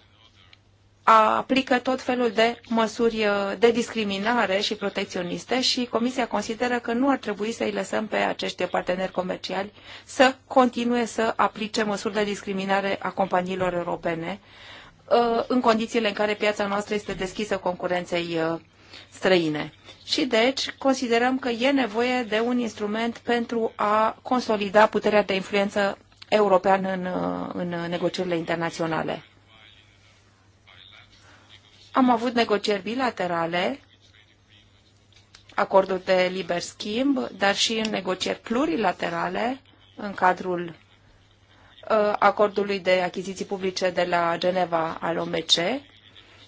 aplică tot felul de măsuri uh, de discriminare și protecționiste și Comisia consideră că nu ar trebui să îi lăsăm pe acești parteneri comerciali să continue să aplice măsuri de discriminare a companiilor europene în condițiile în care piața noastră este deschisă concurenței străine. Și deci considerăm că e nevoie de un instrument pentru a consolida puterea de influență europeană în, în negocierile internaționale. Am avut negocieri bilaterale, acorduri de liber schimb, dar și în negocieri plurilaterale în cadrul uh, acordului de achiziții publice de la Geneva al OMC,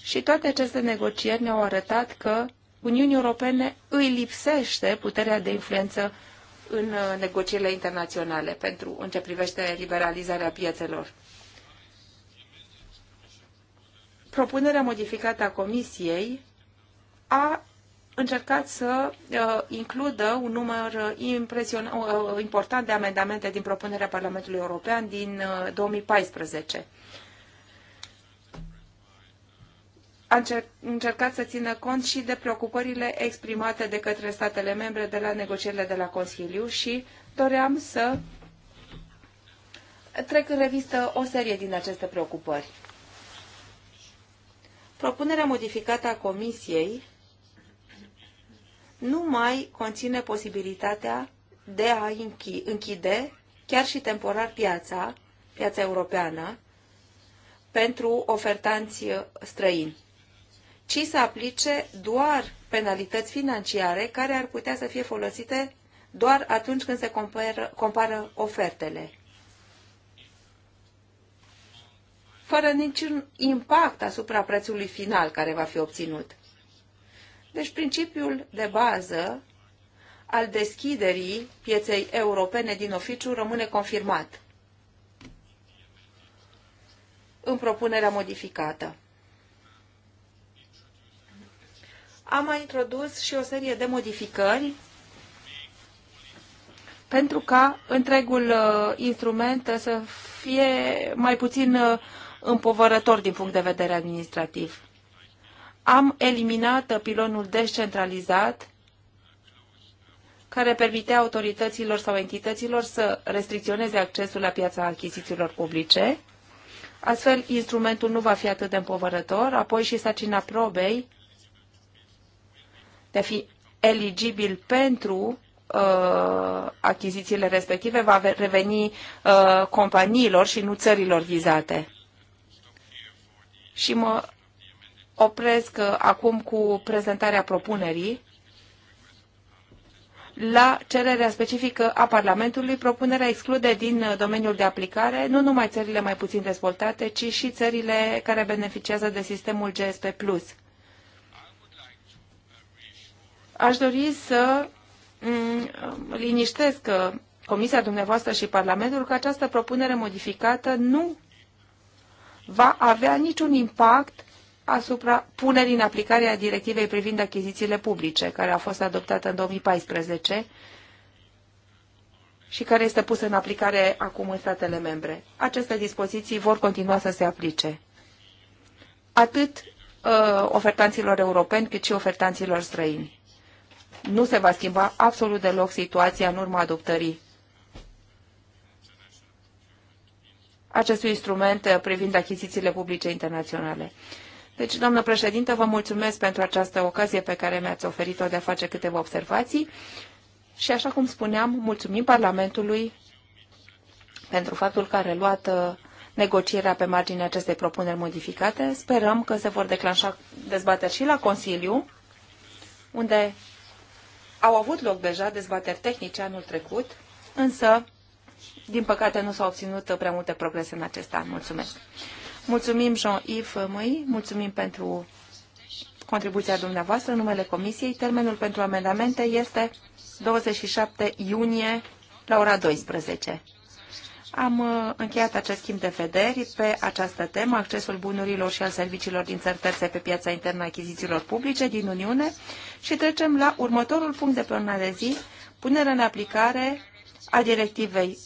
și toate aceste negocieri ne-au arătat că Uniunii Europene îi lipsește puterea de influență în uh, negocierile internaționale pentru în ce privește liberalizarea piețelor. Propunerea modificată a Comisiei a încercat să uh, includă un număr uh, impresion- uh, important de amendamente din propunerea Parlamentului European din uh, 2014. a încercat să țină cont și de preocupările exprimate de către statele membre de la negocierile de la Consiliu și doream să trec în revistă o serie din aceste preocupări. Propunerea modificată a Comisiei nu mai conține posibilitatea de a închide chiar și temporar piața, piața europeană, pentru ofertanți străini ci să aplice doar penalități financiare care ar putea să fie folosite doar atunci când se compară, compară ofertele. fără niciun impact asupra prețului final care va fi obținut. Deci principiul de bază al deschiderii pieței europene din oficiu rămâne confirmat în propunerea modificată. am mai introdus și o serie de modificări pentru ca întregul uh, instrument uh, să fie mai puțin uh, împovărător din punct de vedere administrativ. Am eliminat pilonul descentralizat care permitea autorităților sau entităților să restricționeze accesul la piața achizițiilor publice. Astfel, instrumentul nu va fi atât de împovărător, apoi și sacina probei de a fi eligibil pentru uh, achizițiile respective va reveni uh, companiilor și nu țărilor vizate. Și mă opresc uh, acum cu prezentarea propunerii. La cererea specifică a Parlamentului, propunerea exclude din uh, domeniul de aplicare nu numai țările mai puțin dezvoltate, ci și țările care beneficiază de sistemul GSP+. Aș dori să mm, liniștesc uh, Comisia dumneavoastră și Parlamentul că această propunere modificată nu va avea niciun impact asupra punerii în aplicare a directivei privind achizițiile publice, care a fost adoptată în 2014 și care este pusă în aplicare acum în statele membre. Aceste dispoziții vor continua să se aplice atât uh, ofertanților europeni cât și ofertanților străini nu se va schimba absolut deloc situația în urma adoptării acestui instrument privind achizițiile publice internaționale. Deci, doamnă președintă, vă mulțumesc pentru această ocazie pe care mi-ați oferit-o de a face câteva observații și, așa cum spuneam, mulțumim Parlamentului pentru faptul că a reluat uh, negocierea pe marginea acestei propuneri modificate. Sperăm că se vor declanșa dezbateri și la Consiliu, unde au avut loc deja dezbateri tehnice anul trecut, însă, din păcate, nu s-au obținut prea multe progrese în acest an. Mulțumesc! Mulțumim, Jean-Yves Mâi, mulțumim pentru contribuția dumneavoastră în numele Comisiei. Termenul pentru amendamente este 27 iunie la ora 12. Am uh, încheiat acest schimb de vederi pe această temă, accesul bunurilor și al serviciilor din țări terțe pe piața internă a achizițiilor publice din Uniune și trecem la următorul punct de pe de zi, punerea în aplicare a directivei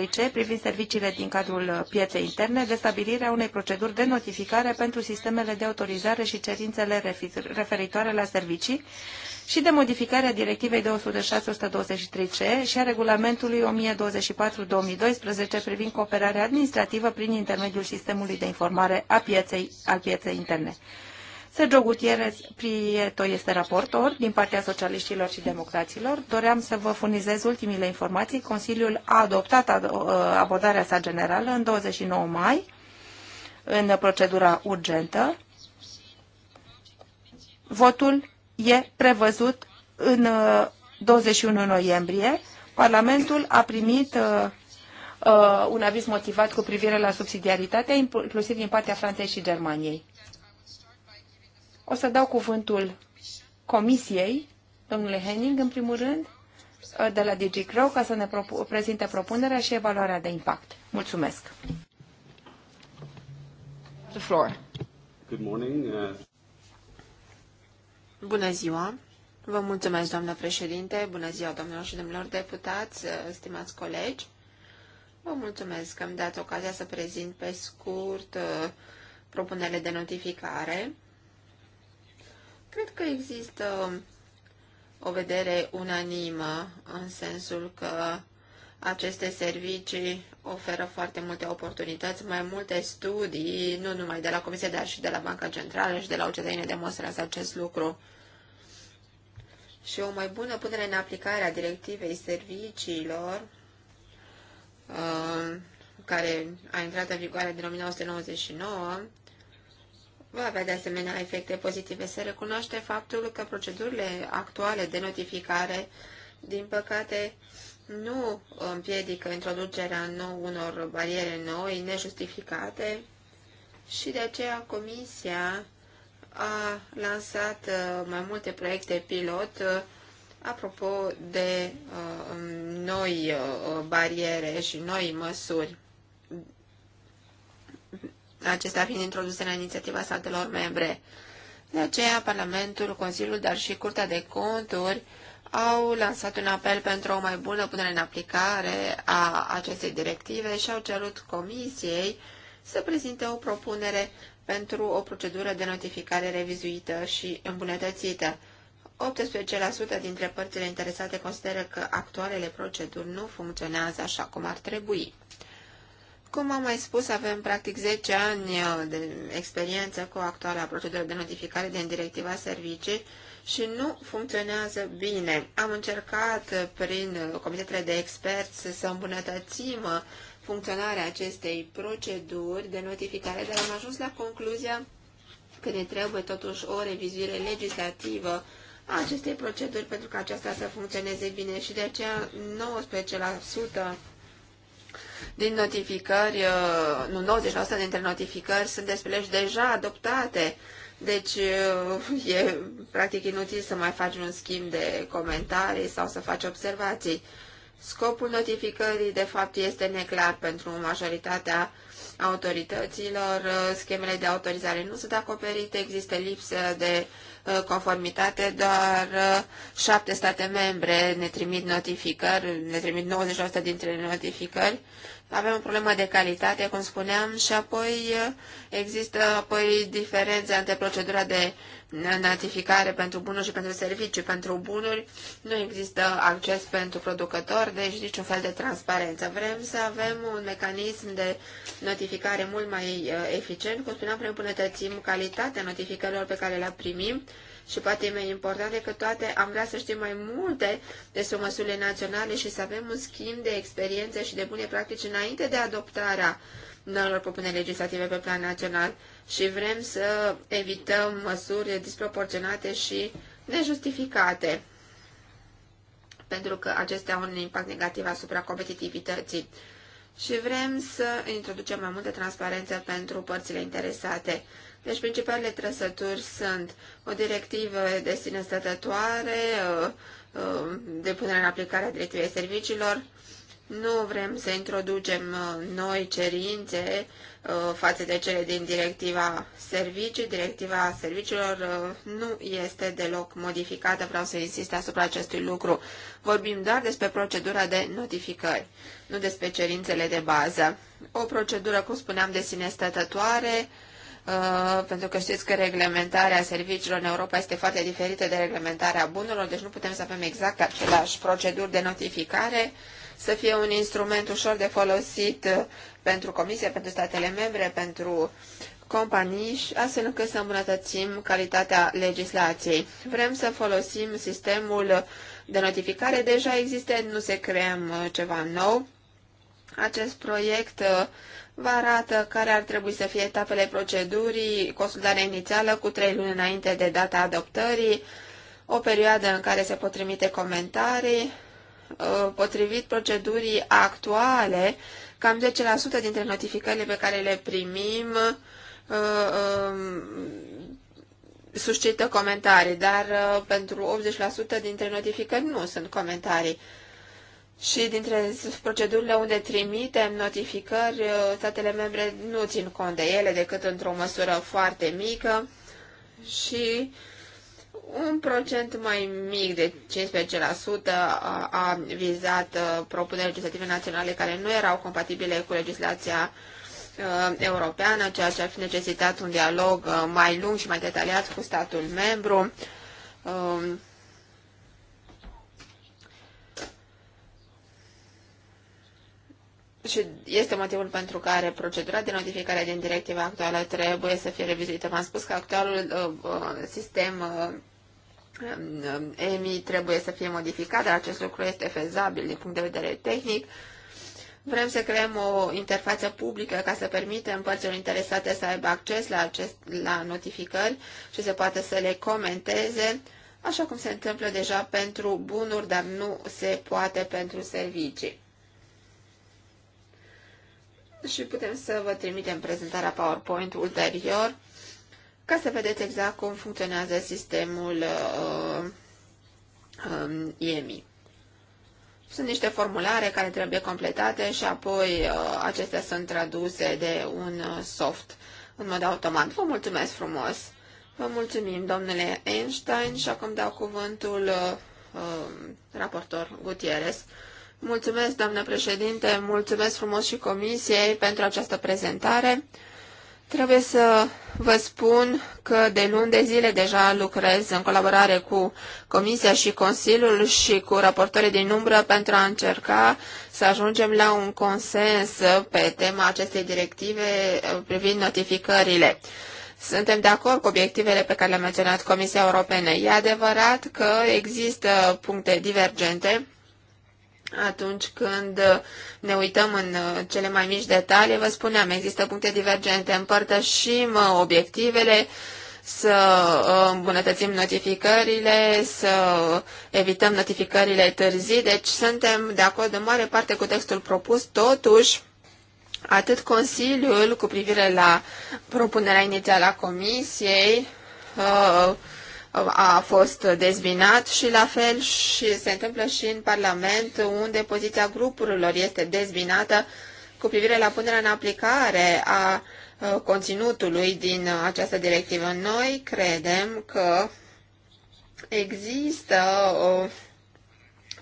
206-123C privind serviciile din cadrul pieței interne de a unei proceduri de notificare pentru sistemele de autorizare și cerințele referitoare la servicii și de modificare a directivei 206-123C și a regulamentului 1024-2012 privind cooperarea administrativă prin intermediul sistemului de informare a pieței, al pieței interne. Sergio Gutierrez Prieto este raportor din partea socialiștilor și democraților. Doream să vă furnizez ultimile informații. Consiliul a adoptat ă, abordarea sa generală în 29 mai în procedura urgentă. Votul e prevăzut în 21 ă, noiembrie. Parlamentul a primit ă, un aviz motivat cu privire la subsidiaritate, inclusiv din partea Franței și Germaniei. O să dau cuvântul Comisiei, domnule Henning, în primul rând, de la DigiCrow, ca să ne propu prezinte propunerea și evaluarea de impact. Mulțumesc! The floor. Good morning. Uh, bună ziua! Vă mulțumesc, doamnă președinte, bună ziua, domnilor și domnilor deputați, uh, stimați colegi. Vă mulțumesc că îmi dați ocazia să prezint pe scurt uh, propunerile de notificare cred că există o vedere unanimă în sensul că aceste servicii oferă foarte multe oportunități, mai multe studii, nu numai de la Comisie, dar și de la Banca Centrală și de la OCDE ne demonstrează acest lucru. Și o mai bună punere în aplicare a directivei serviciilor, uh, care a intrat în vigoare din 1999, va avea de asemenea efecte pozitive. Se recunoaște faptul că procedurile actuale de notificare, din păcate, nu împiedică introducerea nou unor bariere noi, nejustificate, și de aceea Comisia a lansat uh, mai multe proiecte pilot uh, apropo de uh, noi bariere și noi măsuri acestea fiind introduse la inițiativa statelor membre. De aceea, Parlamentul, Consiliul, dar și Curtea de Conturi au lansat un apel pentru o mai bună punere în aplicare a acestei directive și au cerut Comisiei să prezinte o propunere pentru o procedură de notificare revizuită și îmbunătățită. 18% dintre părțile interesate consideră că actualele proceduri nu funcționează așa cum ar trebui. Cum am mai spus, avem practic 10 ani uh, de experiență cu actuala procedură de notificare din directiva servicii și nu funcționează bine. Am încercat uh, prin comitetele de experți să îmbunătățim uh, funcționarea acestei proceduri de notificare, dar am ajuns la concluzia că ne trebuie totuși o revizuire legislativă a acestei proceduri pentru ca aceasta să funcționeze bine și de aceea 19% din notificări, uh, nu 90% dintre notificări sunt despre legi deja adoptate. Deci uh, e practic inutil să mai faci un schimb de comentarii sau să faci observații. Scopul notificării, de fapt, este neclar pentru majoritatea autorităților. Uh, schemele de autorizare nu sunt acoperite, există lipsă de conformitate, doar șapte state membre ne trimit notificări, ne trimit 90% dintre notificări avem o problemă de calitate, cum spuneam, și apoi eh, există apoi diferențe între procedura de notificare pentru bunuri și pentru servicii. Pentru bunuri nu există acces pentru producător, deci niciun fel de transparență. Vrem să avem un mecanism de notificare mult mai eh, eficient, cum spuneam, vrem calitatea notificărilor pe care le primim și poate e mai important decât toate, am vrea să știm mai multe despre măsurile naționale și să avem un schimb de experiențe și de bune practici înainte de adoptarea noilor propuneri legislative pe plan național și vrem să evităm măsuri disproporționate și nejustificate pentru că acestea au un impact negativ asupra competitivității și vrem să introducem mai multă transparență pentru părțile interesate. Deci principalele trăsături sunt o directivă uh, uh, de sine stătătoare, depunerea în aplicare a directivei serviciilor. Nu vrem să introducem uh, noi cerințe față de cele din directiva servicii. Directiva serviciilor nu este deloc modificată, vreau să insist asupra acestui lucru. Vorbim doar despre procedura de notificări, nu despre cerințele de bază. O procedură, cum spuneam, de sine stătătoare, Uh, pentru că știți că reglementarea serviciilor în Europa este foarte diferită de reglementarea bunurilor, deci nu putem să avem exact același proceduri de notificare, să fie un instrument ușor de folosit uh, pentru Comisie, pentru statele membre, pentru companii, astfel încât să îmbunătățim calitatea legislației. Vrem să folosim sistemul de notificare deja existent, nu se creăm uh, ceva nou. Acest proiect vă arată care ar trebui să fie etapele procedurii, consultarea inițială cu trei luni înainte de data adoptării, o perioadă în care se pot trimite comentarii. Uh, potrivit procedurii actuale, cam 10% dintre notificările pe care le primim uh, um, suscită comentarii, dar uh, pentru 80% dintre notificări nu sunt comentarii și dintre procedurile unde trimitem notificări, uh, statele membre nu țin cont de ele decât într-o măsură foarte mică și un procent mai mic de 15% a, a vizat uh, propuneri legislative naționale care nu erau compatibile cu legislația uh, europeană, ceea ce ar fi necesitat un dialog mai lung și mai detaliat cu statul membru. Uh, și este motivul pentru care procedura de notificare din directiva actuală trebuie să fie revizuită. V-am spus că actualul uh, uh sistem uh, um, um, EMI trebuie să fie modificat, dar acest lucru este fezabil din punct de vedere tehnic. Vrem să creăm o interfață publică ca să permitem părților interesate să aibă acces la, acest, la notificări și să poată să le comenteze, așa cum se întâmplă deja pentru bunuri, dar nu se poate pentru servicii și putem să vă trimitem prezentarea PowerPoint ulterior ca să vedeți exact cum funcționează sistemul uh, uh, um, IEMI. Sunt niște formulare care trebuie completate și apoi uh, acestea sunt traduse de un uh, soft în mod automat. Vă mulțumesc frumos! Vă mulțumim, domnule Einstein, și acum dau cuvântul uh, um, raportor Gutierrez. Mulțumesc, doamnă președinte, mulțumesc frumos și comisiei pentru această prezentare. Trebuie să vă spun că de luni de zile deja lucrez în colaborare cu Comisia și Consiliul și cu raportorii din umbră pentru a încerca să ajungem la un consens pe tema acestei directive privind notificările. Suntem de acord cu obiectivele pe care le-a menționat Comisia Europene. E adevărat că există puncte divergente atunci când uh, ne uităm în uh, cele mai mici detalii, vă spuneam, există puncte divergente, împărtășim uh, obiectivele, să îmbunătățim notificările, să evităm notificările târzii, deci suntem de acord în mare parte cu textul propus, totuși, atât Consiliul cu privire la propunerea inițială a Comisiei, a fost dezbinat și la fel și se întâmplă și în Parlament unde poziția grupurilor este dezbinată cu privire la punerea în aplicare a conținutului din această directivă. Noi credem că există o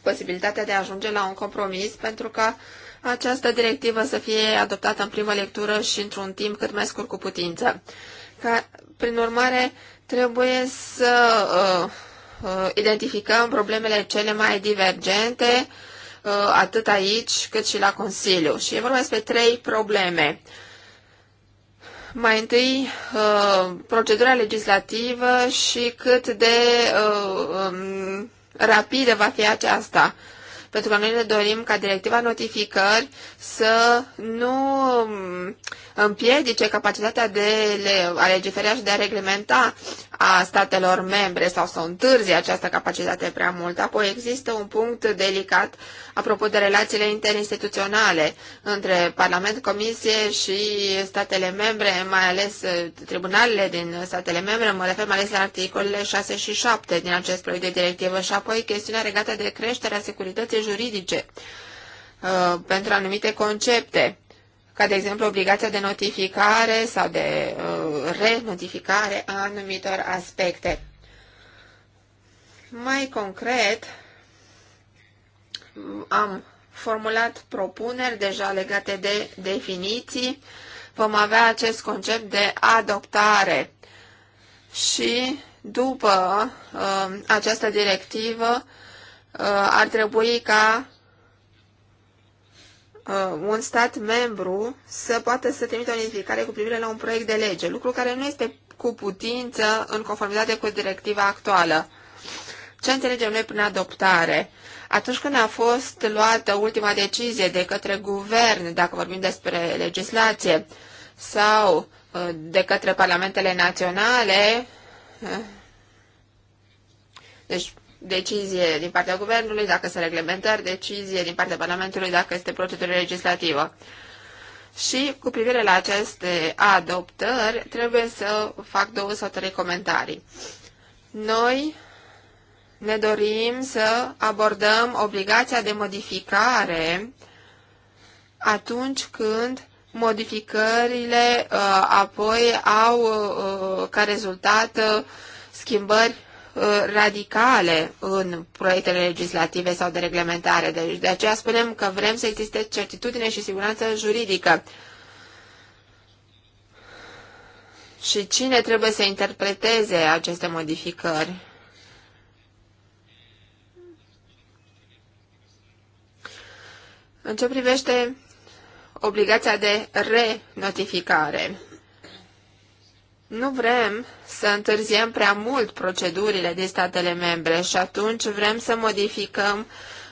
posibilitate de a ajunge la un compromis pentru că această directivă să fie adoptată în primă lectură și într-un timp cât mai scurt cu putință. Ca, prin urmare, Trebuie să uh, uh, identificăm problemele cele mai divergente, uh, atât aici cât și la Consiliu. Și e vorba despre trei probleme. Mai întâi, uh, procedura legislativă și cât de uh, um, rapidă va fi aceasta. Uh, pentru că noi ne dorim ca directiva notificări să nu împiedice capacitatea de a legifera și de a reglementa a statelor membre sau să întârzie această capacitate prea mult. Apoi există un punct delicat apropo de relațiile interinstituționale între Parlament, Comisie și statele membre, mai ales uh, tribunalele din statele membre, mă refer mai ales la articolele 6 și 7 din acest proiect de directivă și apoi chestiunea regată de creșterea securității obligații juridice uh, pentru anumite concepte, ca de exemplu obligația de notificare sau de uh, renotificare a anumitor aspecte. Mai concret, am formulat propuneri deja legate de definiții, vom avea acest concept de adoptare și după uh, această directivă Uh, ar trebui ca uh, un stat membru să poată să trimită o notificare cu privire la un proiect de lege, lucru care nu este cu putință în conformitate cu directiva actuală. Ce înțelegem noi prin adoptare? Atunci când a fost luată ultima decizie de către guvern, dacă vorbim despre legislație, sau uh, de către parlamentele naționale, deci decizie din partea guvernului, dacă sunt reglementări, decizie din partea Parlamentului, dacă este procedură legislativă. Și cu privire la aceste adoptări, trebuie să fac două sau trei comentarii. Noi ne dorim să abordăm obligația de modificare atunci când modificările uh, apoi au uh, ca rezultat uh, schimbări Uh, radicale în proiectele legislative sau de reglementare. Deci de aceea spunem că vrem să existe certitudine și siguranță juridică. Și cine trebuie să interpreteze aceste modificări? În ce privește obligația de renotificare, nu vrem să întârziem prea mult procedurile din statele membre și atunci vrem să modificăm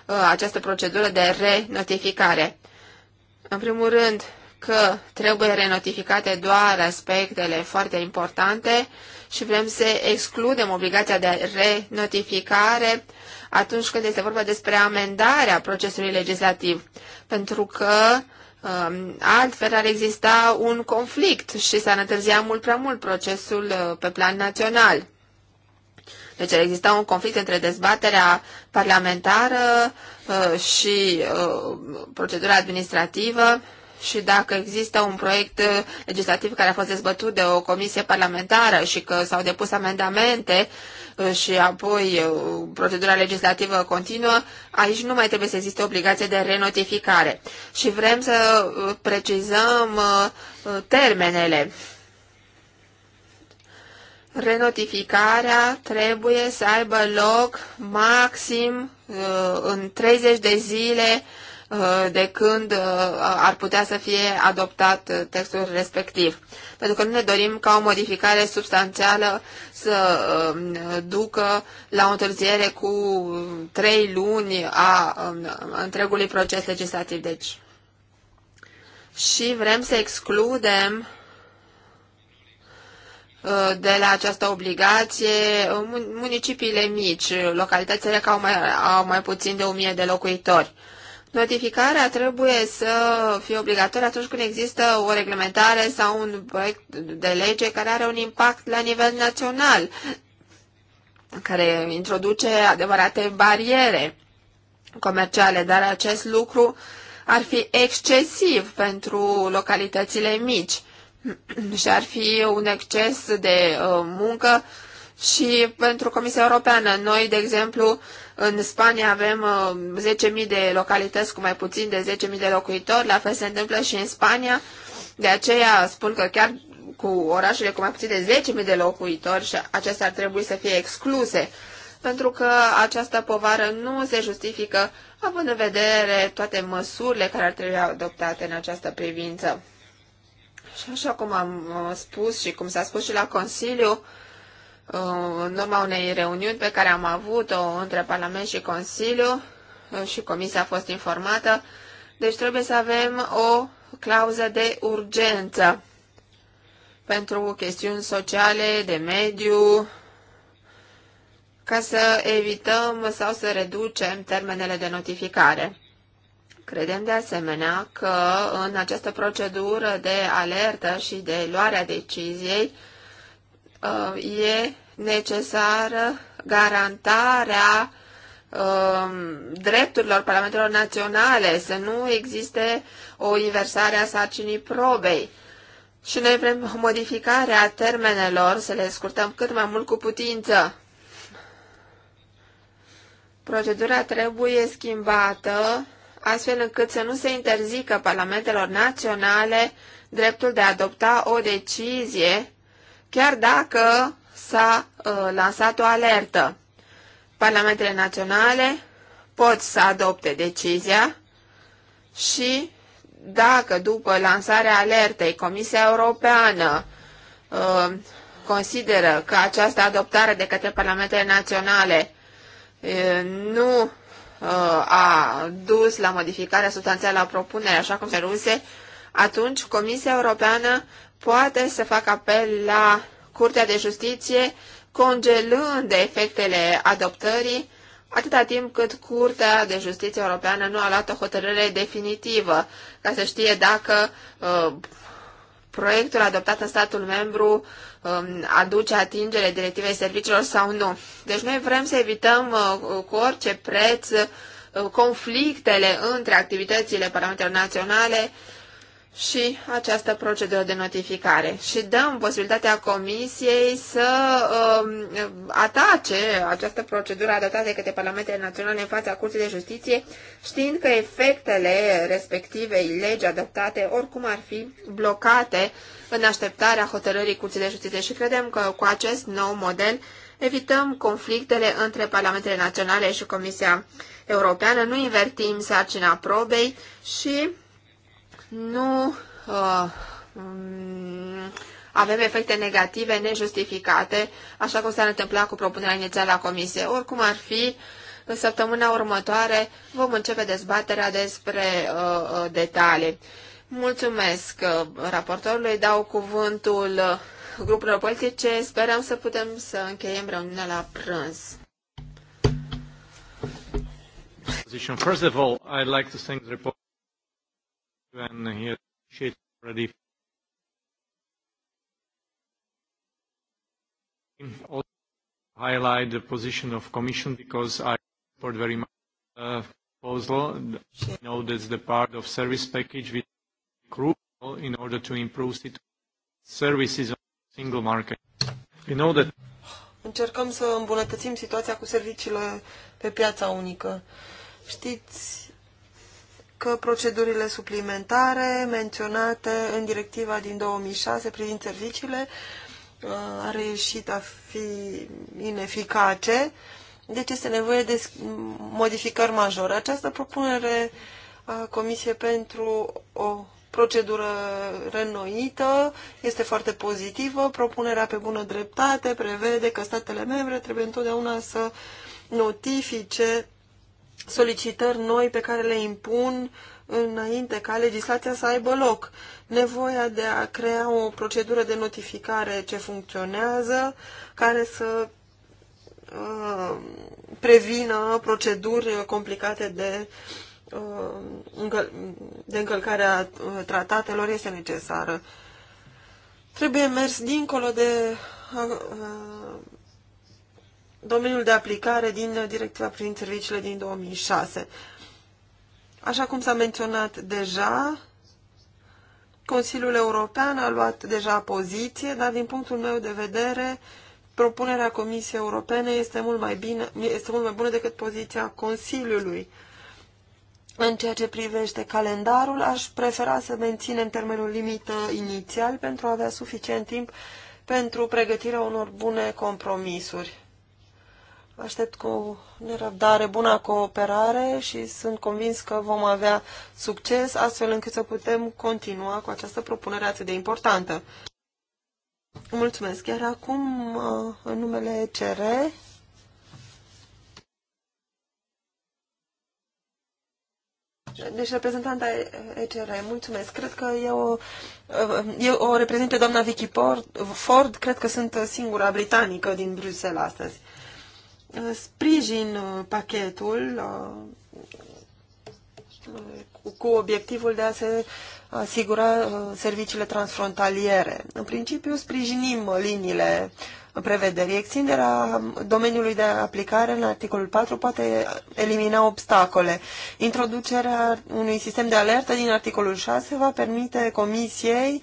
uh, această procedură de renotificare. În primul rând că trebuie renotificate doar aspectele foarte importante și vrem să excludem obligația de renotificare atunci când este vorba despre amendarea procesului legislativ, pentru că Um, altfel ar exista un conflict și s-ar întârzia mult prea mult procesul uh, pe plan național. Deci ar exista un conflict între dezbaterea parlamentară uh, și uh, procedura administrativă și dacă există un proiect legislativ care a fost dezbătut de o comisie parlamentară și că s-au depus amendamente și apoi uh, procedura legislativă continuă, aici nu mai trebuie să existe obligație de renotificare. Și vrem să uh, precizăm uh, termenele. Renotificarea trebuie să aibă loc maxim în 30 de zile Uh, de când uh, ar putea să fie adoptat uh, textul respectiv. Pentru că nu ne dorim ca o modificare substanțială să um, ducă la o întârziere cu trei luni a um, întregului proces legislativ. Deci, și vrem să excludem de la această obligație municipiile mici, localitățile care au mai, au mai puțin de 1000 de locuitori. Notificarea trebuie să fie obligatorie atunci când există o reglementare sau un proiect de lege care are un impact la nivel național, care introduce adevărate bariere comerciale, dar acest lucru ar fi excesiv pentru localitățile mici și ar fi un exces de uh, muncă și pentru Comisia Europeană. Noi, de exemplu, în Spania avem 10.000 uh, de localități cu mai puțin de 10.000 de locuitori, la fel se întâmplă și în Spania. De aceea spun că chiar cu orașele cu mai puțin de 10.000 de locuitori și acestea ar trebui să fie excluse, pentru că această povară nu se justifică având în vedere toate măsurile care ar trebui adoptate în această privință. Și așa cum am uh, spus și cum s-a spus și la Consiliu, Uh, în urma unei reuniuni pe care am avut-o între Parlament și Consiliu uh, și Comisia a fost informată, deci trebuie să avem o clauză de urgență pentru chestiuni sociale, de mediu, ca să evităm sau să reducem termenele de notificare. Credem de asemenea că în această procedură de alertă și de luarea deciziei, Uh, e necesară garantarea um, drepturilor parlamentelor naționale, să nu existe o inversare a sarcinii probei. Și noi vrem modificarea termenelor, să le scurtăm cât mai mult cu putință. Procedura trebuie schimbată astfel încât să nu se interzică parlamentelor naționale dreptul de a adopta o decizie chiar dacă s-a uh, lansat o alertă. Parlamentele naționale pot să adopte decizia și dacă după lansarea alertei Comisia Europeană uh, consideră că această adoptare de către parlamentele naționale uh, nu uh, a dus la modificarea substanțială a propunerii, așa cum se ruse, atunci Comisia Europeană poate să facă apel la Curtea de Justiție, congelând efectele adoptării, atâta timp cât Curtea de Justiție Europeană nu a luat o hotărâre definitivă, ca să știe dacă uh, proiectul adoptat în statul membru um, aduce atingere directivei serviciilor sau nu. Deci noi vrem să evităm uh, cu orice preț uh, conflictele între activitățile parlamentelor naționale și această procedură de notificare și dăm posibilitatea comisiei să uh, atace această procedură adoptată de către Parlamentele Naționale în fața Curții de Justiție, știind că efectele respectivei legi adoptate oricum ar fi blocate în așteptarea hotărârii Curții de Justiție și credem că cu acest nou model evităm conflictele între Parlamentele Naționale și Comisia Europeană, nu invertim sarcina probei și nu uh, um, avem efecte negative nejustificate, așa cum s-ar întâmpla cu propunerea inițială a Comisiei. Oricum ar fi, în săptămâna următoare vom începe dezbaterea despre uh, uh detalii. Mulțumesc uh, raportorului, dau cuvântul uh, grupurilor politice. Sperăm să putem să încheiem reuniunea la prânz. First of all, I'd like to thank the report and he appreciates already also highlight the position of Commission because I support very much the proposal. You know that's the part of service package which is crucial in order to improve it services on the single market. We know that Încercăm să îmbunătățim situația cu serviciile pe piața unică. Știți că procedurile suplimentare menționate în directiva din 2006 privind serviciile uh, a reușit a fi ineficace, deci este nevoie de modificări majore. Această propunere a Comisiei pentru o procedură renoită este foarte pozitivă. Propunerea pe bună dreptate prevede că statele membre trebuie întotdeauna să notifice solicitări noi pe care le impun înainte ca legislația să aibă loc. Nevoia de a crea o procedură de notificare ce funcționează, care să uh, prevină proceduri complicate de, uh, încăl de încălcarea uh, tratatelor este necesară. Trebuie mers dincolo de uh, domeniul de aplicare din directiva privind serviciile din 2006. Așa cum s-a menționat deja, Consiliul European a luat deja poziție, dar din punctul meu de vedere, propunerea Comisiei Europene este mult mai, bine, este mult mai bună decât poziția Consiliului. În ceea ce privește calendarul, aș prefera să menținem termenul limită inițial pentru a avea suficient timp pentru pregătirea unor bune compromisuri. Aștept cu nerăbdare bună cooperare și sunt convins că vom avea succes astfel încât să putem continua cu această propunere atât de importantă. Mulțumesc. Iar acum, în numele CR, Deci reprezentanta ECR, mulțumesc. Cred că eu, eu o reprezintă doamna Vicky Ford, cred că sunt singura britanică din Bruxelles astăzi. Uh, sprijin uh, pachetul uh, cu obiectivul de a se asigura serviciile transfrontaliere. În principiu, sprijinim liniile prevederii. Extinderea domeniului de aplicare în articolul 4 poate elimina obstacole. Introducerea unui sistem de alertă din articolul 6 va permite Comisiei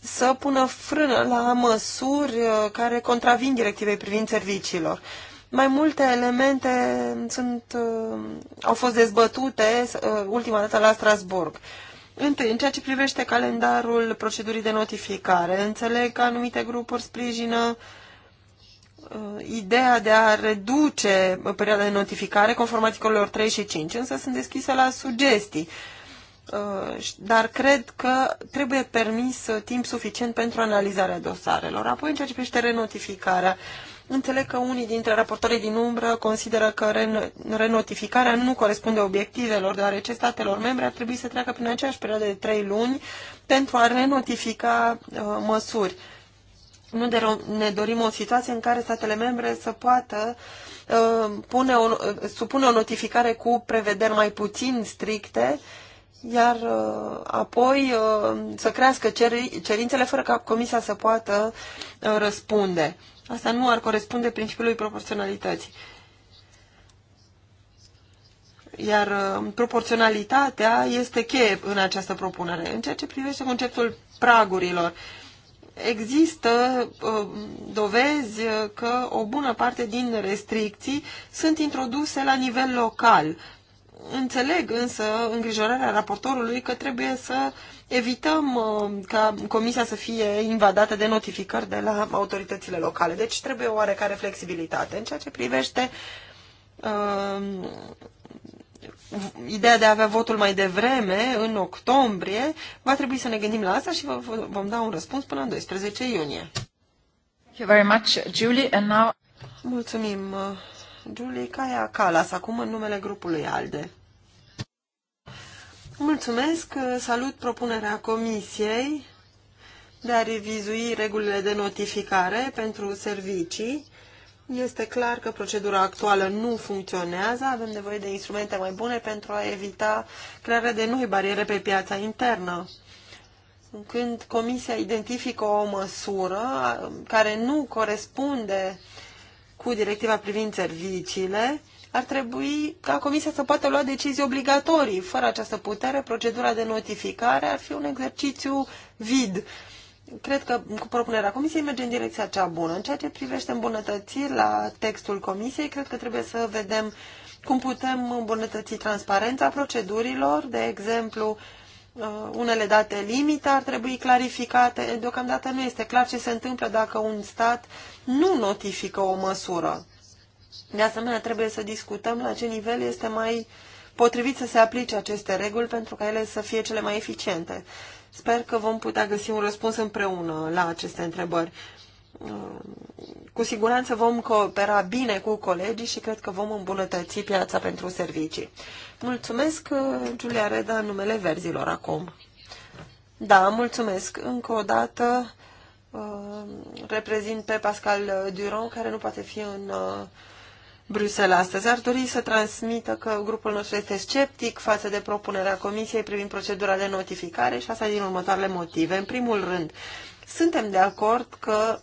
să pună frână la măsuri care contravin directivei privind serviciilor. Mai multe elemente sunt, uh, au fost dezbătute uh, ultima dată la Strasburg. Întâi, în ceea ce privește calendarul procedurii de notificare, înțeleg că anumite grupuri sprijină uh, ideea de a reduce perioada de notificare conform articolelor 3 și 5, însă sunt deschise la sugestii. Uh, dar cred că trebuie permis uh, timp suficient pentru analizarea dosarelor. Apoi, în ceea ce privește renotificarea, uh, Înțeleg că unii dintre raportorii din umbră consideră că renotificarea nu corespunde obiectivelor, deoarece statelor membre ar trebui să treacă prin aceeași perioadă de trei luni pentru a renotifica uh, măsuri. Nu de ne dorim o situație în care statele membre să poată uh, pune o, uh, supune o notificare cu prevederi mai puțin stricte iar uh, apoi uh, să crească cerințele fără ca Comisia să poată uh, răspunde. Asta nu ar corespunde principiului proporționalității. Iar uh, proporționalitatea este cheie în această propunere. În ceea ce privește conceptul pragurilor, există uh, dovezi uh, că o bună parte din restricții sunt introduse la nivel local. Înțeleg însă îngrijorarea raportorului că trebuie să uh, evităm uh, ca comisia să fie invadată de notificări de la autoritățile locale. Deci trebuie oarecare flexibilitate în ceea ce privește uh, ideea de a avea votul mai devreme, în octombrie, va trebui să ne gândim la asta și vă vom da un răspuns până în 12 iunie. Thank you very much, Julie. And now... Mulțumim, uh, Julie Caia Calas, acum în numele grupului ALDE. Mulțumesc, salut propunerea Comisiei de a revizui regulile de notificare pentru servicii. Este clar că procedura actuală nu funcționează, avem nevoie de instrumente mai bune pentru a evita crearea de noi bariere pe piața internă. Când Comisia identifică o măsură care nu corespunde cu directiva privind serviciile, ar trebui ca Comisia să poată lua decizii obligatorii. Fără această putere, procedura de notificare ar fi un exercițiu vid. Cred că cu propunerea Comisiei merge în direcția cea bună. În ceea ce privește îmbunătățiri la textul Comisiei, cred că trebuie să vedem cum putem îmbunătăți transparența procedurilor, de exemplu, uh, unele date limite ar trebui clarificate. Deocamdată nu este clar ce se întâmplă dacă un stat nu notifică o măsură. De asemenea, trebuie să discutăm la ce nivel este mai potrivit să se aplice aceste reguli pentru ca ele să fie cele mai eficiente. Sper că vom putea găsi un răspuns împreună la aceste întrebări. Uh, cu siguranță vom coopera bine cu colegii și cred că vom îmbunătăți piața pentru servicii. Mulțumesc, uh, Giulia Reda, în numele verzilor acum. Da, mulțumesc. Încă o dată uh, reprezint pe Pascal Duron, care nu poate fi în Bruxelles astăzi. Ar dori să transmită că grupul nostru este sceptic față de propunerea Comisiei privind procedura de notificare și asta din următoarele motive. În primul rând, suntem de acord că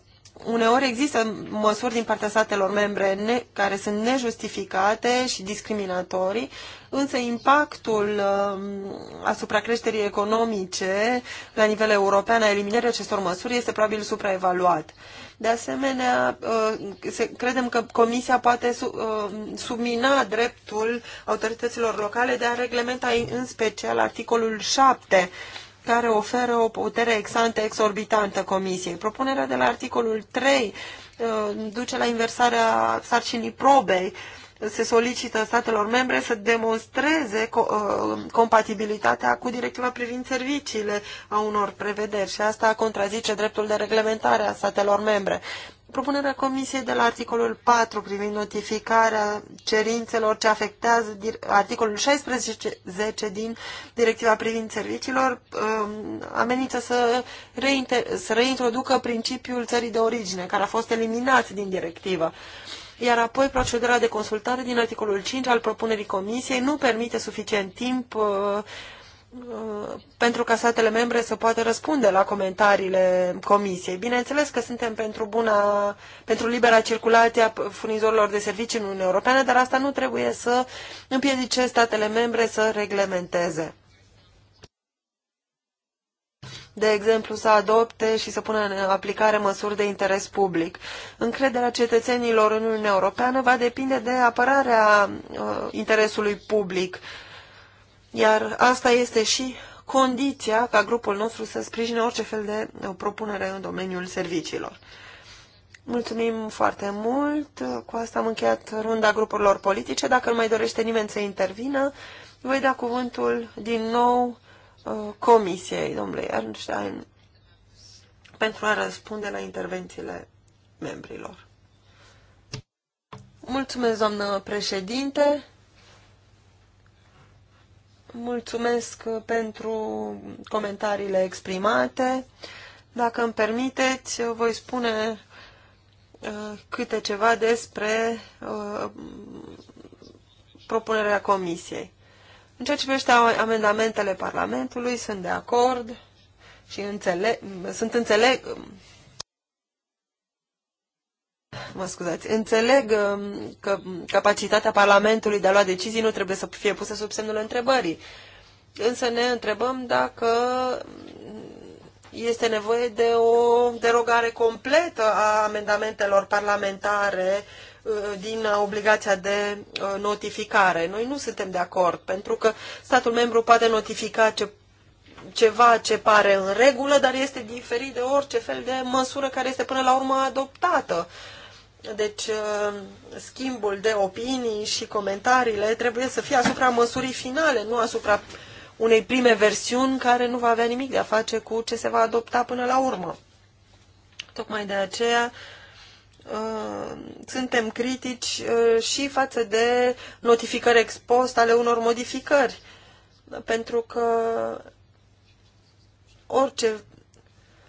uneori există măsuri din partea statelor membre ne, care sunt nejustificate și discriminatorii, însă impactul uh, asupra creșterii economice la nivel european a eliminării acestor măsuri este probabil supraevaluat. Uh, de asemenea, uh, credem că Comisia poate uh, submina dreptul autorităților locale de a reglementa în special articolul 7 care oferă o putere exante exorbitantă Comisiei. Propunerea de la articolul 3 uh, duce la inversarea sarcinii probei se solicită statelor membre să demonstreze uh, compatibilitatea cu directiva privind serviciile a unor prevederi și asta contrazice dreptul de reglementare a statelor membre. Propunerea Comisiei de la articolul 4 privind notificarea cerințelor ce afectează articolul 16 din directiva privind serviciilor um, amenință să, să reintroducă principiul țării de origine, care a fost eliminat din directivă iar apoi procedura de consultare din articolul 5 al propunerii Comisiei nu permite suficient timp uh, uh, pentru ca statele membre să poată răspunde la comentariile Comisiei. Bineînțeles că suntem pentru, buna, pentru libera circulație a furnizorilor de servicii în Uniunea Europeană, dar asta nu trebuie să împiedice statele membre să reglementeze de exemplu, să adopte și să pună în aplicare măsuri de interes public. Încrederea cetățenilor în Uniunea Europeană va depinde de apărarea uh, interesului public, iar asta este și condiția ca grupul nostru să sprijine orice fel de uh, propunere în domeniul serviciilor. Mulțumim foarte mult. Cu asta am încheiat runda grupurilor politice. Dacă nu mai dorește nimeni să intervină, voi da cuvântul din nou Uh, comisiei, domnule Ernstein, pentru a răspunde la intervențiile membrilor. Mulțumesc, doamnă președinte. Mulțumesc pentru comentariile exprimate. Dacă îmi permiteți, voi spune uh, câte ceva despre uh, propunerea comisiei. În ceea ce privește amendamentele Parlamentului, sunt de acord și înțeleg, sunt înțeleg, mă scuzați, înțeleg um, că capacitatea Parlamentului de a lua decizii nu trebuie să fie pusă sub semnul întrebării. Însă ne întrebăm dacă este nevoie de o derogare completă a amendamentelor parlamentare Uh, din obligația de uh, notificare. Noi nu suntem de acord, pentru că statul membru poate notifica ce, ceva ce pare în regulă, dar este diferit de orice fel de măsură care este până la urmă adoptată. Deci, uh, schimbul de opinii și comentariile trebuie să fie asupra măsurii finale, nu asupra unei prime versiuni care nu va avea nimic de a face cu ce se va adopta până la urmă. Tocmai de aceea, uh, Uh, suntem critici uh, și față de notificări expost ale unor modificări, pentru că orice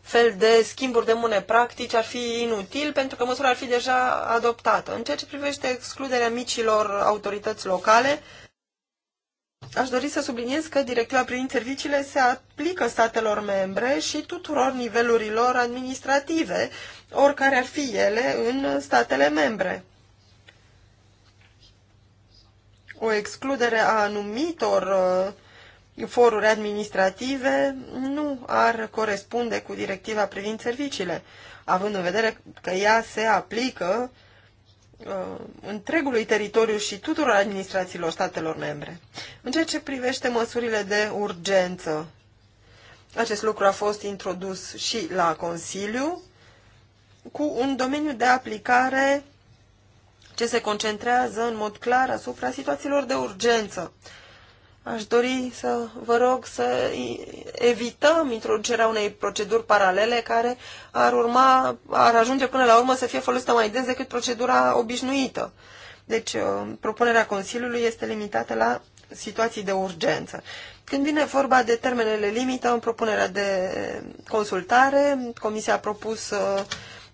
fel de schimburi de mune practici ar fi inutil pentru că măsura ar fi deja adoptată. În ceea ce privește excluderea micilor autorități locale, uh, Aș dori să subliniez că directiva privind serviciile se aplică statelor membre și tuturor nivelurilor administrative, oricare ar fi ele în statele membre. O excludere a anumitor uh, foruri administrative nu ar corespunde cu directiva privind serviciile, având în vedere că ea se aplică Uh, întregului teritoriu și tuturor administrațiilor statelor membre. În ceea ce privește măsurile de urgență, acest lucru a fost introdus și la Consiliu cu un domeniu de aplicare ce se concentrează în mod clar asupra situațiilor de urgență. Uh, Aș dori să vă rog să evităm introducerea unei proceduri paralele care ar, urma, ar ajunge până la urmă să fie folosită mai des decât procedura obișnuită. Deci, uh, propunerea Consiliului este limitată la situații de urgență. Când vine vorba de termenele limită în propunerea de consultare, Comisia a propus uh,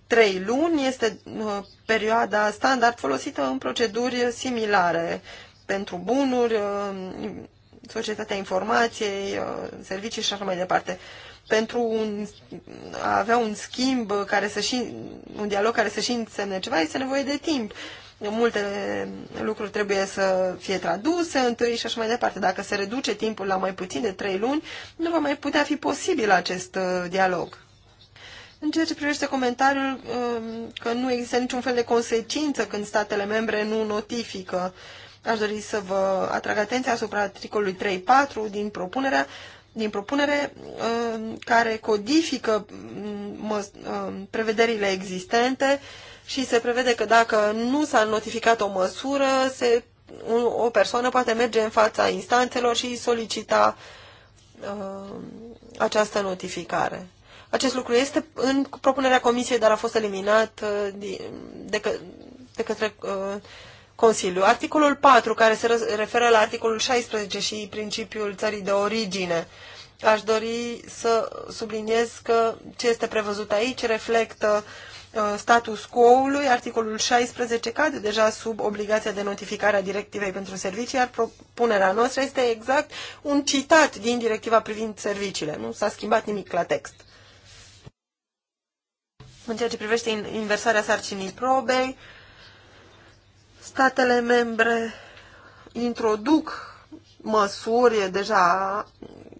trei luni, este uh, perioada standard folosită în proceduri similare pentru bunuri, societatea informației, uh, servicii și așa mai departe. Pentru un, a avea un schimb care să și, un dialog care să și însemne ceva, este nevoie de timp. Multe lucruri trebuie să fie traduse întâi și așa mai departe. Dacă se reduce timpul la mai puțin de trei luni, nu va mai putea fi posibil acest uh, dialog. În ceea ce privește comentariul um, că nu există niciun fel de consecință când statele membre nu notifică, Aș dori să vă atrag atenția asupra articolului 3.4 din propunerea din propunere uh, care codifică mm, uh, prevederile existente și se prevede că dacă nu s-a notificat o măsură, se, o persoană poate merge în fața instanțelor și solicita uh, această notificare. Acest lucru este în propunerea comisiei, dar a fost eliminat uh, de, de, de către uh, Consiliu. Articolul 4, care se referă la articolul 16 și principiul țării de origine. Aș dori să subliniez că ce este prevăzut aici reflectă uh, status quo-ului. Articolul 16 cade deja sub obligația de notificare a directivei pentru servicii, iar propunerea noastră este exact un citat din directiva privind serviciile. Nu s-a schimbat nimic la text. În ceea ce privește inversarea sarcinii probei, Statele membre introduc măsuri deja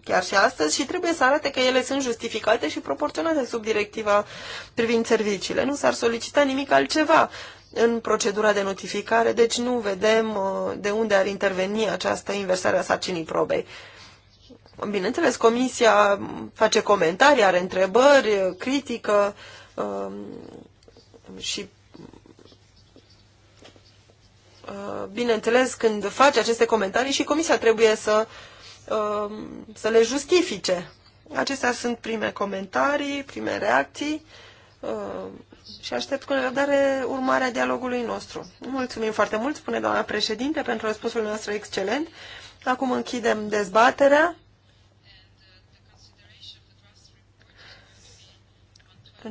chiar și astăzi și trebuie să arate că ele sunt justificate și proporționate sub directiva privind serviciile. Nu s-ar solicita nimic altceva în procedura de notificare, deci nu vedem uh, de unde ar interveni această inversare a sarcinii probei. Bineînțeles, comisia face comentarii, are întrebări, critică um, și Uh, bineînțeles, când face aceste comentarii și comisia trebuie să, uh, să le justifice. Acestea sunt prime comentarii, prime reacții uh, și aștept cu nerăbdare urmarea dialogului nostru. Mulțumim foarte mult, spune doamna președinte, pentru răspunsul nostru excelent. Acum închidem dezbaterea.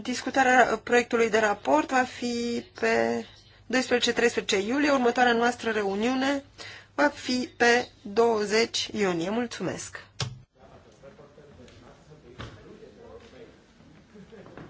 Discutarea proiectului de raport va fi pe 12-13 iulie. Următoarea noastră reuniune va fi pe 20 iunie. Mulțumesc!